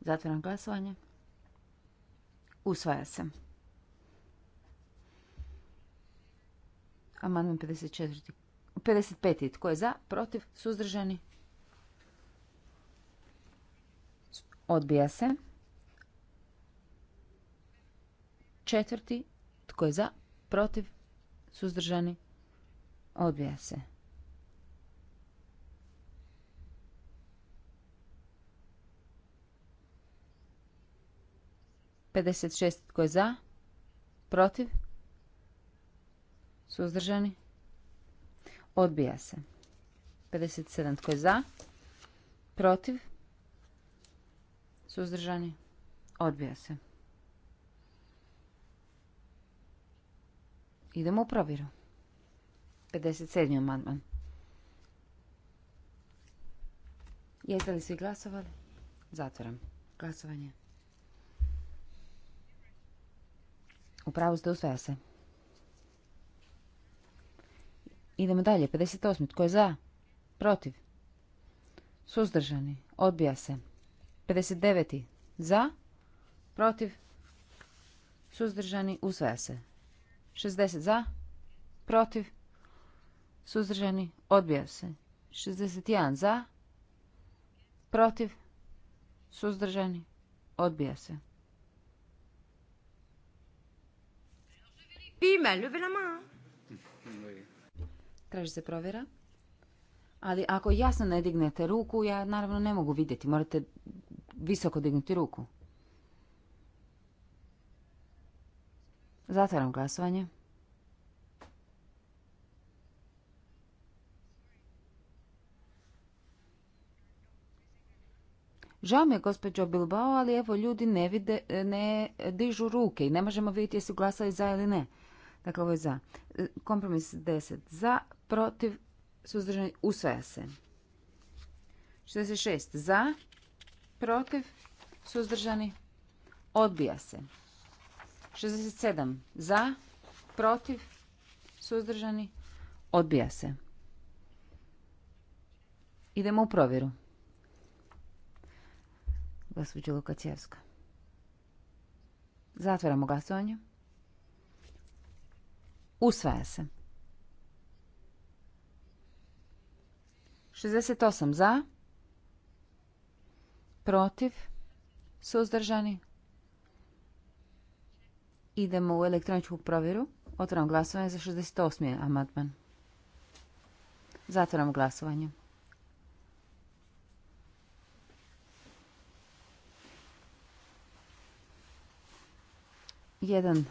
Zatvoram glasovanje. Usvaja se. Amandman 54. 55. Tko je za? Protiv? Suzdržani? Odbija se. Četvrti. Tko je za? Protiv? Suzdržani? Odbija se. Pedeset šest. Tko je za? Protiv? Suzdržani? Odbija se. 57 tko je za? Protiv? Suzdržani? Odbija se. Idemo u provjeru. 57. amandman. Jeste li svi glasovali? Zatvoram. Glasovanje. U pravu ste usvaja se. Idemo dalje. 58. Tko je za? Protiv. Suzdržani. Odbija se. 59. Za? Protiv. Suzdržani. Usvaja se. 60. Za? Protiv. Suzdržani. Odbija se. 61. Za? Protiv. Suzdržani. Odbija se. Pima, Traži se provjera. Ali ako jasno ne dignete ruku, ja naravno ne mogu vidjeti. Morate visoko dignuti ruku. Zatvaram glasovanje. Žao mi je gospođo Bilbao, ali evo ljudi ne, ne dižu ruke i ne možemo vidjeti jesu glasali za ili ne. Dakle, ovo je za. Kompromis 10 za, protiv, suzdržani, usvaja se. 66 za, protiv, suzdržani, odbija se. 67 za, protiv, suzdržani, odbija se. Idemo u provjeru. Gospođa Lukacijevska. Zatvaramo glasovanje. Usvaja se. 68 za. Protiv. Suzdržani. Idemo u elektroničku provjeru. Otvaram glasovanje za 68. amandman. Zatvaram glasovanje. Jedan e,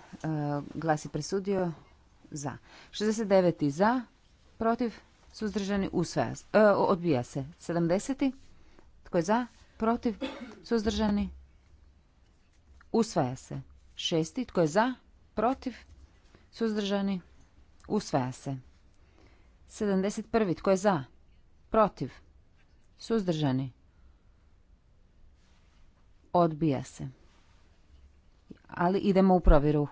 glas je presudio, za. 69. za, protiv, suzdržani, usvaja, e, odbija se. 70. tko je za, protiv, suzdržani, usvaja se. 6. tko je za, protiv, suzdržani, usvaja se. 71. tko je za, protiv, suzdržani, odbija se. Ali idemo u provjeru,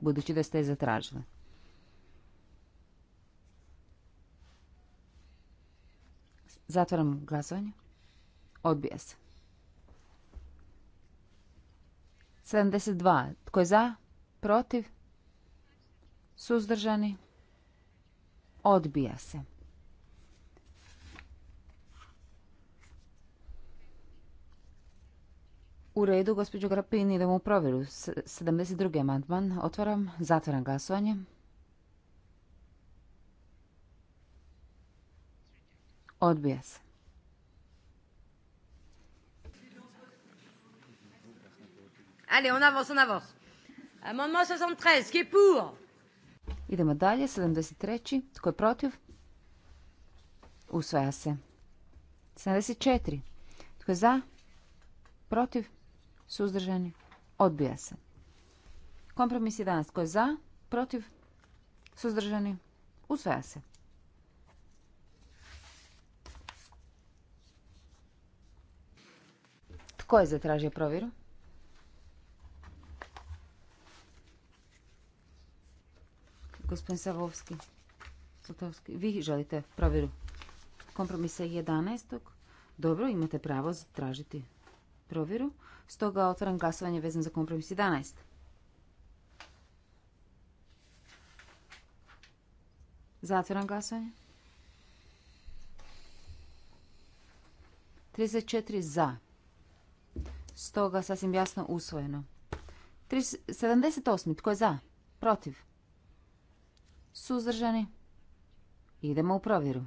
budući da ste je zatražili. Zatvaram glasovanje. Odbija se. 72. Tko je za? Protiv? Suzdržani? Odbija se. U redu, gospođo Grapini, idemo u provjeru. 72. amandman. Otvaram, zatvaram glasovanje. Odbija se. Allez, on avance, on avance. Amendement 73, qui est pour? Idemo dalje, 73. Tko je protiv? Usvaja se. 74. Tko je za? Protiv? Suzdržani? Odbija se. Kompromis 11. Tko je za? Protiv? Suzdržani? Usvaja se. Tko je zatražio provjeru? Gospodin Savovski. Sotovski. Vi želite provjeru kompromisa 11. Dobro, imate pravo zatražiti provjeru. Stoga otvaram glasovanje vezan za kompromis 11. Zatvaram glasovanje. 34 za, Stoga sasvim jasno usvojeno. 78. Tko je za? Protiv? Suzdržani? Idemo u provjeru.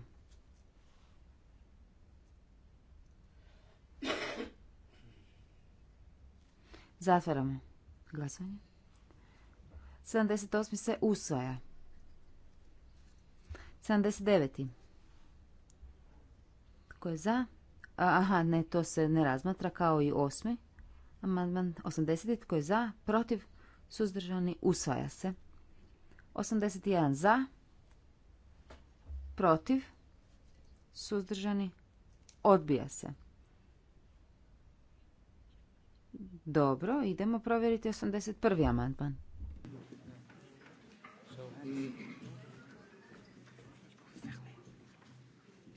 Zatvaramo glasovanje. 78. se usvaja. 79. Tko je za? Aha, ne, to se ne razmatra kao i osmi. Amandman 80. Tko je za? Protiv? Suzdržani? Usvaja se. 81 za. Protiv? Suzdržani? Odbija se. Dobro, idemo provjeriti 81. amandman.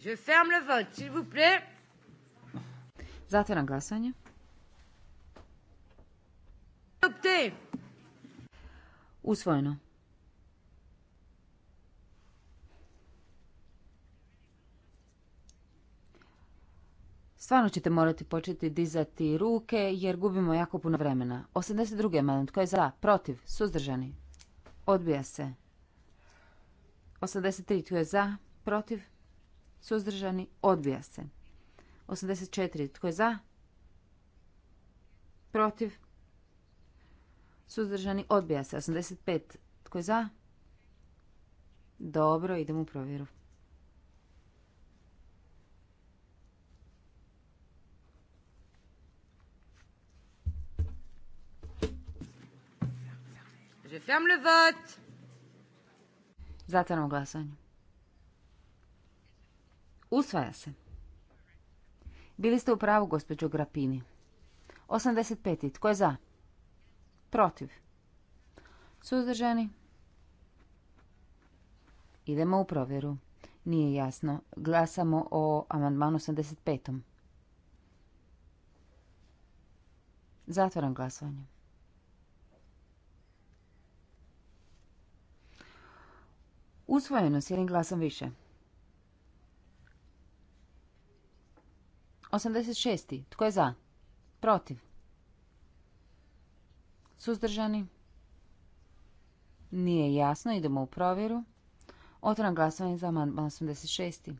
Je ferme le vote, s'il vous plaît. Zatvaram glasanje. Usvojeno. Stvarno ćete morati početi dizati ruke jer gubimo jako puno vremena. 82. amandman tko je za, protiv, suzdržani. Odbija se. 83. tko je za, protiv, suzdržani. Odbija se. 84. Tko je za? Protiv? Suzdržani odbija se. 85. Tko je za? Dobro, idemo u provjeru. Je ferme le Zatvaramo glasanje. Usvaja se. Bili ste u pravu, gospođo Grapini. 85. Tko je za? Protiv. Suzdržani? Idemo u provjeru. Nije jasno. Glasamo o amandmanu 85. Zatvaram glasovanje. Usvojeno s jednim glasom više. 86. Tko je za? Protiv. Suzdržani? Nije jasno. Idemo u provjeru. Otvoram glasovanje za amandman 86.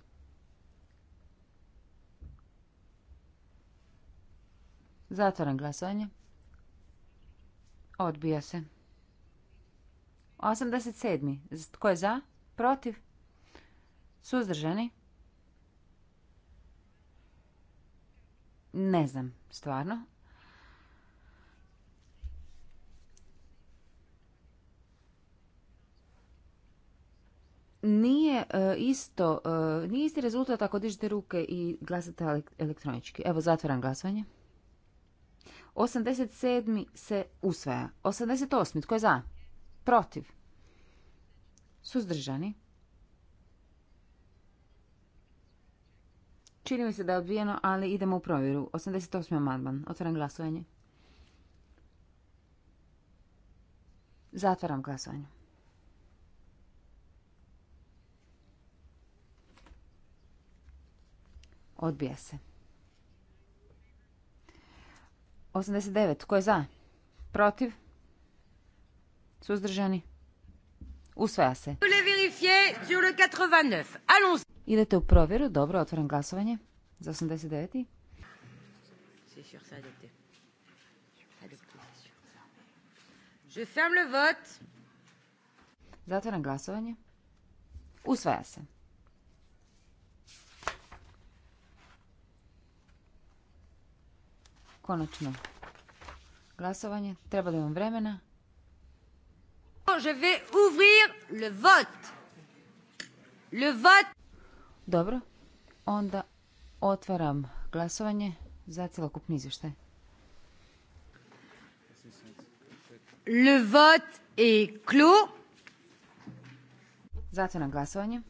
Zatvoram glasovanje. Odbija se. 87. Tko je za? Protiv? Suzdržani? Ne znam, stvarno. Nije e, isto, e, nije isti rezultat ako dižete ruke i glasate elektronički. Evo, zatvaram glasovanje. 87. se usvaja. 88. tko je za? Protiv. Suzdržani. Čini mi se da je odbijeno, ali idemo u provjeru. 88. amandman. Otvaram glasovanje. Zatvaram glasovanje. Odbija se. 89. Tko je za? Protiv? Suzdržani? Usvaja se. Vous je sur le 89. Allons. Idete u provjeru. Dobro, otvaram glasovanje za 89. Je ferme le vote. Zatvaram glasovanje. Usvaja se. Konačno glasovanje. Treba da imam vremena. Je vais ouvrir le vote. Le vote dobro. Onda otvaram glasovanje za cjelokupni izvještaj. Le vote est clos. Zatvaram glasovanje.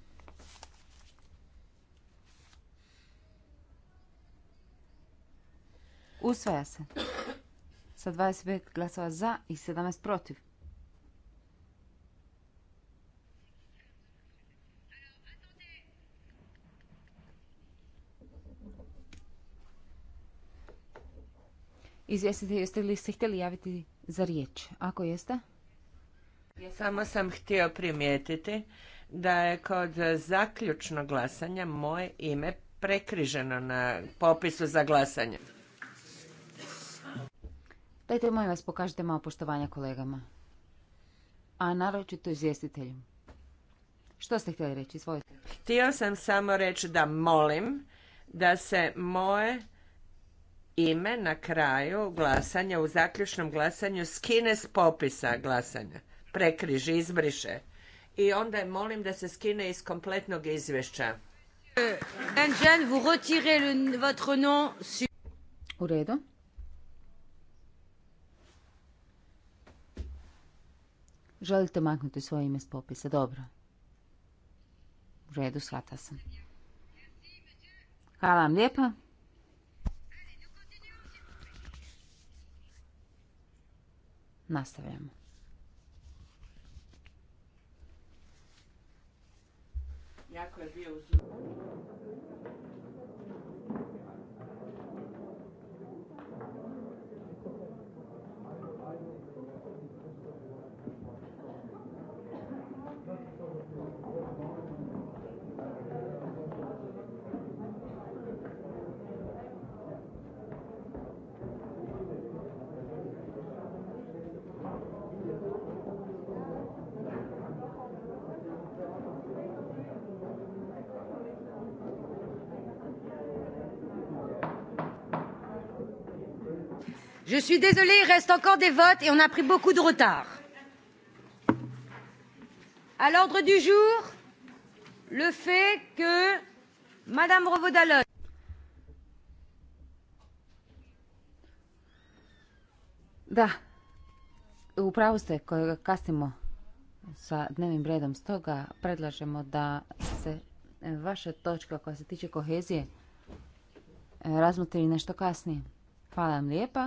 Usvaja se. Sa 25 glasova za i 17 protiv. Izvjestitelj, jeste li se htjeli javiti za riječ? Ako jeste? Samo sam htio primijetiti da je kod zaključnog glasanja moje ime prekriženo na popisu za glasanje. Dajte, molim vas, pokažite malo poštovanja kolegama. A naročito izvjestitelju. Što ste htjeli reći? Izvolite. Htio sam samo reći da molim da se moje ime na kraju glasanja, u zaključnom glasanju, skine s popisa glasanja, prekriži, izbriše. I onda je molim da se skine iz kompletnog izvješća. U redu. Želite maknuti svoje ime s popisa, dobro. U redu, shvata sam. Hvala vam lijepa. Nastavljamo. Jako je bio Je suis désolée, il reste encore des votes et on a pris beaucoup de retard. À l'ordre du jour, le fait que Madame Revaudalon. Da, upravo ste koje kasnimo sa dnevnim redom. Stoga predlažemo da se e, vaše točka koja se tiče kohezije e, razmotri nešto kasnije. Hvala vam lijepa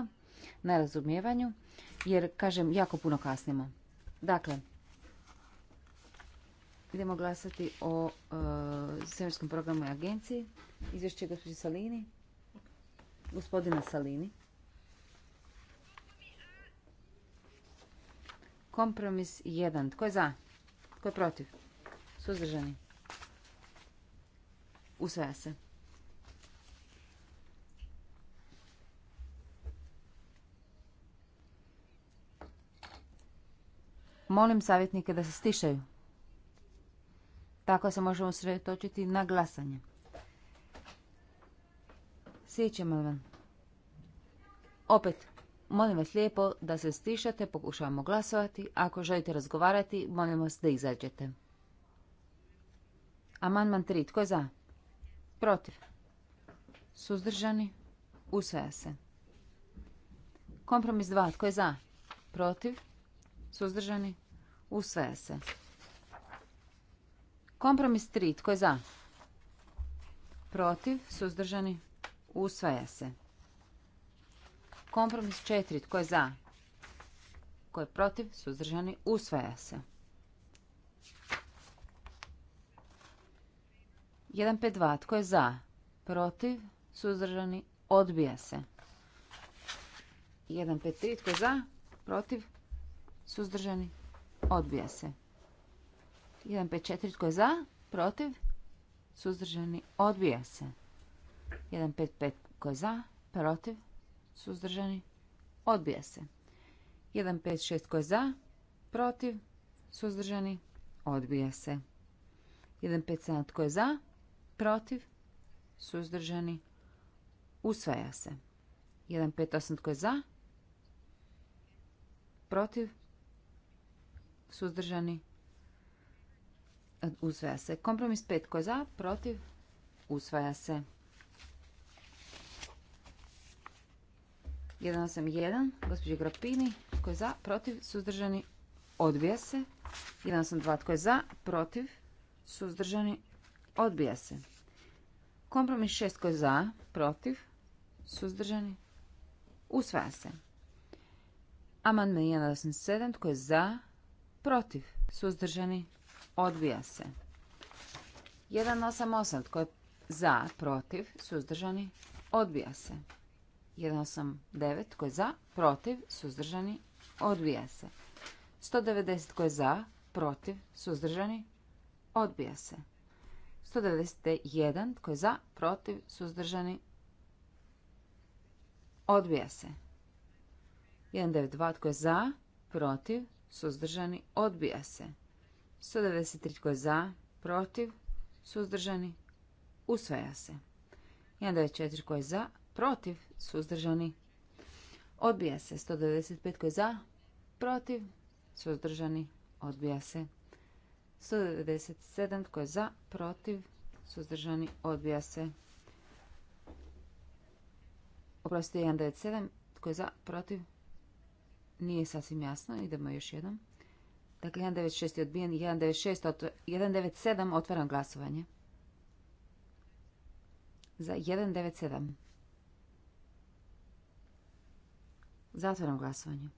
na razumijevanju, jer, kažem, jako puno kasnimo. Dakle, idemo glasati o e, svemirskom programu i agenciji. Izvješće gospođe Salini, gospodina Salini. Kompromis 1. Tko je za? Tko je protiv? Suzdržani. Usvaja se. Molim savjetnike da se stišaju. Tako se možemo sretočiti na glasanje. Sjećemo. vam. Opet, molim vas lijepo da se stišate, pokušavamo glasovati. Ako želite razgovarati, molim vas da izađete. Amandman 3. Tko je za? Protiv. Suzdržani. Usvaja se. Kompromis 2. Tko je za? Protiv. Suzdržani? Usvaja se. Kompromis 3. Tko je za? Protiv? Suzdržani? Usvaja se. Kompromis 4. Tko je za? Tko je protiv? Suzdržani? Usvaja se. 152. Tko je za? Protiv? Suzdržani? Odbija se. 153. Tko je za? Protiv? Suzdržani? Odbija se. 154 tko je za? Protiv? Suzdržani? Odbija se. 155 tko je za? Protiv? Suzdržani? Odbija se. 156 tko je za? Protiv? Suzdržani? Odbija se. 157 tko je za? Protiv? Suzdržani? Usvaja se. 158 tko je za? Protiv? suzdržani, usvaja se. Kompromis 5 ko je za, protiv, usvaja se. 181, Gospođe Grapini, tko je za, protiv, suzdržani, odbija se. 182, tko je za, protiv, suzdržani, odbija se. Kompromis 6, tko je za, protiv, suzdržani, usvaja se. Amandman 187, tko je za, Protiv. Suzdržani. Odbija se. 188. Tko je za? Protiv. Suzdržani. Odbija se. 189. Tko je za? Protiv. Suzdržani. Odbija se. 190. Tko je za? Protiv. Suzdržani. Odbija se. 191. Tko je za? Protiv. Suzdržani. Odbija se. 192. Tko je za? Protiv suzdržani, odbija se. 193 tko je za, protiv, suzdržani, usvaja se. 194 tko je za, protiv, suzdržani, odbija se. 195 tko je za, protiv, suzdržani, odbija se. 197 tko je za, protiv, suzdržani, odbija se. Oprostite, 197 tko je za, protiv, nije sasvim jasno. Idemo još jednom. Dakle, 196 je odbijen. 196, 197 otvaram glasovanje. Za 197. Zatvaram glasovanje.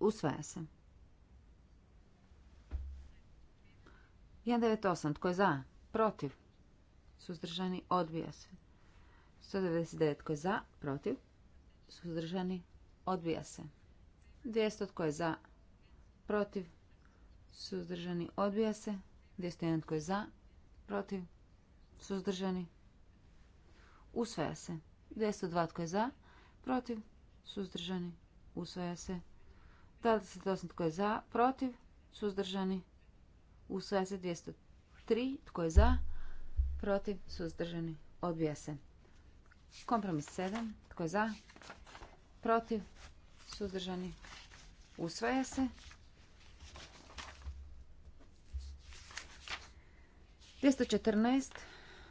Usvaja se. 198. Tko je za? Protiv. Suzdržani odbija se. 199. Tko je za? Protiv. Suzdržani Odbija se. 200 tko je za? Protiv? Suzdržani? Odbija se. 201 tko je za? Protiv? Suzdržani? Usvaja se. 202 tko je za? Protiv? Suzdržani? Usvaja se. 28 tko je za? Protiv? Suzdržani? Usvaja se. 203 tko je za? Protiv? Suzdržani? Odbija se. Kompromis 7. Tko je za? protiv, suzdržani, usvaja se. četrnaest.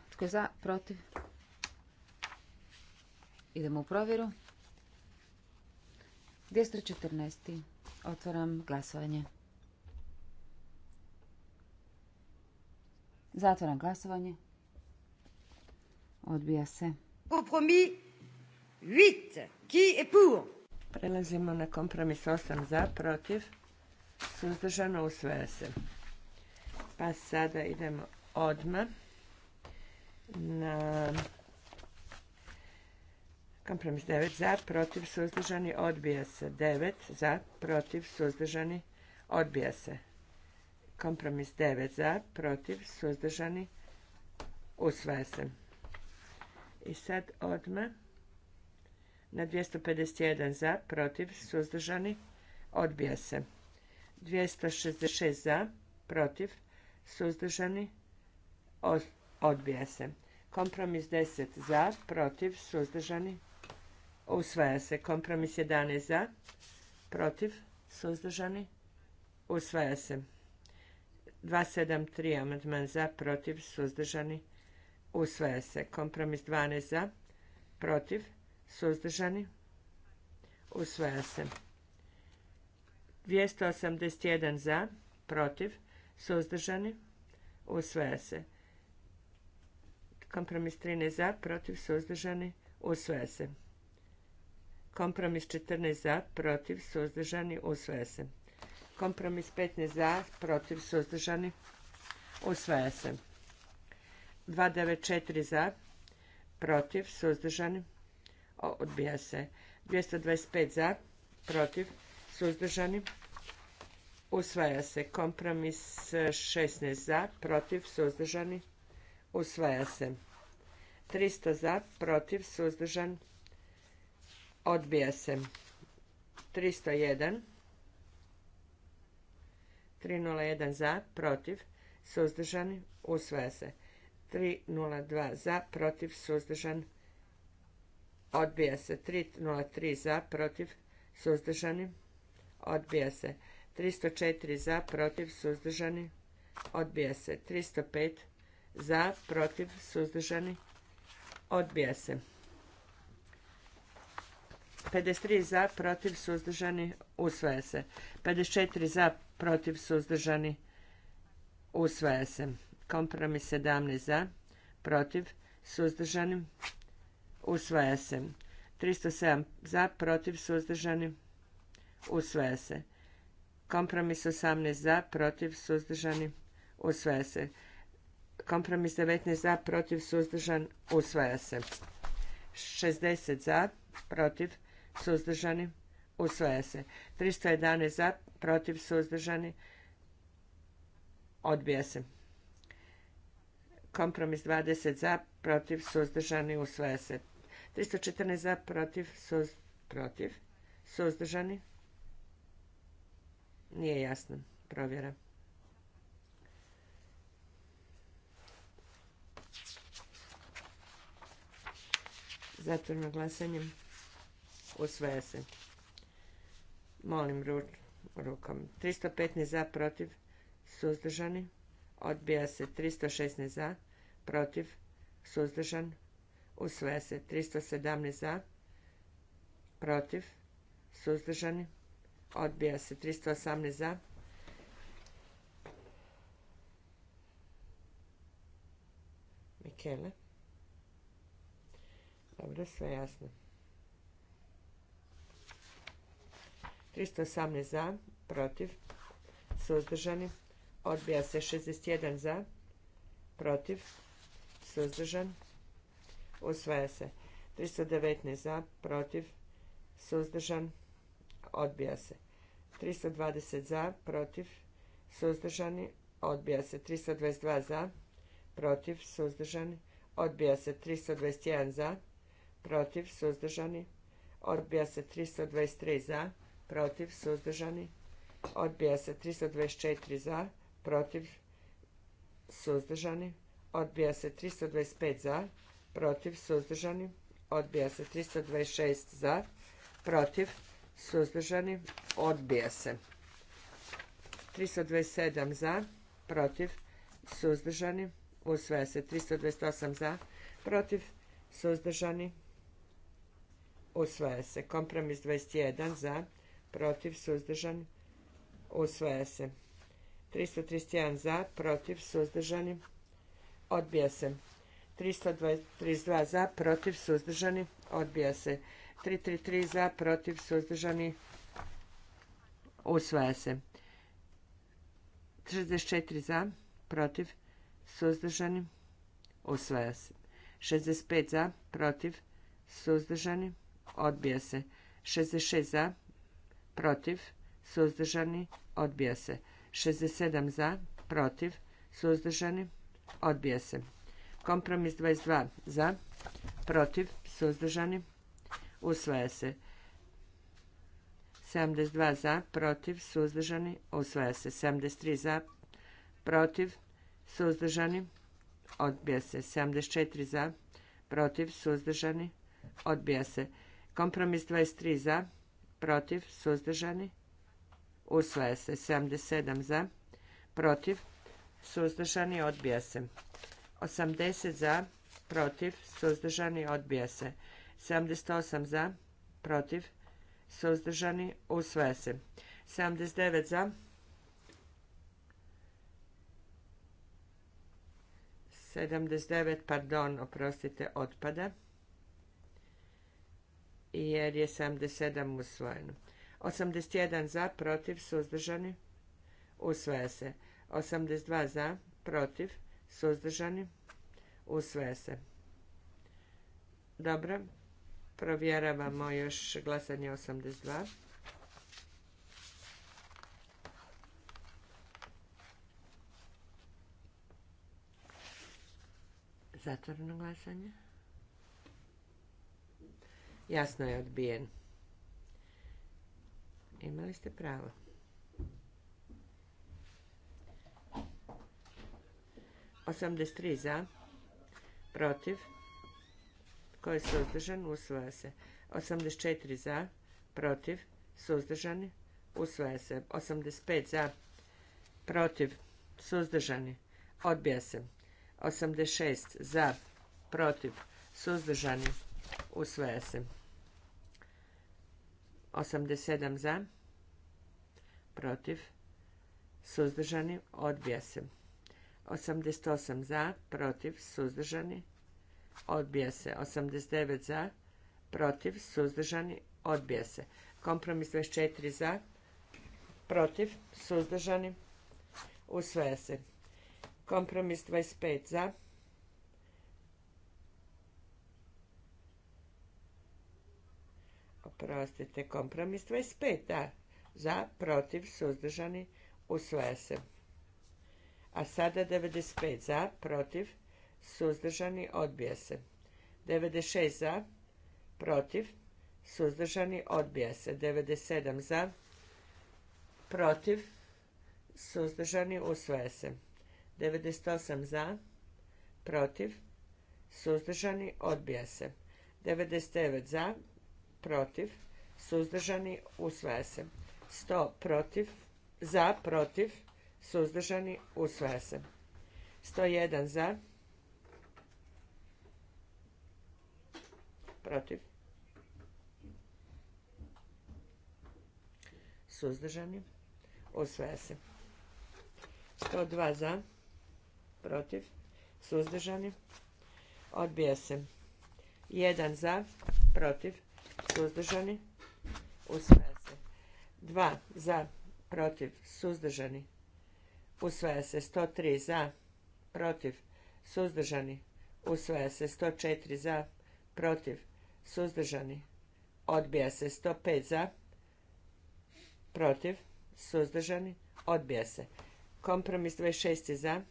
tko je za, protiv, idemo u provjeru. 214. Otvaram glasovanje. Zatvaram glasovanje. Odbija se. Kompromis 8. Qui est pour? Prelazimo na kompromis 8 za, protiv, suzdržano usvaja se. Pa sada idemo odmah na kompromis 9 za, protiv, suzdržani, odbija se. 9 za, protiv, suzdržani, odbija se. Kompromis 9 za, protiv, suzdržani, usvaja se. I sad odmah na 251 za, protiv, suzdržani, odbija se. 266 za, protiv, suzdržani, odbija se. Kompromis 10 za, protiv, suzdržani, usvaja se. Kompromis 11 za, protiv, suzdržani, usvaja se. 273 amandman za, protiv, suzdržani, usvaja se. Kompromis 12 za, protiv, Suzdržani? Usvaja se. 281 za, protiv, suzdržani, usvaja se. Kompromis 13 za, protiv, suzdržani, usvaja se. Kompromis 14 za, protiv, suzdržani, usvaja se. Kompromis 15 za, protiv, suzdržani, usvaja se. 294 za, protiv, suzdržani, usvaja se odbija se. 225 za, protiv, suzdržani, usvaja se. Kompromis 16 e, za, protiv, suzdržani, usvaja se. 300 za, protiv, suzdržan, odbija se. 301, 301 za, protiv, suzdržani, usvaja se. 302 za, protiv, suzdržan, Odbija se. 303 za, protiv, suzdržani. Odbija se. 304 za, protiv, suzdržani. Odbija se. 305 za, protiv, suzdržani. Odbija se. 53 za, protiv, suzdržani. Usvaja se. 54 za, protiv, suzdržani. Usvaja se. Kompromis 17 za, protiv, suzdržani. Usvaja se. 307 za, protiv, suzdržani. Usvaja se. Kompromis 18 za, protiv, suzdržani. Usvaja se. Kompromis 19 za, protiv, suzdržan. Usvaja se. 60 za, protiv, suzdržani. Usvaja se. 311 za, protiv, suzdržani. Odbija se. Kompromis 20 za, protiv, suzdržani. Usvaja se. 314 za, protiv, protiv, suzdržani. Nije jasno. Provjera. Zatvorno glasanjem. Usvaja se. Molim rukom. rukom. 315 za, protiv, suzdržani. Odbija se 316 za, protiv, suzdržan. Usvaja se. 317 za. Protiv. Suzdržani. Odbija se. 318 za. Mikele. Dobro, sve jasno. 318 za. Protiv. Suzdržani. Odbija se. 61 za. Protiv. Suzdržani Usvaja se. 319 za, protiv, suzdržan, odbija se. 320 za, protiv, suzdržani, odbija se. 322 za, protiv, suzdržani, odbija se. 321 za, protiv, suzdržani, odbija se. 323 za, protiv, suzdržani, odbija se. 324 za, protiv, suzdržani, odbija se. 325 za, protiv, suzdržani, odbija se. 326 za, protiv, suzdržani, odbija se. 327 za, protiv, suzdržani, usvaja se. 328 za, protiv, suzdržani, usvaja se. Kompromis 21 za, protiv, suzdržani, usvaja se. 331 za, protiv, suzdržani, odbija se. 332 za, protiv, suzdržani, odbija se. 333 za, protiv, suzdržani, usvaja se. 64 za, protiv, suzdržani, usvaja se. 65 za, protiv, suzdržani, odbija se. 66 za, protiv, suzdržani, odbija se. 67 za, protiv, suzdržani, odbija se. Kompromis 22 za, protiv, suzdržani, usvaja se. 72 za, protiv, suzdržani, usvaja se. 73 za, protiv, suzdržani, odbija se. 74 za, protiv, suzdržani, odbija se. Kompromis 23 za, protiv, suzdržani, usvaja se. 77 za, protiv, suzdržani, odbija se. 80 za, protiv, suzdržani, odbija se. 78 za, protiv, suzdržani, usvaja se. 79 za, 79, pardon, oprostite, otpada, jer je 77 usvojeno. 81 za, protiv, suzdržani, usvaja se. 82 za, protiv, Suzdržani? Usvaja se. Dobro. Provjeravamo još glasanje 82. Zatvoreno glasanje. Jasno je odbijen. Imali ste pravo. 83 za, protiv, tko je suzdržan, usvaja se. 84 za, protiv, suzdržani, usvaja se. 85 za, protiv, suzdržani, odbija se. 86 za, protiv, suzdržani, usvaja se. 87 za, protiv, suzdržani, odbija se. 88 za, protiv, suzdržani, odbija se. 89 za, protiv, suzdržani, odbija se. Kompromis 24 za, protiv, suzdržani, usvaja se. Kompromis 25 za, oprostite, kompromis 25, za, protiv, suzdržani, usvaja se a sada 95 za, protiv, suzdržani, odbija se. 96 za, protiv, suzdržani, odbija se. 97 za, protiv, suzdržani, usvaja se. 98 za, protiv, suzdržani, odbija se. 99 za, protiv, suzdržani, usvaja se. 100 protiv, za, protiv, suzdržani, usvaja se. 101 za, protiv, suzdržani, usvaja se. 102 za, protiv, suzdržani, odbija se. 1 za, protiv, suzdržani, usvaja se. 2 za, protiv, suzdržani, usvaja se 103 za, protiv, suzdržani, usvaja se 104 za, protiv, suzdržani, odbija se 105 za, protiv, suzdržani, odbija se. Kompromis 26 za,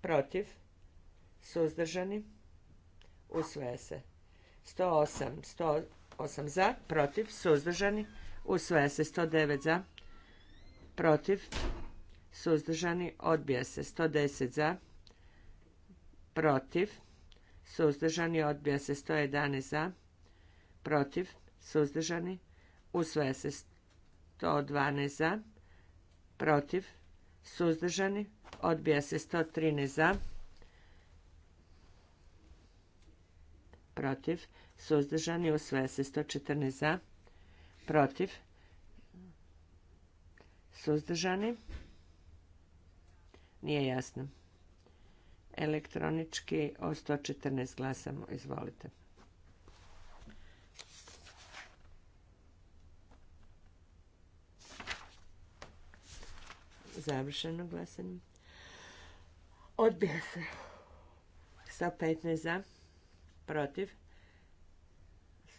protiv, suzdržani, usvaja se. 108, 108 za, protiv, suzdržani, usvaja se 109 za, protiv, suzdržani, odbija se. 110 za, protiv, suzdržani, odbija se. 111 za, protiv, suzdržani, usvaja se. 112 za, protiv, suzdržani, odbija se. 113 za, protiv, suzdržani, usvaja se. 114 za, protiv, suzdržani, nije jasno. Elektronički o 114 glasamo. Izvolite. Završeno glasanje. Odbija se. 115 za. Protiv.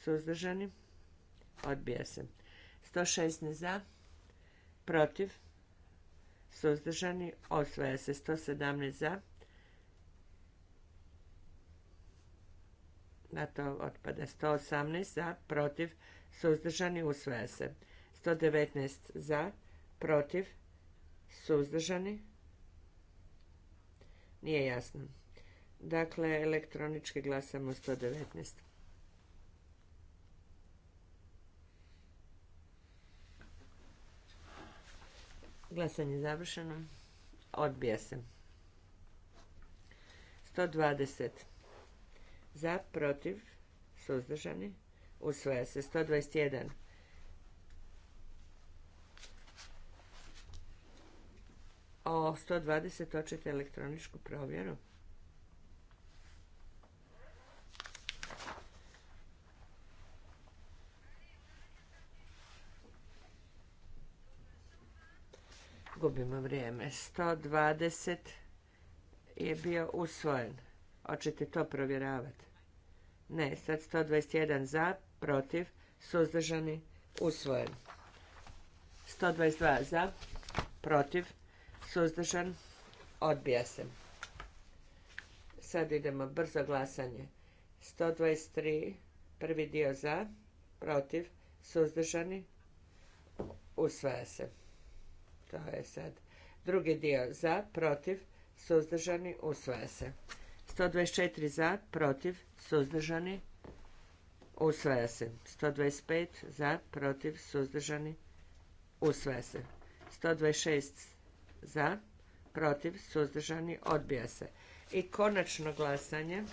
Suzdržani. Odbija se. 116 za. Protiv suzdržani, osvaja se 117 za, na to otpada 118 za, protiv, suzdržani, usvaja se 119 za, protiv, suzdržani, nije jasno. Dakle, elektronički glasamo 119. Glasanje završeno. Odbija se. 120. Za, protiv, suzdržani. Usvoja se. 121. O 120 hoćete elektroničku provjeru. gubimo vrijeme. 120 je bio usvojen. Hoćete to provjeravati? Ne, sad 121 za, protiv, suzdržani, usvojen. 122 za, protiv, suzdržan, odbija se. Sad idemo brzo glasanje. 123, prvi dio za, protiv, suzdržani, usvaja se. To je sad drugi dio za, protiv, suzdržani, usvaja se. 124 za, protiv, suzdržani, usvaja se. 125 za, protiv, suzdržani, usvaja se. 126 za, protiv, suzdržani, odbija se. I konačno glasanje,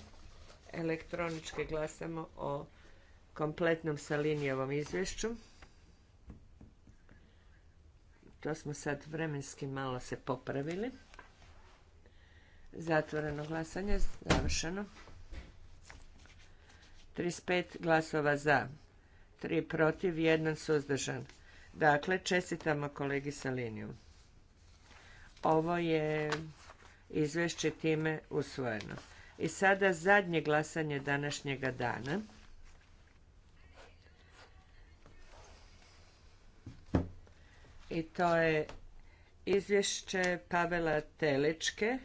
elektronički glasamo o kompletnom Salinijevom izvješću. To smo sad vremenski malo se popravili. Zatvoreno glasanje, završeno. 35 glasova za, 3 protiv, 1 suzdržan. Dakle, čestitamo kolegi Saliniju. Ovo je izvješće time usvojeno. I sada zadnje glasanje današnjega dana. i to je izvješće Pavela Teličke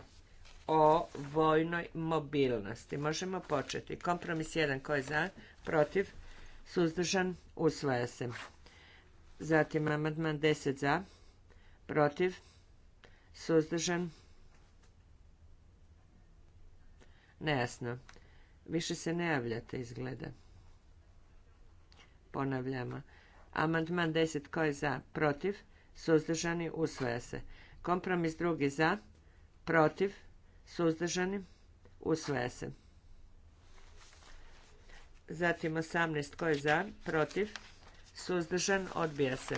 o vojnoj mobilnosti. Možemo početi. Kompromis 1 koji je za, protiv, suzdržan, usvaja se. Zatim amandman 10 za, protiv, suzdržan, nejasno. Više se ne javljate izgleda. Ponavljamo. Amandman 10 koji je za, protiv, suzdržani, usvaja se. Kompromis drugi za, protiv, suzdržani, usvaja se. Zatim 18 koji za, protiv, suzdržan, odbija se.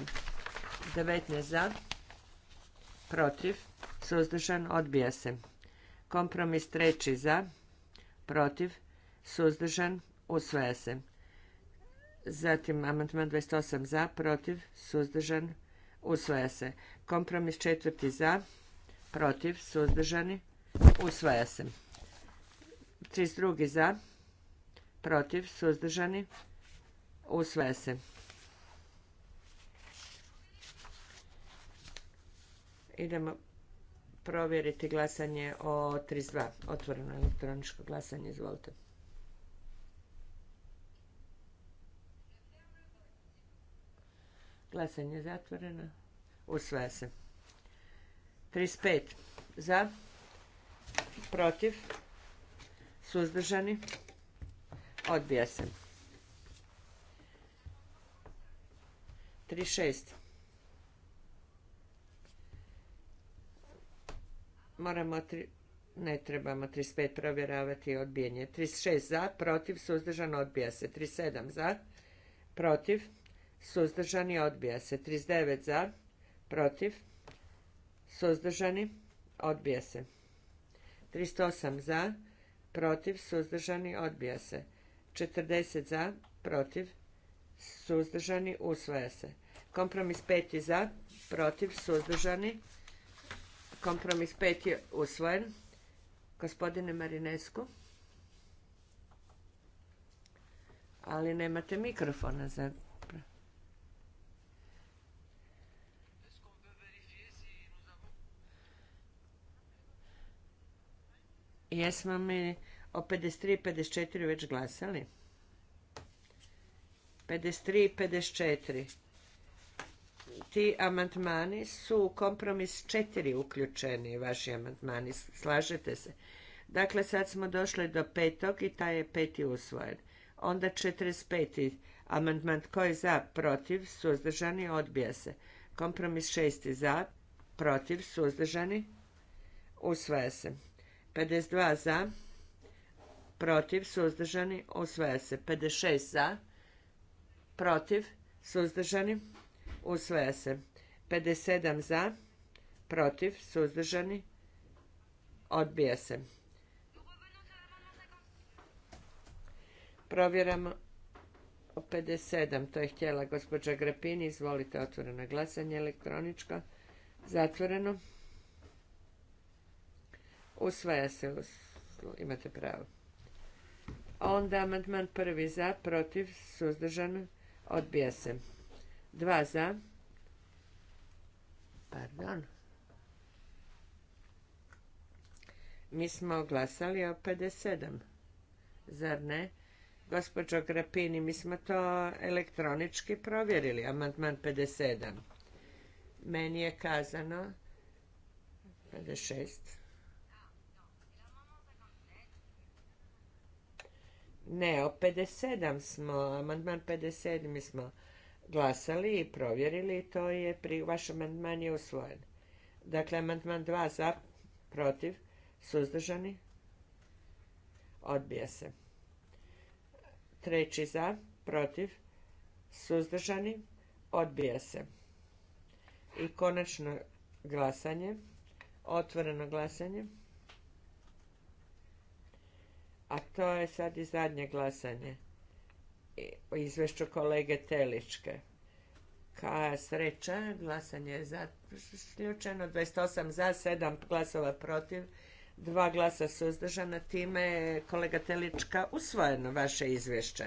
19 za, protiv, suzdržan, odbija se. Kompromis treći za, protiv, suzdržan, usvaja se. Zatim amandman 28 za, protiv, suzdržan, usvaja se. Kompromis četvrti za, protiv, suzdržani, usvaja se. 32. za, protiv, suzdržani, usvaja se. Idemo provjeriti glasanje o 32. Otvoreno elektroničko glasanje, izvolite. Glasanje je zatvoreno. Usvaja se. 35. Za. Protiv. Suzdržani. Odbija se. 36. Moramo ne trebamo 35 provjeravati odbijenje. 36 za, protiv, Suzdržano. odbija se. 37 za, protiv, suzdržani, odbija se. 39 za, protiv, suzdržani, odbija se. 308 za, protiv, suzdržani, odbija se. 40 za, protiv, suzdržani, usvaja se. Kompromis 5 za, protiv, suzdržani, kompromis 5 je usvojen. Gospodine Marinesku. Ali nemate mikrofona za Jesmo mi o 53 i 54 već glasali? 53 i 54. Ti amandmani su u kompromis 4 uključeni, vaši amandmani, slažete se. Dakle, sad smo došli do petog i taj je peti usvojen. Onda 45. amandman tko je za, protiv, suzdržani, odbija se. Kompromis šesti za, protiv, suzdržani, usvaja se. 52 za, protiv, suzdržani, usvaja se. 56 za, protiv, suzdržani, usvaja se. 57 za, protiv, suzdržani, odbija se. Provjeramo 57, to je htjela gospođa Grapini, izvolite otvoreno glasanje elektroničko, zatvoreno. Usvaja se. Imate pravo. Onda amandman prvi za, protiv, suzdržan, odbija se. Dva za. Pardon. Mi smo glasali o 57. Zar ne? Gospođo Grapini, mi smo to elektronički provjerili, amandman 57. Meni je kazano 56 Ne, o 57 smo, amandman 57 smo glasali i provjerili i to je, vaš amandman je usvojen. Dakle, amandman 2 za, protiv, suzdržani, odbija se. Treći za, protiv, suzdržani, odbija se. I konačno glasanje, otvoreno glasanje. A to je sad i zadnje glasanje o izvješću kolege Teličke. Ka sreća, glasanje je zaključeno, 28 za, 7 glasova protiv, Dva glasa suzdržana, time je kolega Telička usvojeno vaše izvješće.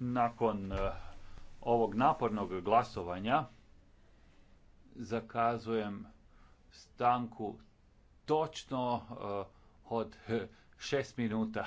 Nakon ovog napornog glasovanja zakazujem stanku točno eh, od eh, šest minuta.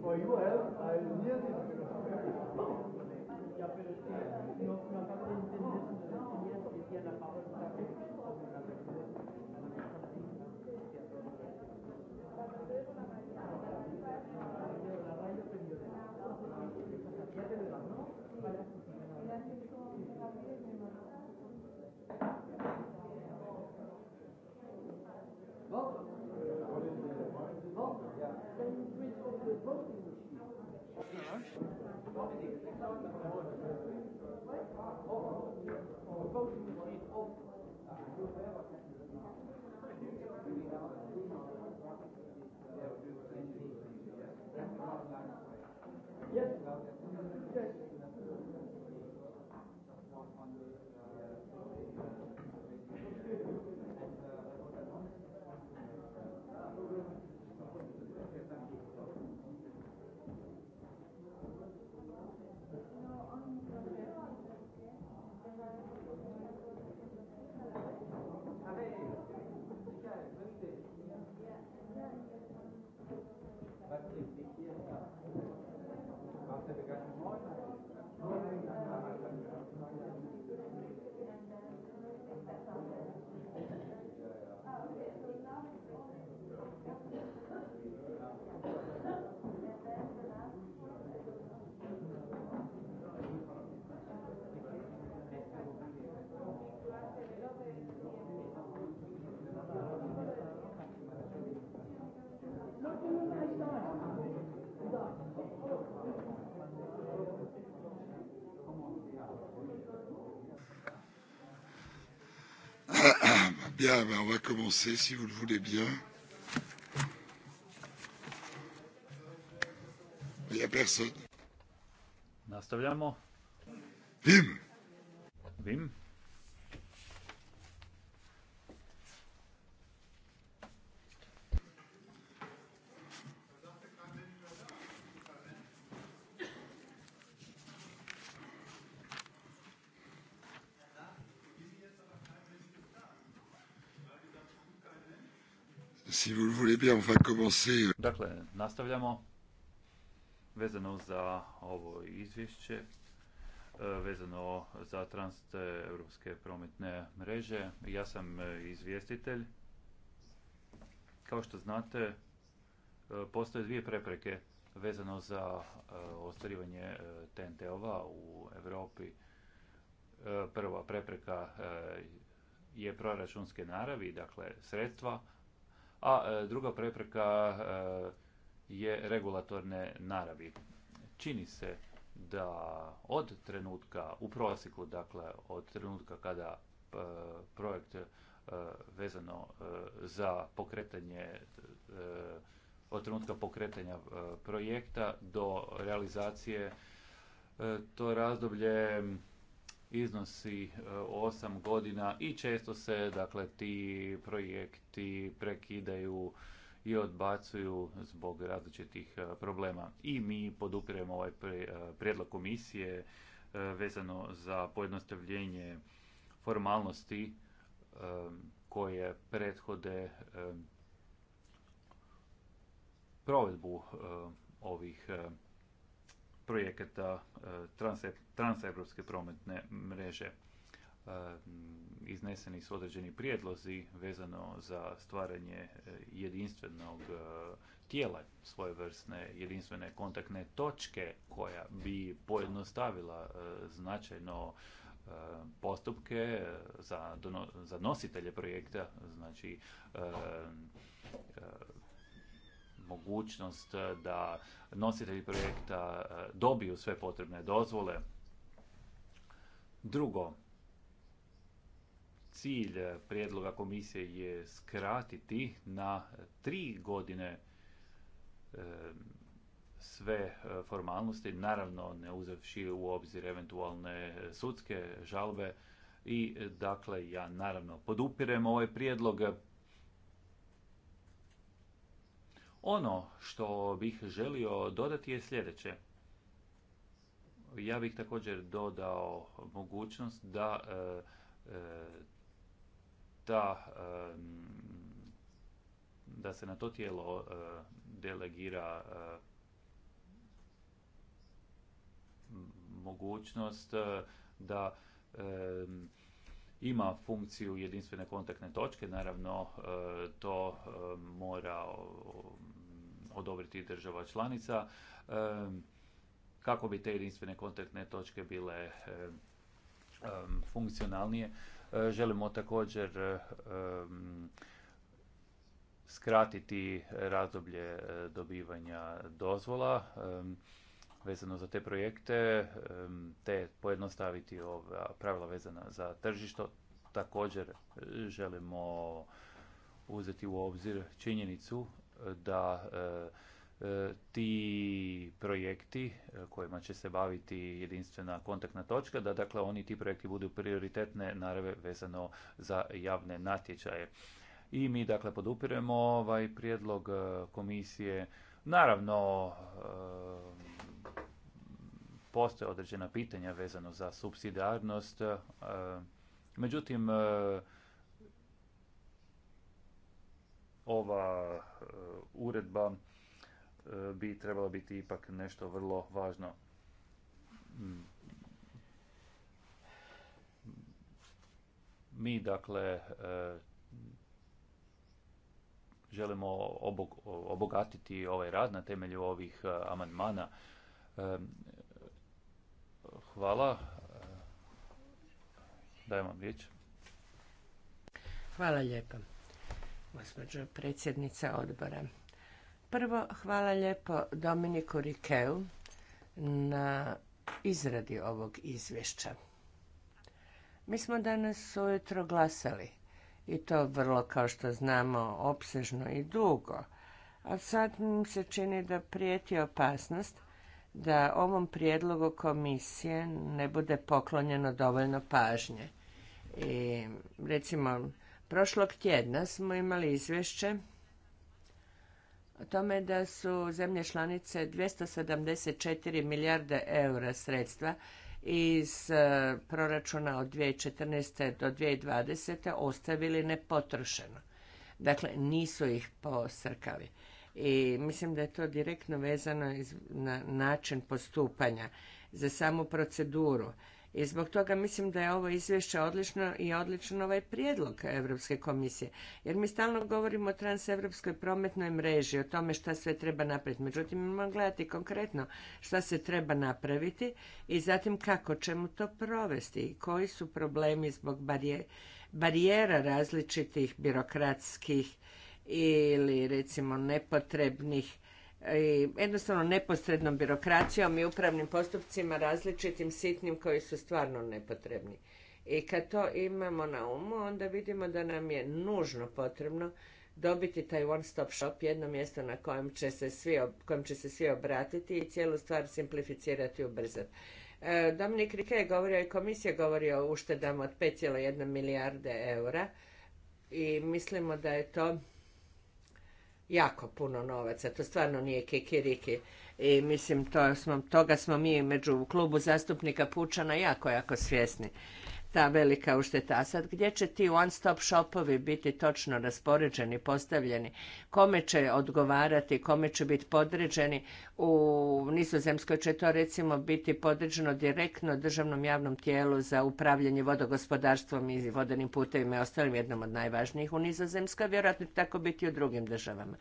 For you, I nearly... Yes. Yes. Bien, ben on va commencer si vous le voulez bien. Il n'y a personne. Nastavljamo. Vim. Vim. Dakle, nastavljamo vezano za ovo izvješće, e, vezano za trans prometne mreže. Ja sam e, izvjestitelj. Kao što znate, e, postoje dvije prepreke vezano za ostvarivanje TNT-ova u Europi. Prva prepreka je proračunske naravi, dakle sredstva, a e, druga prepreka e, je regulatorne naravi. Čini se da od trenutka, u prosjeku, dakle, od trenutka kada e, projekt vezano za pokretanje od trenutka pokretanja projekta do realizacije to razdoblje iznosi 8 e, godina i često se dakle ti projekti prekidaju i odbacuju zbog različitih e, problema. I mi podupiremo ovaj e, prijedlog komisije vezano za pojednostavljenje formalnosti koje prethode provedbu ovih projekata e, transeuropske prometne mreže. E, izneseni su određeni prijedlozi vezano za stvaranje e, jedinstvenog tijela svojevrsne jedinstvene kontaktne točke koja bi pojednostavila značajno postupke za, nositelje projekta, znači mogućnost eh, da nositelji projekta eh, dobiju sve potrebne dozvole. Drugo, cilj eh, prijedloga komisije je skratiti na tri godine sve formalnosti, naravno ne uzevši u obzir eventualne sudske žalbe i dakle ja naravno podupirem ovaj prijedlog Ono što bih želio dodati je sljedeće. Ja bih također dodao mogućnost da e, e, da e, da se na to tijelo delegira mogućnost da ima funkciju jedinstvene kontaktne točke, naravno to mora odobriti država članica kako bi te jedinstvene kontaktne točke bile funkcionalnije. E, želimo također skratiti razdoblje e, dobivanja dozvola vezano za te projekte, te pojednostaviti pravila vezana za tržišto. Također e, želimo uzeti u obzir činjenicu da e, e, ti projekti e, kojima će se baviti jedinstvena kontaktna točka, da dakle oni ti projekti budu prioritetne narave vezano za javne natječaje. I mi dakle podupiremo ovaj prijedlog komisije. Naravno, postoje određena pitanja vezano za subsidijarnost, međutim, ova e, uredba e, bi trebala biti ipak nešto vrlo važno. Mi dakle e, želimo obogatiti ovaj rad na temelju ovih amandmana. Hvala. Dajem vam riječ. Hvala lijepa gospođo predsjednica odbora. Prvo, hvala lijepo Dominiku Rikeu na izradi ovog izvješća. Mi smo danas ujutro glasali i to vrlo, kao što znamo, opsežno i dugo. A sad mi se čini da prijeti opasnost da ovom prijedlogu komisije ne bude poklonjeno dovoljno pažnje. I recimo, Prošlog tjedna smo imali izvješće o tome da su zemlje članice 274 milijarde eura sredstva iz e, proračuna od 2014. do 2020. ostavili nepotrošeno. Dakle, nisu ih posrkali. I mislim da je to direktno vezano na način postupanja za samu proceduru i zbog toga mislim da je ovo izvješće odlično i odličan ovaj prijedlog Europske komisije. Jer mi stalno govorimo o transeuropskoj prometnoj mreži, o tome šta sve treba napraviti. Međutim, imamo gledati konkretno šta se treba napraviti i zatim kako ćemo to provesti i koji su problemi zbog barijera različitih birokratskih ili recimo nepotrebnih i jednostavno neposrednom birokracijom i upravnim postupcima različitim sitnim koji su stvarno nepotrebni. I kad to imamo na umu, onda vidimo da nam je nužno potrebno dobiti taj one stop shop, jedno mjesto na kojem će se svi, kojem će se svi obratiti i cijelu stvar simplificirati i ubrzati. E, Dominik Rike je govorio i komisija govori o uštedama od 5,1 milijarde eura i mislimo da je to jako puno novaca. To stvarno nije kikiriki. I mislim, to toga smo mi među klubu zastupnika Pučana jako, jako svjesni ta velika ušteta. A sad gdje će ti one stop shopovi biti točno raspoređeni, postavljeni, kome će odgovarati, kome će biti podređeni. U Nizozemskoj će to recimo biti podređeno direktno državnom javnom tijelu za upravljanje vodogospodarstvom i vodenim putevima i ostalim jednom od najvažnijih u Nizozemskoj, vjerojatno tako biti i u drugim državama.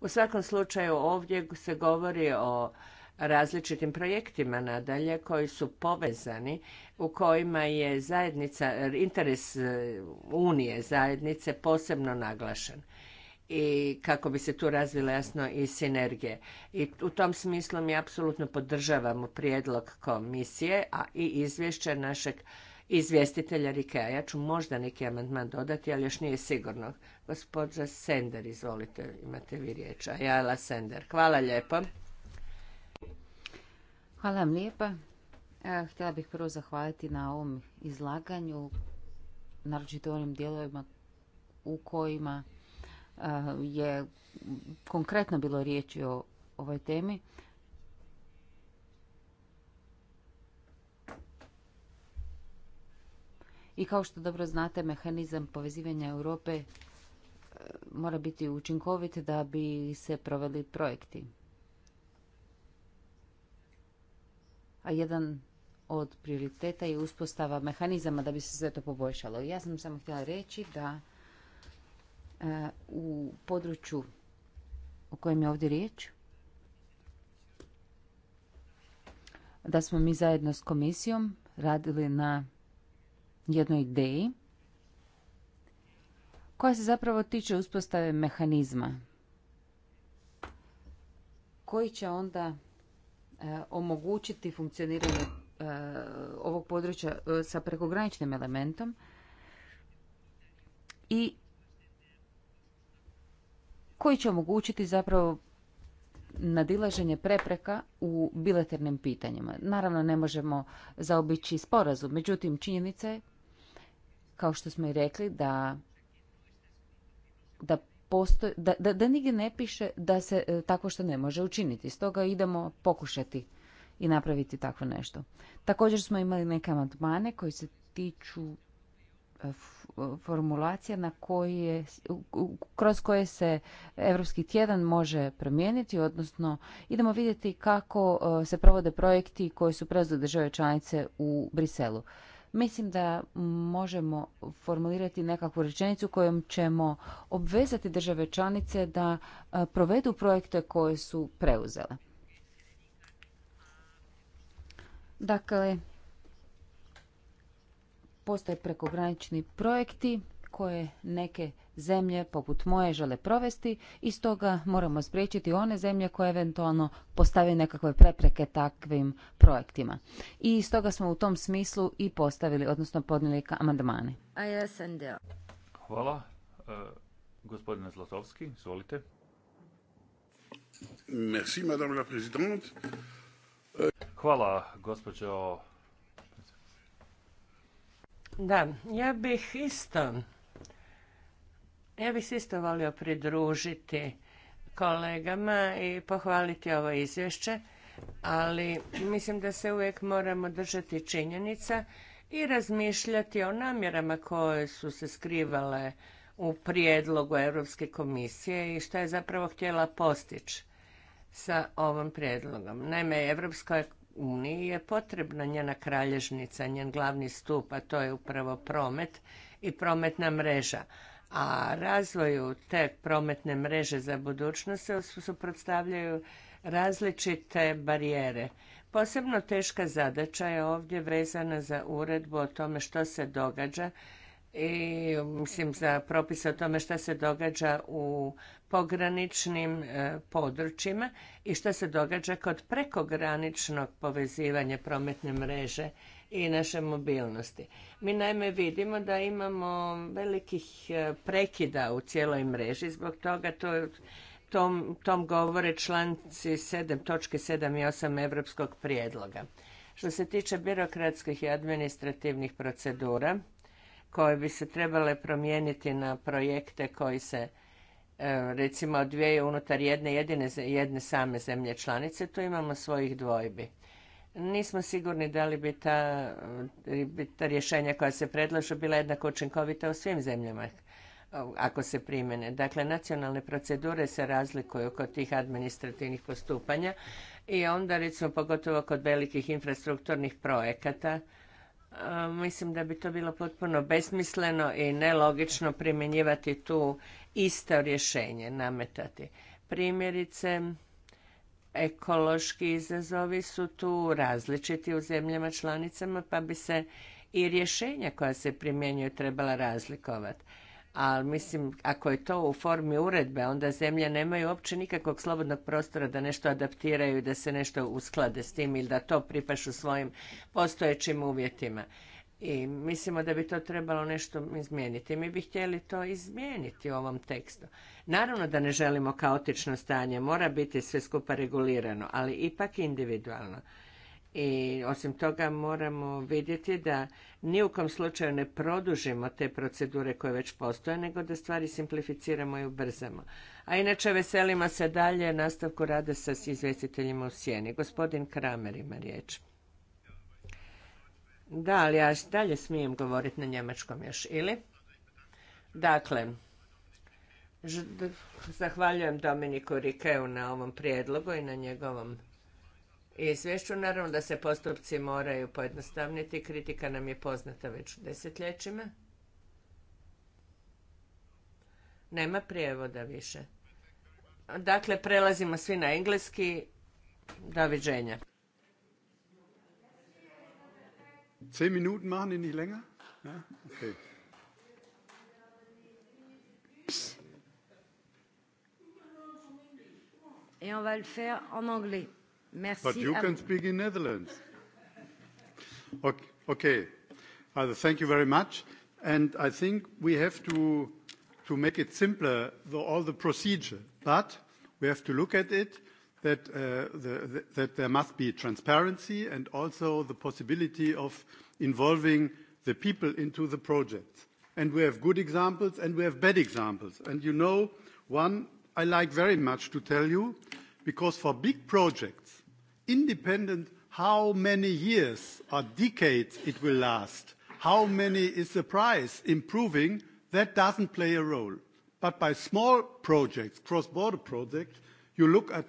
U svakom slučaju ovdje se govori o različitim projektima nadalje koji su povezani u kojima je zajednica, interes e, Unije zajednice posebno naglašen i kako bi se tu razvila jasno i sinergije. I u tom smislu mi apsolutno podržavamo prijedlog komisije, a i izvješće našeg izvjestitelja Rikea. Ja ću možda neki amandman dodati, ali još nije sigurno. Gospođa Sender, izvolite, imate vi riječ. Ajala Sender. Hvala lijepo. Hvala vam lijepa. E, htjela bih prvo zahvaliti na ovom izlaganju, naročito onim dijelovima u kojima e, je konkretno bilo riječi o ovoj temi. I kao što dobro znate, mehanizam povezivanja Europe e, mora biti učinkovit da bi se proveli projekti. a jedan od prioriteta je uspostava mehanizama da bi se sve to poboljšalo. Ja sam samo htjela reći da e, u području o kojem je ovdje riječ, da smo mi zajedno s komisijom radili na jednoj ideji koja se zapravo tiče uspostave mehanizma koji će onda E, omogućiti funkcioniranje e, ovog područja e, sa prekograničnim elementom i koji će omogućiti zapravo nadilaženje prepreka u bilaternim pitanjima. Naravno, ne možemo zaobići sporazum, međutim, činjenica je, kao što smo i rekli, da, da postoji, da, da, da nigdje ne piše da se e, tako što ne može učiniti. Stoga idemo pokušati i napraviti takvo nešto. Također smo imali neke amandmane koji se tiču e, e, formulacija na koje, kroz koje se Europski tjedan može promijeniti, odnosno idemo vidjeti kako se provode projekti koji su preuzeli države članice u Briselu. Mislim da možemo formulirati nekakvu rečenicu kojom ćemo obvezati države članice da e, provedu projekte koje su preuzele. Dakle, postoje prekogranični projekti koje neke zemlje poput moje žele provesti i stoga moramo spriječiti one zemlje koje eventualno postave nekakve prepreke takvim projektima. I stoga smo u tom smislu i postavili, odnosno podnijeli amandmane. Hvala. E, gospodine Zlatovski, izvolite. Merci, madame la présidente. Hvala, gospođo da, ja bih isto ja bih se isto volio pridružiti kolegama i pohvaliti ovo izvješće, ali mislim da se uvijek moramo držati činjenica i razmišljati o namjerama koje su se skrivale u prijedlogu Europske komisije i što je zapravo htjela postići sa ovom prijedlogom. Naime, Europskoj uniji je potrebna njena kralježnica, njen glavni stup, a to je upravo promet i prometna mreža a razvoju te prometne mreže za budućnost se suprotstavljaju različite barijere. Posebno teška zadaća je ovdje vezana za uredbu o tome što se događa i mislim za propise o tome što se događa u pograničnim e, područjima i što se događa kod prekograničnog povezivanja prometne mreže i naše mobilnosti. Mi naime vidimo da imamo velikih e, prekida u cijeloj mreži, zbog toga to tom, tom govore članci 7.7 točke i 8 europskog prijedloga. Što se tiče birokratskih i administrativnih procedura, koje bi se trebale promijeniti na projekte koji se e, recimo odvijaju unutar jedne jedne same zemlje članice, tu imamo svojih dvojbi nismo sigurni da li bi ta, rješenja koja se predlažu bila jednako učinkovita u svim zemljama ako se primjene. Dakle, nacionalne procedure se razlikuju kod tih administrativnih postupanja i onda recimo pogotovo kod velikih infrastrukturnih projekata mislim da bi to bilo potpuno besmisleno i nelogično primjenjivati tu isto rješenje, nametati. Primjerice, ekološki izazovi su tu različiti u zemljama članicama pa bi se i rješenja koja se primjenjuju trebala razlikovati. Ali mislim, ako je to u formi uredbe, onda zemlje nemaju uopće nikakvog slobodnog prostora da nešto adaptiraju i da se nešto usklade s tim ili da to pripašu svojim postojećim uvjetima i mislimo da bi to trebalo nešto izmijeniti. Mi bi htjeli to izmijeniti u ovom tekstu. Naravno da ne želimo kaotično stanje, mora biti sve skupa regulirano, ali ipak individualno. I osim toga moramo vidjeti da ni u kom slučaju ne produžimo te procedure koje već postoje, nego da stvari simplificiramo i ubrzamo. A inače veselimo se dalje nastavku rada sa izvjestiteljima u sjeni. Gospodin Kramer ima riječ. Da, ali ja dalje smijem govoriti na njemačkom još, ili? Dakle, zahvaljujem Dominiku Rikeu na ovom prijedlogu i na njegovom izvješću. Naravno da se postupci moraju pojednostavniti, kritika nam je poznata već desetljećima. Nema prijevoda više. Dakle, prelazimo svi na engleski. Doviđenja. Zehn Minuten machen die nicht länger? Ja? Okay. Et on va le faire en anglais. Merci. But you can speak in Netherlands. Okay. okay. Uh, thank you very much. And I think we have to, to make it simpler, the, all the procedure. But we have to look at it Uh, that, there must be transparency and also the possibility of involving the people into the project. And we have good examples and we have bad examples. And you know, one I like very much to tell you, because for big projects, independent how many years or decades it will last, how many is the price improving, that doesn't play a role. But by small projects, cross-border projects, you look at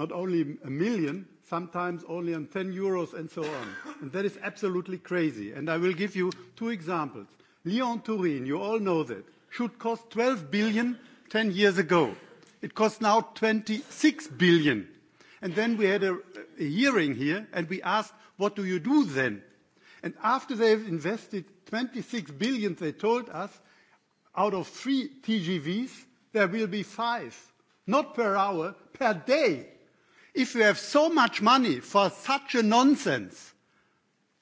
not only a million, sometimes only on 10 euros and so on. And that is absolutely crazy. And I will give you two examples. Lyon-Turin, you all know that, should cost 12 billion 10 years ago. It costs now 26 billion. And then we had a, hearing here, and we asked, what do you do then? And after they have invested 26 billion, they told us, out of three TGVs, there will be five, not per hour, per day. If you have so much money for such a nonsense,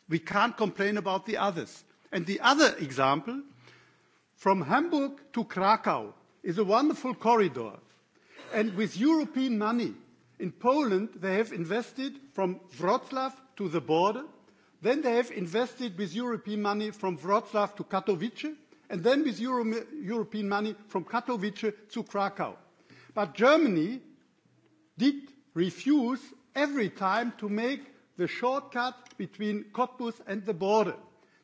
we can't complain about the others. And the other example, from Hamburg to Krakow, is a wonderful corridor. And with European money, in Poland, they have invested from Wroclaw to the border. Then they have invested with European money from Wroclaw to Katowice, and then with European money from Katowice to Krakow. But Germany did refuse every time to make the shortcut between Cottbus and the border.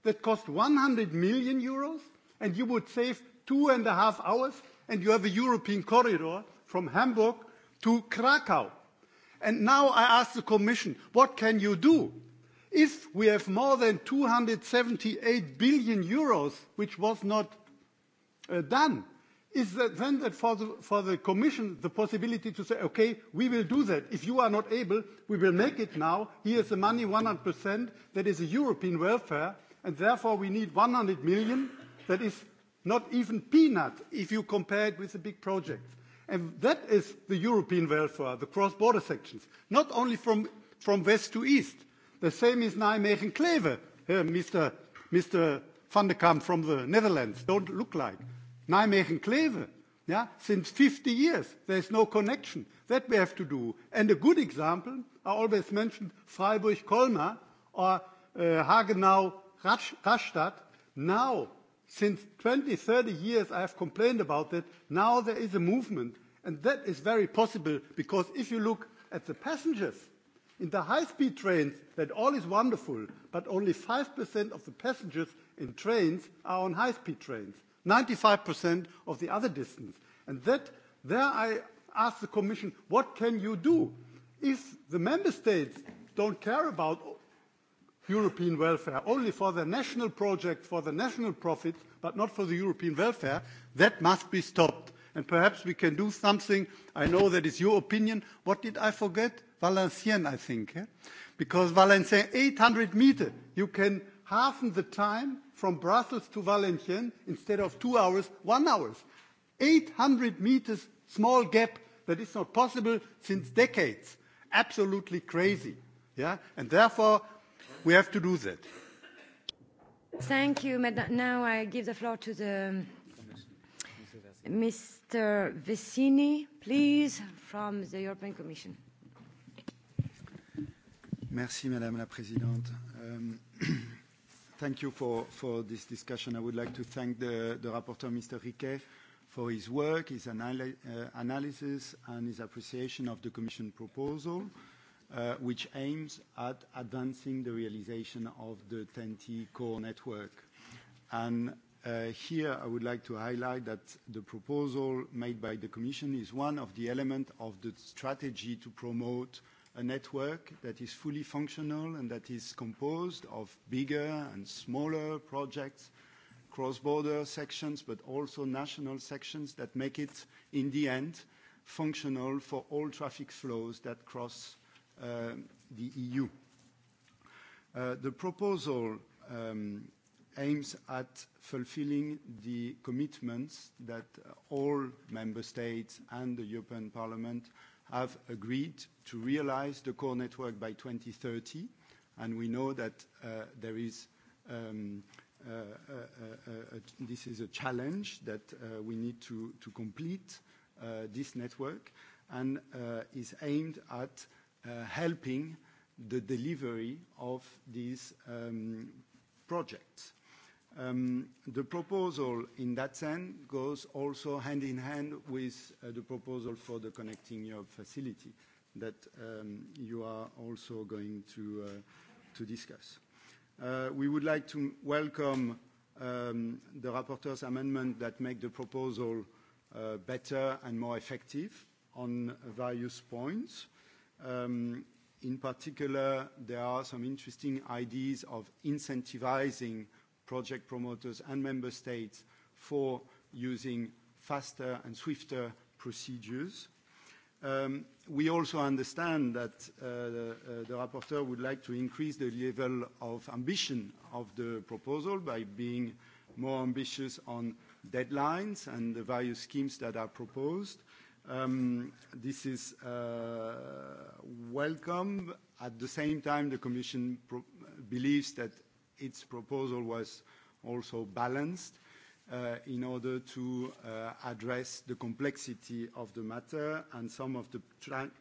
That cost 100 million euros, and you would save two and a half hours, and you have a European corridor from Hamburg to Krakow. And now I ask the Commission, what can you do? If we have more than 278 billion euros, which was not uh, done, is that then that for the, for the Commission the possibility to say, okay, we will do that. If you are not able, we will make it now. Here is the money, 100%. That is a European welfare, and therefore we need 100 million. That is not even peanut if you compare it with the big projects. And that is the European welfare, the cross-border sections, not only from, from west to east. The same is Nijmegen-Kleve, uh, Mr. Mr. van der Kamp from the Netherlands. Don't look like. Nijmegen-Kleve, yeah, since 50 years, there is no connection. That we have to do. And a good example, I always mentioned freiburg kolmar or uh, Hagenau-Rastatt. Now, since 20, 30 years, I have complained about that. Now there is a movement, and that is very possible because if you look at the passengers in the high-speed trains, that all is wonderful, but only 5% of the passengers in trains are on high-speed trains. 95% of the other distance. And that, there I ask the Commission, what can you do? If the member states don't care about European welfare, only for the national project, for the national profits, but not for the European welfare, that must be stopped. And perhaps we can do something. I know that is your opinion. What did I forget? Valenciennes, I think. yeah. Because Valenciennes, 800 meters, you can half the time from Brussels to Valenciennes instead of two hours, one hour. 800 meters small gap that is not possible since decades. Absolutely crazy. Yeah? And therefore, we have to do that. Thank you. Now I give the floor to the Mr. Um, Vecini, please, from the European Commission. Merci, Madame la Présidente. Euh, Thank you for, for this discussion. I would like to thank the, the rapporteur, Mr. Riquet, for his work, his analy uh, analysis, and his appreciation of the Commission proposal, uh, which aims at advancing the realization of the TEN-T core network. And uh, here I would like to highlight that the proposal made by the Commission is one of the elements of the strategy to promote a network that is fully functional and that is composed of bigger and smaller projects, cross-border sections, but also national sections that make it, in the end, functional for all traffic flows that cross um, the EU. Uh, the proposal um, aims at fulfilling the commitments that all member states and the European Parliament have agreed to realize the core network by 2030, and we know that uh, there is um, uh, uh, this is a challenge that we need to, to complete this network and is aimed at helping the delivery of these um, projects. Um, the proposal in that sense goes also hand in hand with uh, the proposal for the Connecting Europe facility that um, you are also going to, uh, to discuss. Uh, we would like to welcome um, the rapporteur's amendment that make the proposal better and more effective on various points. Um, in particular, there are some interesting ideas of incentivizing project promoters and member states for using faster and swifter procedures. Um, we also understand that uh, uh, the, rapporteur would like to increase the level of ambition of the proposal by being more ambitious on deadlines and the various schemes that are proposed. Um, this is uh, welcome. At the same time, the Commission believes that its proposal was also balanced uh, in order to uh, address the complexity of the matter, and some of the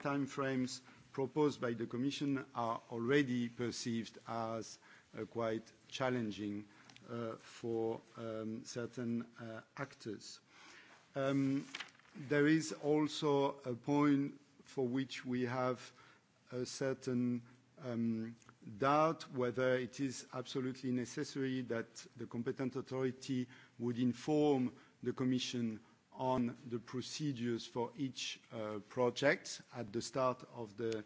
time frames proposed by the Commission are already perceived as uh, quite challenging uh, for um, certain uh, actors. Um, there is also a point for which we have a certain um, doubt whether it is absolutely necessary that the competent authority would inform the Commission on the procedures for each uh, project at the start of the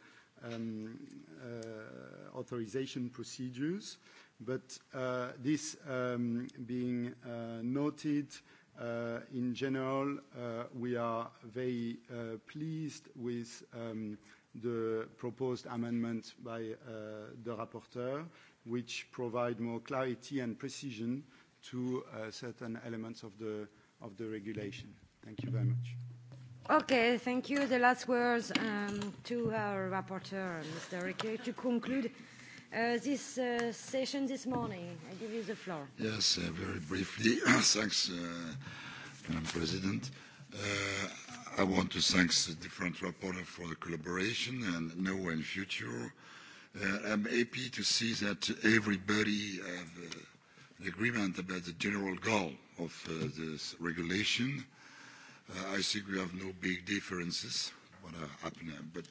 um, uh, authorization procedures. But uh, this um, being uh, noted, uh, in general, uh, we are very pleased with um, the proposed amendment by uh, the rapporteur, which provide more clarity and precision to uh, certain elements of the, of the regulation. Thank you very much. Okay, thank you. The last words um, to our rapporteur, Mr. Riquet, to conclude uh, this uh, session this morning. I give you the floor. Yes, uh, very briefly. Thanks, uh, Madam President. Uh, i want to thank the different rapporteurs for the collaboration and now and future. Uh, I'm happy to see that everybody have uh, an agreement about the general goal of uh, this regulation. Uh, I think we have no big differences, what are happening, but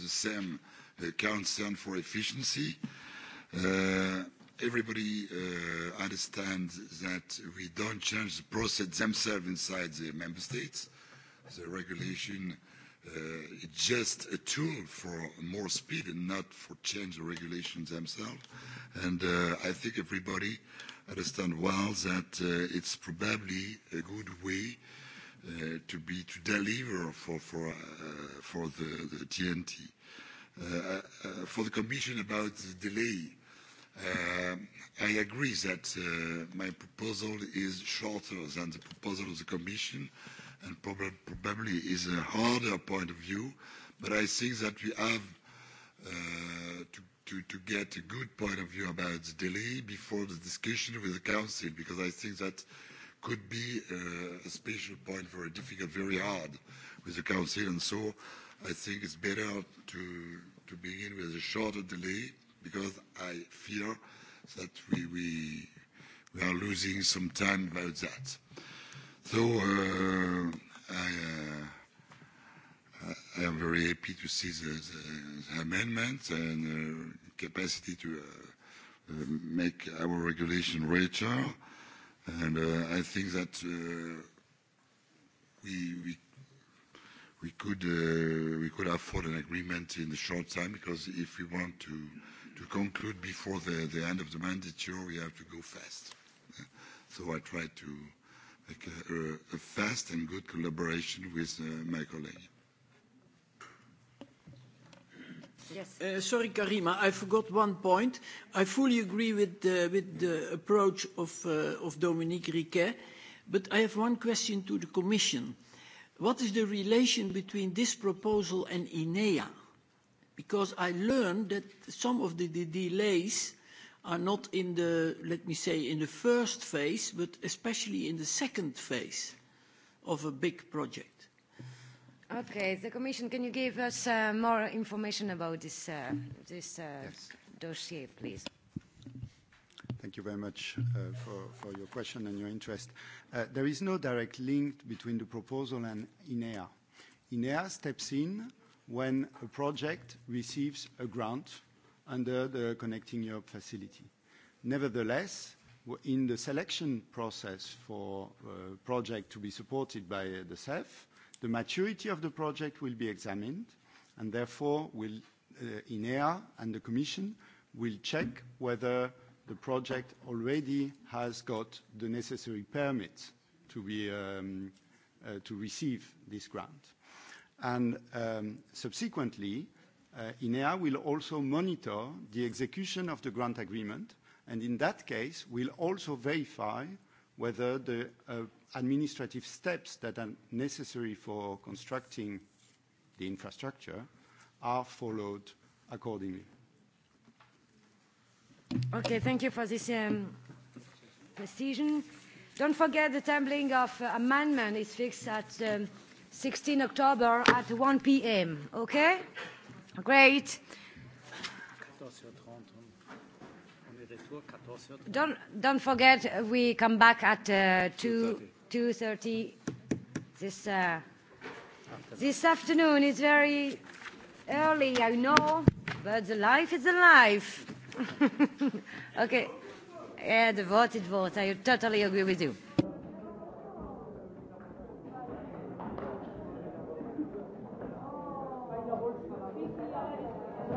the same uh, concern for efficiency. Uh, everybody uh, understands that we don't change the process themselves inside the member states the regulation uh, just a tool for more speed and not for change the regulations themselves. And uh, I think everybody understands well that uh, it's probably a good way uh, to be to deliver for for uh, for the, the TNT. Uh, uh, for the Commission about the delay, uh, I agree that uh, my proposal is shorter than the proposal of the Commission. Uh, and prob probably is a harder point of view, but I think that we have uh, to, to, to get a good point of view about the delay before the discussion with the Council, because I think that could be uh, a special point for a difficult, very hard with the Council, and so I think it's better to, to begin with a shorter delay, because I fear that we, we, we are losing some time about that. So uh, I, uh, I am very happy to see the, the, the amendments and uh, capacity to uh, make our regulation richer. And uh, I think that uh, we, we we could uh, we could afford an agreement in the short time because if we want to to conclude before the, the end of the mandate, we have to go fast. So I try to like a, a fast and good collaboration with uh, my colleague. Yes. Uh, sorry, Karima, I forgot one point. I fully agree with the, with the approach of, uh, of Dominique Riquet, but I have one question to the Commission. What is the relation between this proposal and INEA? Because I learned that some of the, the delays are not in the, let me say, in the first phase, but especially in the second phase of a big project. Okay. The Commission, can you give us uh, more information about this, uh, this uh, yes. dossier, please? Thank you very much uh, for, for your question and your interest. Uh, there is no direct link between the proposal and INEA. INEA steps in when a project receives a grant under the Connecting Europe facility. Nevertheless, in the selection process for a uh, project to be supported by uh, the CEF, the maturity of the project will be examined, and therefore will uh, INEA and the Commission will check whether the project already has got the necessary permits to be um, uh, to receive this grant. And um, subsequently, Uh, INEA will also monitor the execution of the grant agreement, and in that case, will also verify whether the uh, administrative steps that are necessary for constructing the infrastructure are followed accordingly. Okay, thank you for this um, precision. Don't forget the tabling of uh, amendment is fixed at 16 um, October at 1 p.m., okay? Great. Don't, don't forget, we come back at uh, 2, 2.30 this, uh, this afternoon. It's very early, I know, but the life is the life. okay. Yeah, the vote is vote. I totally agree with you.